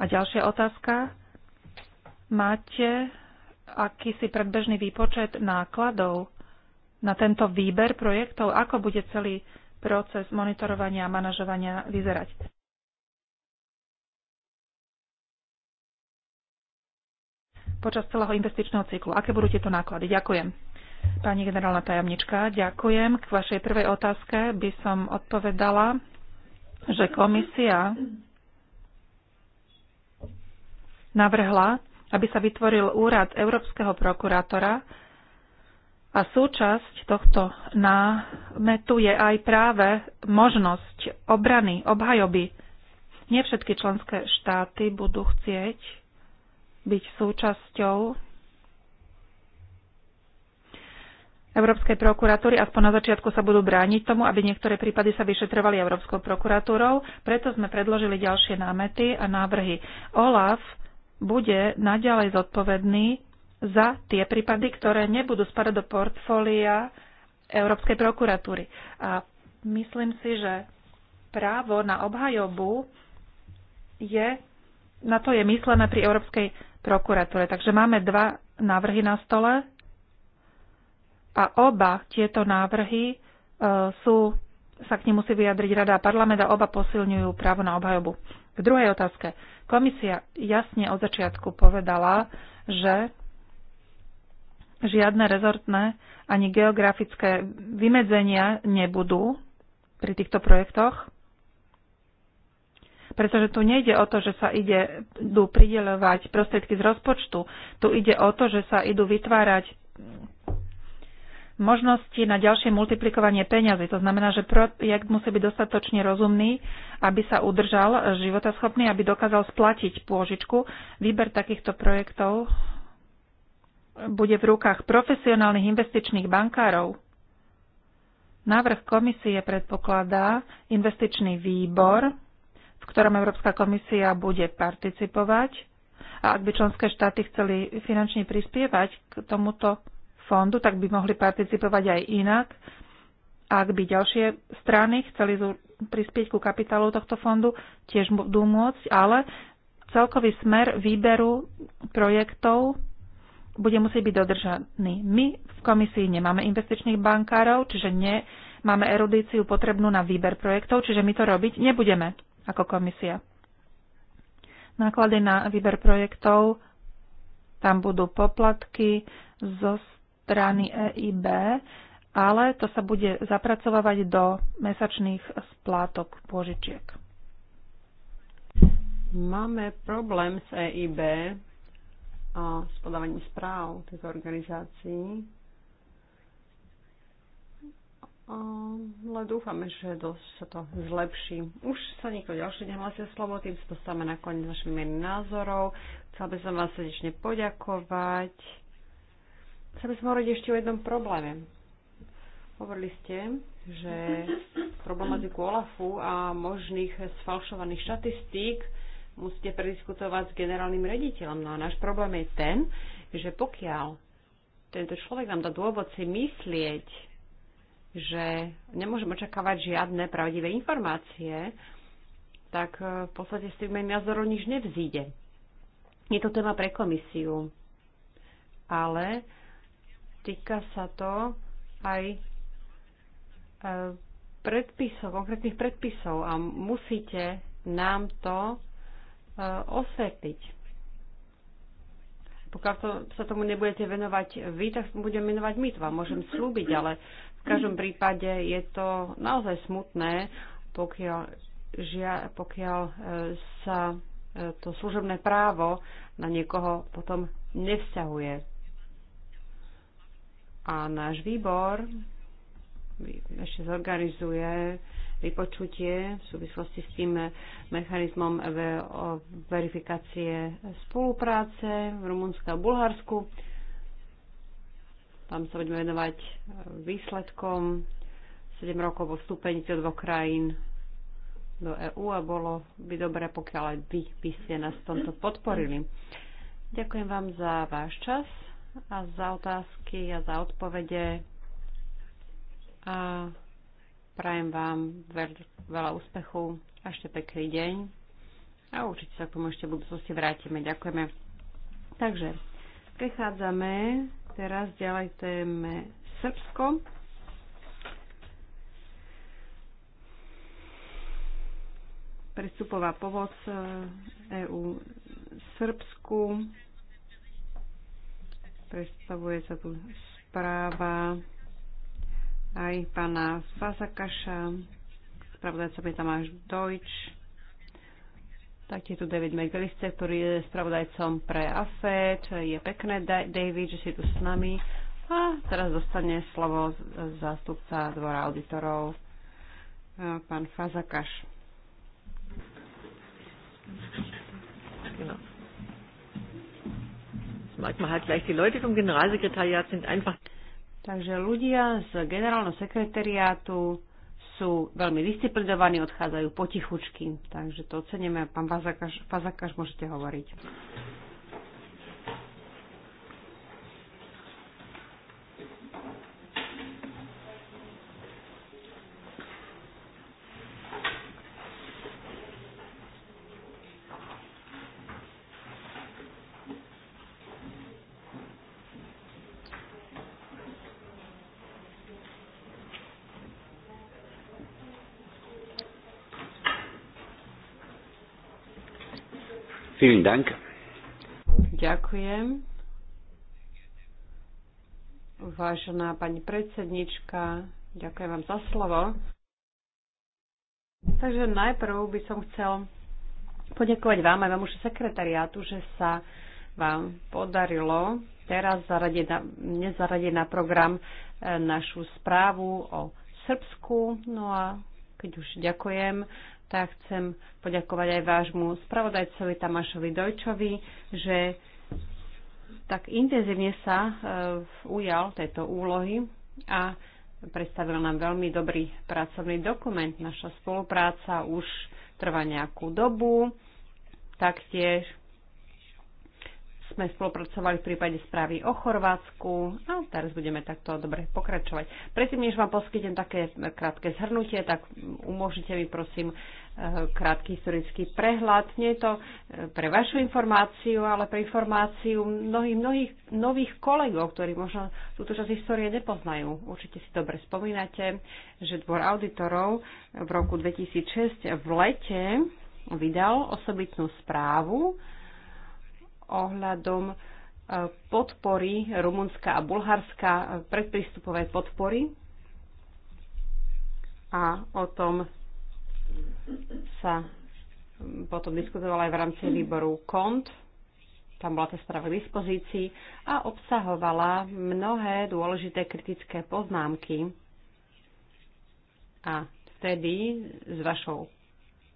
A ďalšia otázka. Máte akýsi predbežný výpočet nákladov na tento výber projektov? Ako bude celý proces monitorovania a manažovania vyzerať? počas celého investičného cyklu. Aké budú tieto náklady? Ďakujem. Pani generálna tajomnička, ďakujem. K vašej prvej otázke by som odpovedala, že komisia navrhla, aby sa vytvoril úrad Európskeho prokurátora a súčasť tohto námetu je aj práve možnosť obrany, obhajoby. Nie všetky členské štáty budú chcieť byť súčasťou Európskej prokuratúry, aspoň na začiatku sa budú brániť tomu, aby niektoré prípady sa vyšetrovali Európskou prokuratúrou, preto sme predložili ďalšie námety a návrhy. OLAF bude naďalej zodpovedný za tie prípady, ktoré nebudú spadať do portfólia Európskej prokuratúry. A myslím si, že právo na obhajobu je, na to je myslené pri Európskej prokuratúre. Takže máme dva návrhy na stole a oba tieto návrhy e, sú, sa k nim musí vyjadriť Rada a parlament a oba posilňujú právo na obhajobu. K druhej otázke. Komisia jasne od začiatku povedala, že žiadne rezortné ani geografické vymedzenia nebudú pri týchto projektoch pretože tu nejde o to, že sa ide, idú prideľovať prostriedky z rozpočtu. Tu ide o to, že sa idú vytvárať možnosti na ďalšie multiplikovanie peňazí. To znamená, že projekt musí byť dostatočne rozumný, aby sa udržal životaschopný, aby dokázal splatiť pôžičku. Výber takýchto projektov bude v rukách profesionálnych investičných bankárov. Návrh komisie predpokladá investičný výbor, v ktorom Európska komisia bude participovať. A ak by členské štáty chceli finančne prispievať k tomuto fondu, tak by mohli participovať aj inak. Ak by ďalšie strany chceli prispieť ku kapitálu tohto fondu, tiež budú môcť, ale celkový smer výberu projektov bude musieť byť dodržaný. My v komisii nemáme investičných bankárov, čiže nemáme erudíciu potrebnú na výber projektov, čiže my to robiť nebudeme ako komisia. Náklady na výber projektov, tam budú poplatky zo strany EIB, ale to sa bude zapracovávať do mesačných splátok pôžičiek. Máme problém s EIB a s podávaním správ tejto organizácii. Ehm, ale dúfame, že dosť sa to zlepší. Už sa nikto ďalší nehlási o slovo, tým sa dostávame na koniec našich názorov. Chcel by som vás srdečne poďakovať. Chcel by som hovoriť ešte o jednom probléme. Hovorili ste, že problematiku OLAFu a možných sfalšovaných štatistík musíte prediskutovať s generálnym rediteľom. No a náš problém je ten, že pokiaľ tento človek nám dá dôvod si myslieť, že nemôžem očakávať žiadne pravdivé informácie, tak e, v podstate s tým názorom nič nevzíde. Je to téma pre komisiu, ale týka sa to aj e, predpisov, konkrétnych predpisov a musíte nám to e, osvetliť. Pokiaľ to, sa tomu nebudete venovať vy, tak budem venovať my to vám môžem slúbiť, ale v každom prípade je to naozaj smutné, pokiaľ, žia, pokiaľ e, sa e, to služobné právo na niekoho potom nevzťahuje. A náš výbor ešte zorganizuje vypočutie v súvislosti s tým mechanizmom verifikácie spolupráce v Rumunsku a Bulharsku. Tam sa budeme venovať výsledkom 7 rokov po vstúpení týchto dvoch krajín do EÚ a bolo by dobré, pokiaľ aj vy by ste nás v tomto podporili. Ďakujem vám za váš čas a za otázky a za odpovede. A Prajem vám veľ, veľa úspechu a ešte pekný deň. A určite sa k tomu ešte v budúcnosti vrátime. Ďakujeme. Takže, prechádzame teraz ďalej téme Srbsko. Prestupová pomoc EU e Srbsku. Predstavuje sa tu správa aj pána Fasakaša, spravodajca je tam až Deutsch, taktiež tu David McGillister, ktorý je spravodajcom pre AFED. Je pekné, David, že si tu s nami. A teraz dostane slovo zástupca dvora auditorov, e, pán Fazakaš. Genau. Das merkt man halt gleich. Die Leute vom Generalsekretariat sind einfach Takže ľudia z generálneho sekretariátu sú veľmi disciplinovaní, odchádzajú potichučky. Takže to oceníme. Pán Fazakáš, môžete hovoriť. Vielen Dank. Ďakujem. Vážená pani predsednička, ďakujem vám za slovo. Takže najprv by som chcel poďakovať vám aj vamušu sekretariátu, že sa vám podarilo teraz zaradiť na, nezaradiť na program e, našu správu o Srbsku. No a keď už ďakujem, tak chcem poďakovať aj vášmu spravodajcovi Tamášovi Dojčovi, že tak intenzívne sa e, ujal tejto úlohy a predstavil nám veľmi dobrý pracovný dokument. Naša spolupráca už trvá nejakú dobu. Taktiež sme spolupracovali v prípade správy o Chorvátsku a teraz budeme takto dobre pokračovať. Predtým, než vám poskytnem také krátke zhrnutie, tak umožnite mi prosím krátky historický prehľad. Nie je to e, pre vašu informáciu, ale pre informáciu mnohých, mnohých nových kolegov, ktorí možno túto časť histórie nepoznajú. Určite si dobre spomínate, že dvor auditorov v roku 2006 v lete vydal osobitnú správu ohľadom e, podpory Rumunska a Bulharska, e, predprístupové podpory a o tom sa potom diskutovala aj v rámci výboru KONT. Tam bola tá správa k dispozícii a obsahovala mnohé dôležité kritické poznámky. A vtedy s vašou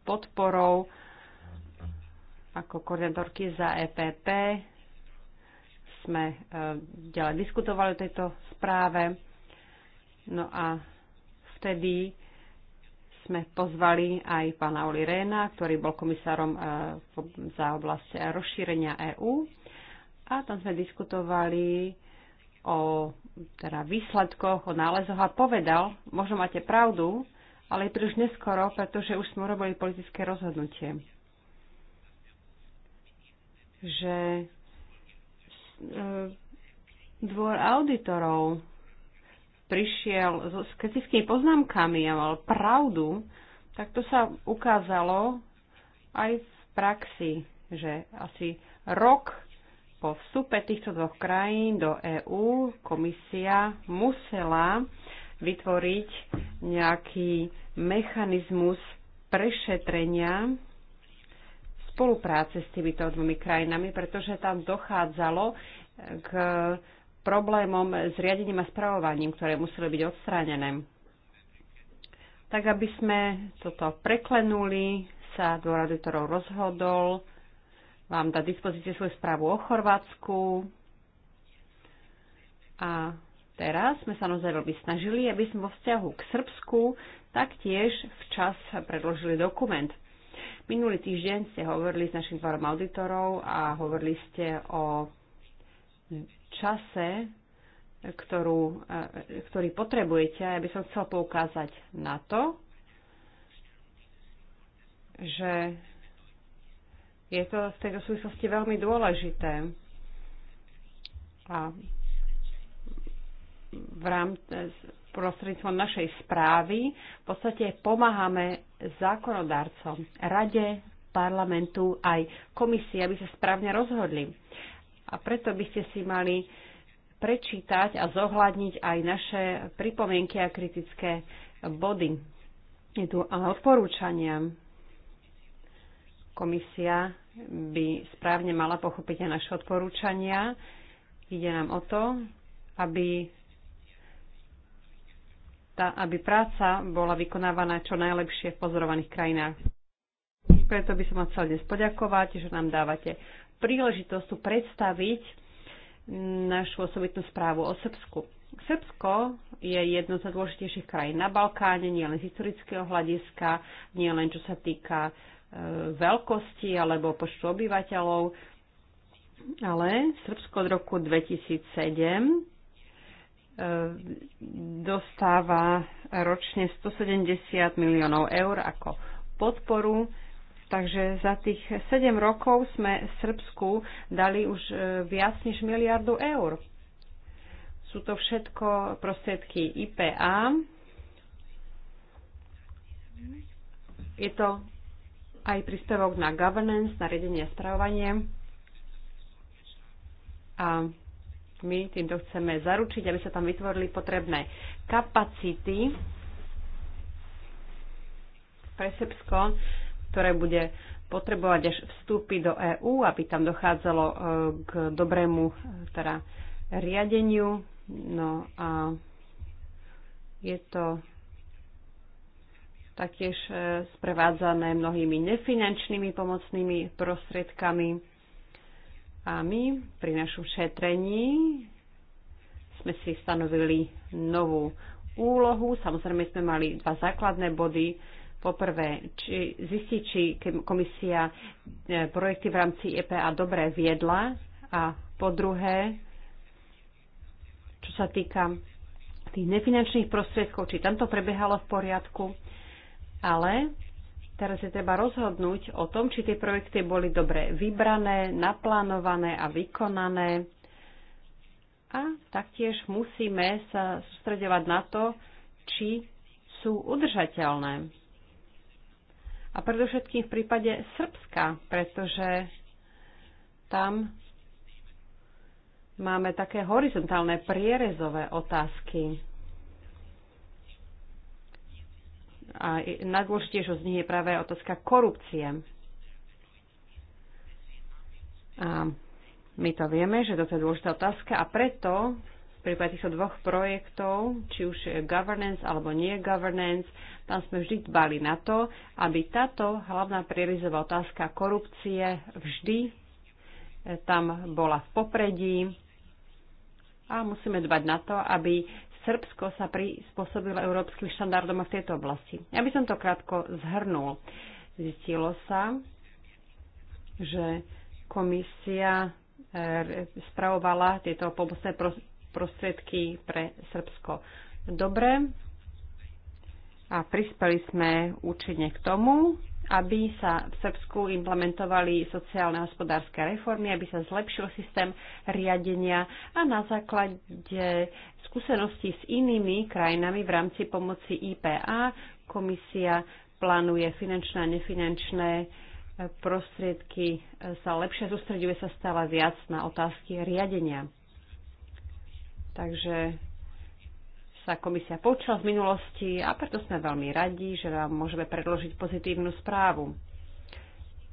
podporou ako koordinátorky za EPP sme e, ďalej diskutovali o tejto správe. No a vtedy sme pozvali aj pána Oli Réna, ktorý bol komisárom e, za oblasť rozšírenia EÚ. A tam sme diskutovali o teda výsledkoch, o nálezoch a povedal, možno máte pravdu, ale je príliš neskoro, pretože už sme urobili politické rozhodnutie. Že e, dvor auditorov prišiel so kritickými poznámkami a mal pravdu, tak to sa ukázalo aj v praxi, že asi rok po vstupe týchto dvoch krajín do EÚ komisia musela vytvoriť nejaký mechanizmus prešetrenia spolupráce s týmito dvomi krajinami, pretože tam dochádzalo k problémom s riadením a spravovaním, ktoré museli byť odstránené. Tak, aby sme toto preklenuli, sa dvor auditorov rozhodol vám dať dispozície svoju správu o Chorvátsku. A teraz sme sa naozaj veľmi snažili, aby sme vo vzťahu k Srbsku taktiež včas predložili dokument. Minulý týždeň ste hovorili s našim dvorom auditorov a hovorili ste o čase, ktorú, e, ktorý potrebujete. Ja by som chcel poukázať na to, že je to v tejto súvislosti veľmi dôležité. A v rámci e, prostredníctvom našej správy v podstate pomáhame zákonodarcom, rade, parlamentu aj komisii, aby sa správne rozhodli a preto by ste si mali prečítať a zohľadniť aj naše pripomienky a kritické body. Je tu odporúčania. Komisia by správne mala pochopiť aj naše odporúčania. Ide nám o to, aby, tá, aby práca bola vykonávaná čo najlepšie v pozorovaných krajinách. Preto by som vám chcel dnes poďakovať, že nám dávate príležitosť predstaviť našu osobitnú správu o Srbsku. Srbsko je jedno z dôležitejších krajín na Balkáne, nielen z historického hľadiska, nielen čo sa týka e, veľkosti alebo počtu obyvateľov, ale Srbsko od roku 2007 e, dostáva ročne 170 miliónov eur ako podporu Takže za tých 7 rokov sme Srbsku dali už e, viac než miliardu eur. Sú to všetko prostriedky IPA. Je to aj príspevok na governance, na riadenie a spravovanie. A my týmto chceme zaručiť, aby sa tam vytvorili potrebné kapacity pre Srbsko ktoré bude potrebovať, až vstúpi do EÚ, aby tam dochádzalo e, k dobrému e, teda, riadeniu. No a je to taktiež e, sprevádzané mnohými nefinančnými pomocnými prostriedkami. A my pri našom šetrení sme si stanovili novú úlohu. Samozrejme sme mali dva základné body Poprvé, či zistí, či komisia e, projekty v rámci EPA dobre viedla a po druhé, čo sa týka tých nefinančných prostriedkov, či tamto prebiehalo v poriadku, ale teraz je treba rozhodnúť o tom, či tie projekty boli dobre vybrané, naplánované a vykonané. A taktiež musíme sa sústredovať na to, či sú udržateľné. A predovšetkým v prípade Srbska, pretože tam máme také horizontálne prierezové otázky. A najdôležitejšou z nich je práve otázka korupcie. A my to vieme, že toto je dôležitá otázka a preto prípade týchto dvoch projektov, či už governance alebo nie governance, tam sme vždy dbali na to, aby táto hlavná priorizová otázka korupcie vždy e, tam bola v popredí a musíme dbať na to, aby Srbsko sa prispôsobilo európskym štandardom v tejto oblasti. Ja by som to krátko zhrnul. Zistilo sa, že komisia e, spravovala tieto pomocné prostriedky pre Srbsko. Dobre. A prispeli sme účinne k tomu, aby sa v Srbsku implementovali sociálne hospodárske reformy, aby sa zlepšil systém riadenia a na základe skúseností s inými krajinami v rámci pomoci IPA komisia plánuje finančné a nefinančné eh, prostriedky, eh, sa lepšie sústreďuje sa stále viac na otázky riadenia. Takže sa komisia poučila v minulosti a preto sme veľmi radi, že vám môžeme predložiť pozitívnu správu.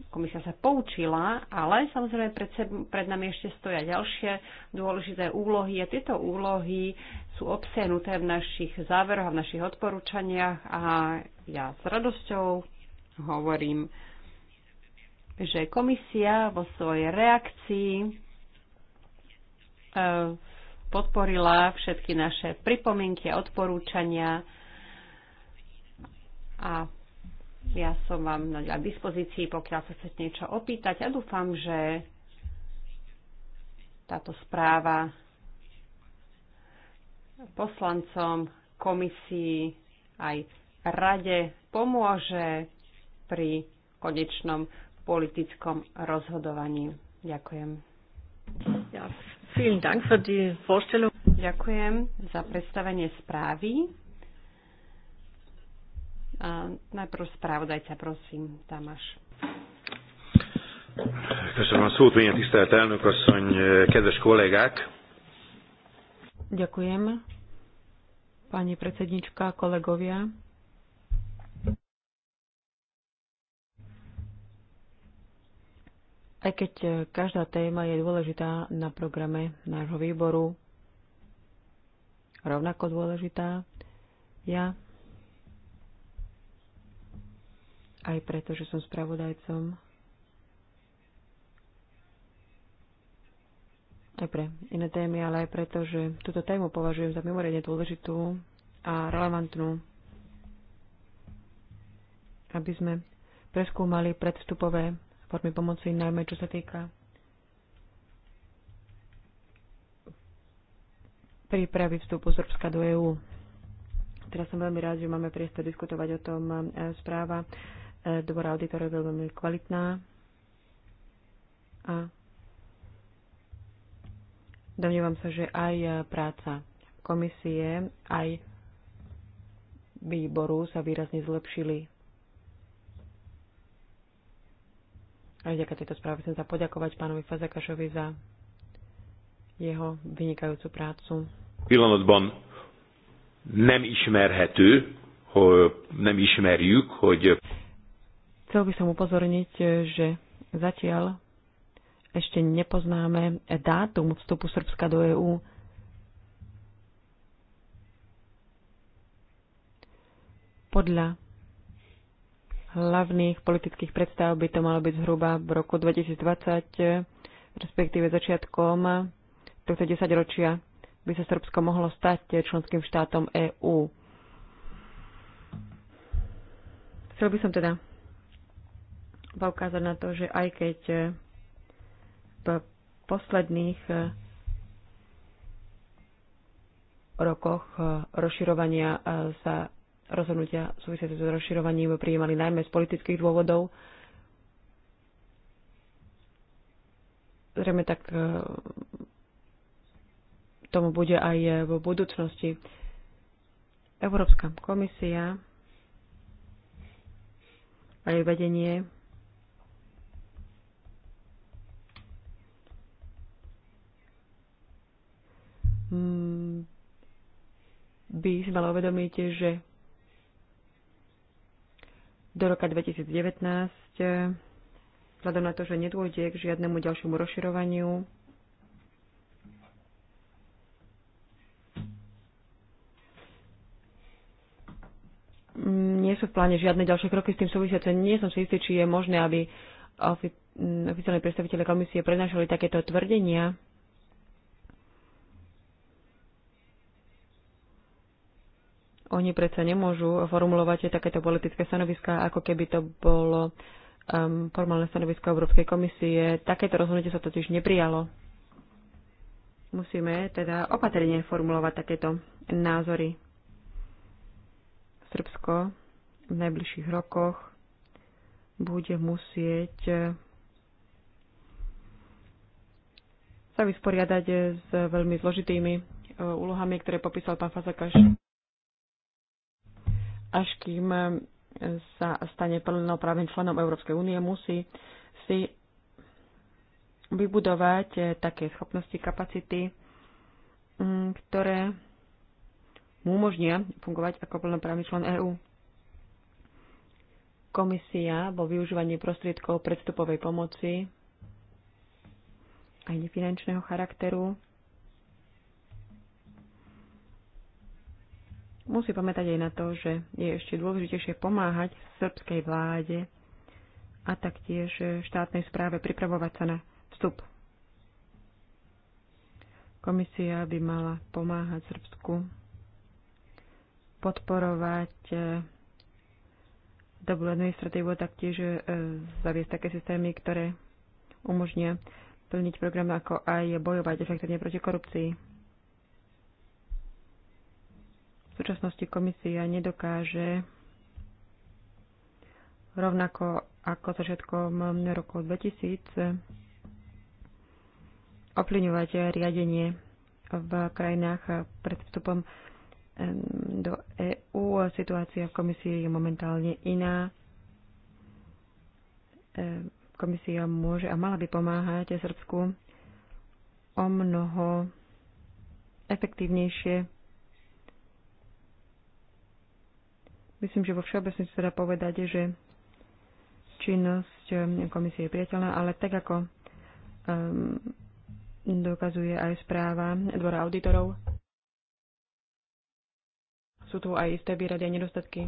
Komisia sa poučila, ale samozrejme pred, seb- pred nami ešte stoja ďalšie dôležité úlohy a tieto úlohy sú obsiahnuté v našich záveroch a v našich odporúčaniach a ja s radosťou hovorím, že komisia vo svojej reakcii e, podporila všetky naše pripomienky a odporúčania a ja som vám na dispozícii, pokiaľ sa chcete niečo opýtať a dúfam, že táto správa poslancom, komisii aj rade pomôže pri konečnom politickom rozhodovaní. Ďakujem. Vielen Dank für die Vorstellung. Ďakujem za predstavenie správy. A najprv správodajca, prosím, Tamáš. Köszönöm a szót, milyen tisztelt elnök asszony, kedves kollégák! Ďakujem, pani predsednička, kolegovia. Aj keď e, každá téma je dôležitá na programe nášho výboru, rovnako dôležitá, ja aj preto, že som spravodajcom aj pre iné témy, ale aj preto, že túto tému považujem za mimoriadne dôležitú a relevantnú, aby sme preskúmali predstupové formy pomoci, najmä čo sa týka prípravy vstupu Srbska do EÚ. Teraz som veľmi rád, že máme priestor diskutovať o tom. Správa e, dvora auditorov je veľmi kvalitná a domnievam sa, že aj práca komisie, aj výboru sa výrazne zlepšili Aj vďaka tejto správe chcem sa poďakovať pánovi Fazakašovi za jeho vynikajúcu prácu. Pillanatban nem ismerhető, nem ismerjük, hogy... Chcel by som upozorniť, že zatiaľ ešte nepoznáme dátum vstupu Srbska do EÚ. Podľa hlavných politických predstav by to malo byť zhruba v roku 2020, respektíve začiatkom tohto desaťročia by sa Srbsko mohlo stať členským štátom EÚ. Chcel by som teda poukázať na to, že aj keď v posledných rokoch rozširovania sa rozhodnutia súvisiace s rozširovaním prijímali najmä z politických dôvodov. Zrejme tak e, tomu bude aj v budúcnosti. Európska komisia a jej vedenie by si mala uvedomiť, že do roka 2019, eh, vzhľadom na to, že nedôjde k žiadnemu ďalšiemu rozširovaniu. Mm, nie sú v pláne žiadne ďalšie kroky s tým súvisiace. Nie som si istý, či je možné, aby mm, oficiálne predstaviteľe komisie prednášali takéto tvrdenia. Oni predsa nemôžu formulovať takéto politické stanoviská, ako keby to bolo um, formálne stanovisko Európskej komisie. Takéto rozhodnutie sa totiž neprijalo. Musíme teda opatrne formulovať takéto názory. Srbsko v najbližších rokoch bude musieť eh, sa vysporiadať s veľmi zložitými eh, úlohami, ktoré popísal pán Fazakaš až kým eh, sa stane plnoprávnym členom Európskej únie, musí si vybudovať eh, také schopnosti, kapacity, mm, ktoré mu umožnia fungovať ako plnoprávny člen EÚ. Komisia vo využívaní prostriedkov predstupovej pomoci aj nefinančného charakteru musí pamätať aj na to, že je ešte dôležitejšie pomáhať srbskej vláde a taktiež e, štátnej správe pripravovať sa na vstup. Komisia by mala pomáhať Srbsku podporovať e, dobrú administratívu a taktiež e, zaviesť také systémy, ktoré umožnia plniť program ako aj bojovať efektívne proti korupcii. V súčasnosti komisia nedokáže rovnako ako začiatkom roku 2000 ovplyvňovať riadenie v krajinách pred vstupom do EÚ. Situácia v komisii je momentálne iná. Komisia môže a mala by pomáhať Srbsku o mnoho efektívnejšie Myslím, že vo všeobecnosti sa dá povedať, že činnosť um, komisie je priateľná, ale tak ako um, dokazuje aj správa Dvora auditorov, sú tu aj isté výrady a nedostatky.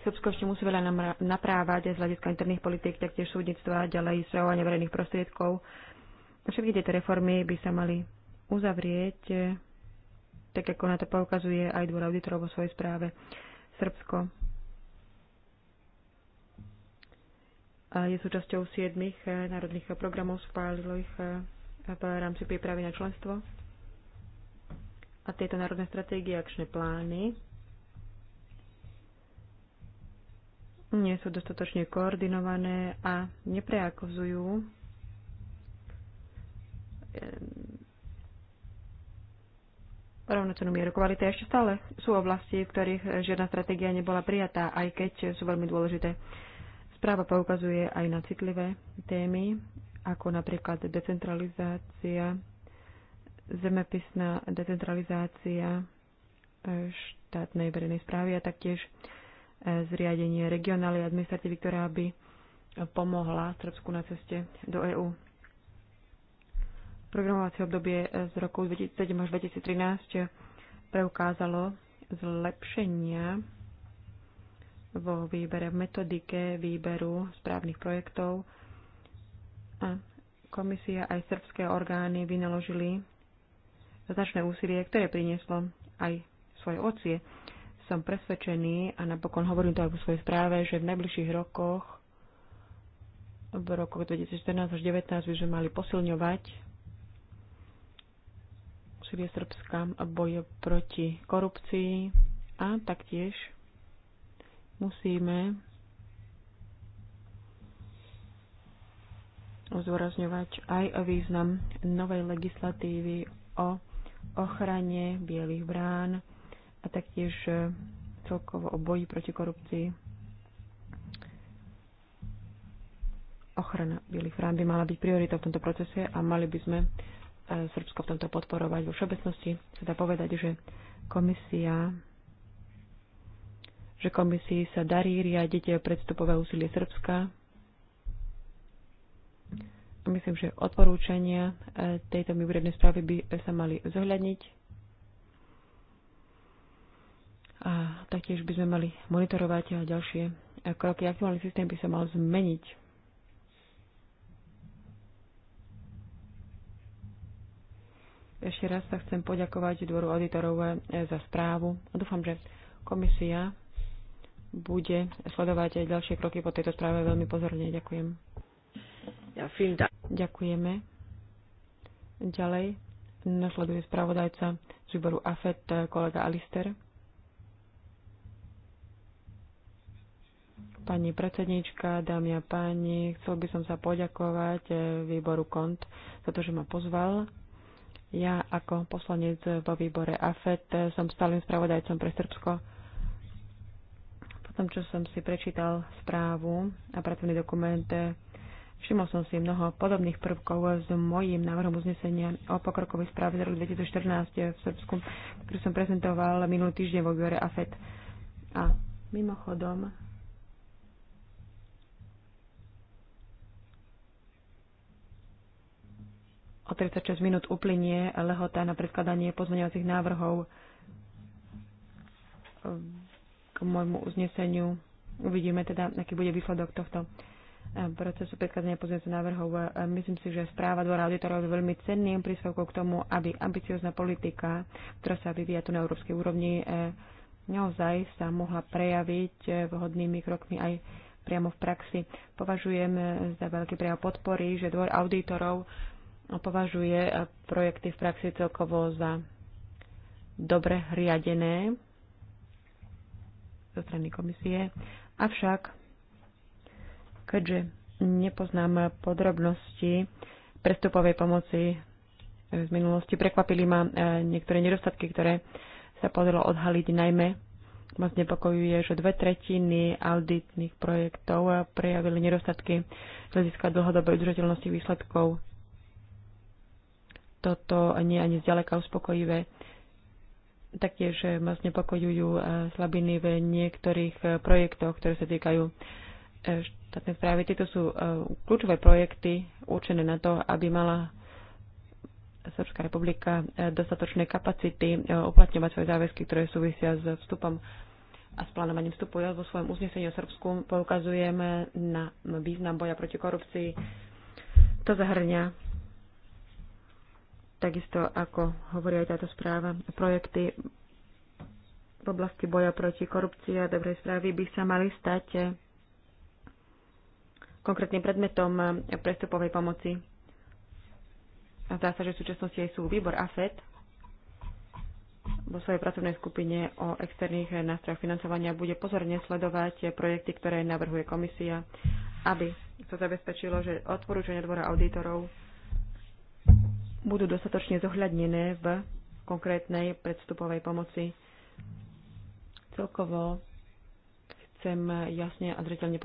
Srbsko ešte musí veľa naprávať z hľadiska interných politik, taktiež súdnictva, ďalej stravovania verejných prostriedkov. Všetky tieto reformy by sa mali uzavrieť tak ako na to poukazuje aj dvor auditorov vo svojej správe Srbsko. A je súčasťou siedmých eh, národných programov, spálilo ich eh, v rámci prípravy na členstvo. A tieto národné stratégie, akčné plány nie sú dostatočne koordinované a nepreakozujú eh, rovnocenú mieru kvality. Ešte stále sú oblasti, v ktorých žiadna stratégia nebola prijatá, aj keď sú veľmi dôležité. Správa poukazuje aj na citlivé témy, ako napríklad decentralizácia, zemepisná decentralizácia e, štátnej verejnej správy a taktiež e, zriadenie regionálnej administratívy, ktorá by pomohla Srbsku na ceste do EÚ. Programovacie obdobie z roku 2007 až 2013 preukázalo zlepšenia vo výbere, v metodike výberu správnych projektov a komisia aj srbské orgány vynaložili značné úsilie, ktoré prinieslo aj svoje ocie. Som presvedčený a napokon hovorím to aj vo svojej správe, že v najbližších rokoch v rokoch 2014 až 2019 by sme mali posilňovať úsilie Srbska boje proti korupcii a taktiež musíme zdôrazňovať aj o význam novej legislatívy o ochrane bielých brán a taktiež celkovo o boji proti korupcii. Ochrana bielých brán by mala byť prioritou v tomto procese a mali by sme Srbsko v tomto podporovať. Vo všeobecnosti sa dá povedať, že komisia že komisii sa darí riadiť predstupové úsilie Srbska. Myslím, že odporúčania e, tejto mimoriadnej správy by sa mali zohľadniť. A taktiež by sme mali monitorovať e, ďalšie e, kroky. Aktuálny systém by sa mal zmeniť Ešte raz sa chcem poďakovať Dvoru auditorov e, za správu a dúfam, že komisia bude sledovať aj ďalšie kroky po tejto správe veľmi pozorne. Ďakujem. Ja, Ďakujeme. Ďalej nasleduje spravodajca z výboru AFET, e, kolega Alister. Pani predsednička, dámy a páni, chcel by som sa poďakovať e, výboru KONT za to, že ma pozval ja ako poslanec vo výbore AFET som stálym spravodajcom pre Srbsko. Potom, čo som si prečítal správu a pracovný dokument, všimol som si mnoho podobných prvkov s mojím návrhom uznesenia o pokrokovej správe z roku 2014 v Srbsku, ktorý som prezentoval minulý týždeň vo výbore AFET. A mimochodom, o 36 minút uplynie lehota na predkladanie pozmeňovacích návrhov k môjmu uzneseniu. Uvidíme teda, aký bude výsledok tohto eh, procesu predkladania pozmeňovacích návrhov. Eh, myslím si, že správa dvora auditorov je veľmi cenným príspevkom k tomu, aby ambiciozná politika, ktorá sa vyvíja tu na európskej úrovni, eh, naozaj sa mohla prejaviť vhodnými krokmi aj priamo v praxi. Považujem za veľký prejav podpory, že dvor auditorov považuje projekty v praxi celkovo za dobre riadené zo strany komisie. Avšak, keďže nepoznám podrobnosti prestupovej pomoci z minulosti, prekvapili ma e, niektoré nedostatky, ktoré sa podalo odhaliť najmä. Ma znepokojuje, že dve tretiny auditných projektov prejavili nedostatky z hľadiska dlhodobej udržateľnosti výsledkov toto nie ani zďaleka uspokojivé. Taktiež eh, ma znepokojujú eh, slabiny v niektorých eh, projektoch, ktoré sa týkajú štátnej správy. Tieto sú kľúčové projekty určené na to, aby mala Srbská republika dostatočné kapacity uplatňovať svoje záväzky, ktoré súvisia s vstupom a s plánovaním vstupu. Ja vo svojom uznesení o Srbsku poukazujem na význam boja proti korupcii. To zahrňa takisto ako hovorí aj táto správa, projekty v oblasti boja proti korupcii a dobrej správy by sa mali stať eh, konkrétnym predmetom eh, prestupovej pomoci. A zdá sa, že v súčasnosti aj sú výbor AFED vo svojej pracovnej skupine o externých eh, nástrojoch financovania bude pozorne sledovať projekty, ktoré navrhuje komisia, aby sa zabezpečilo, že odporúčania dvora auditorov budú dostatočne zohľadnené v konkrétnej predstupovej pomoci. Celkovo chcem jasne a zreteľne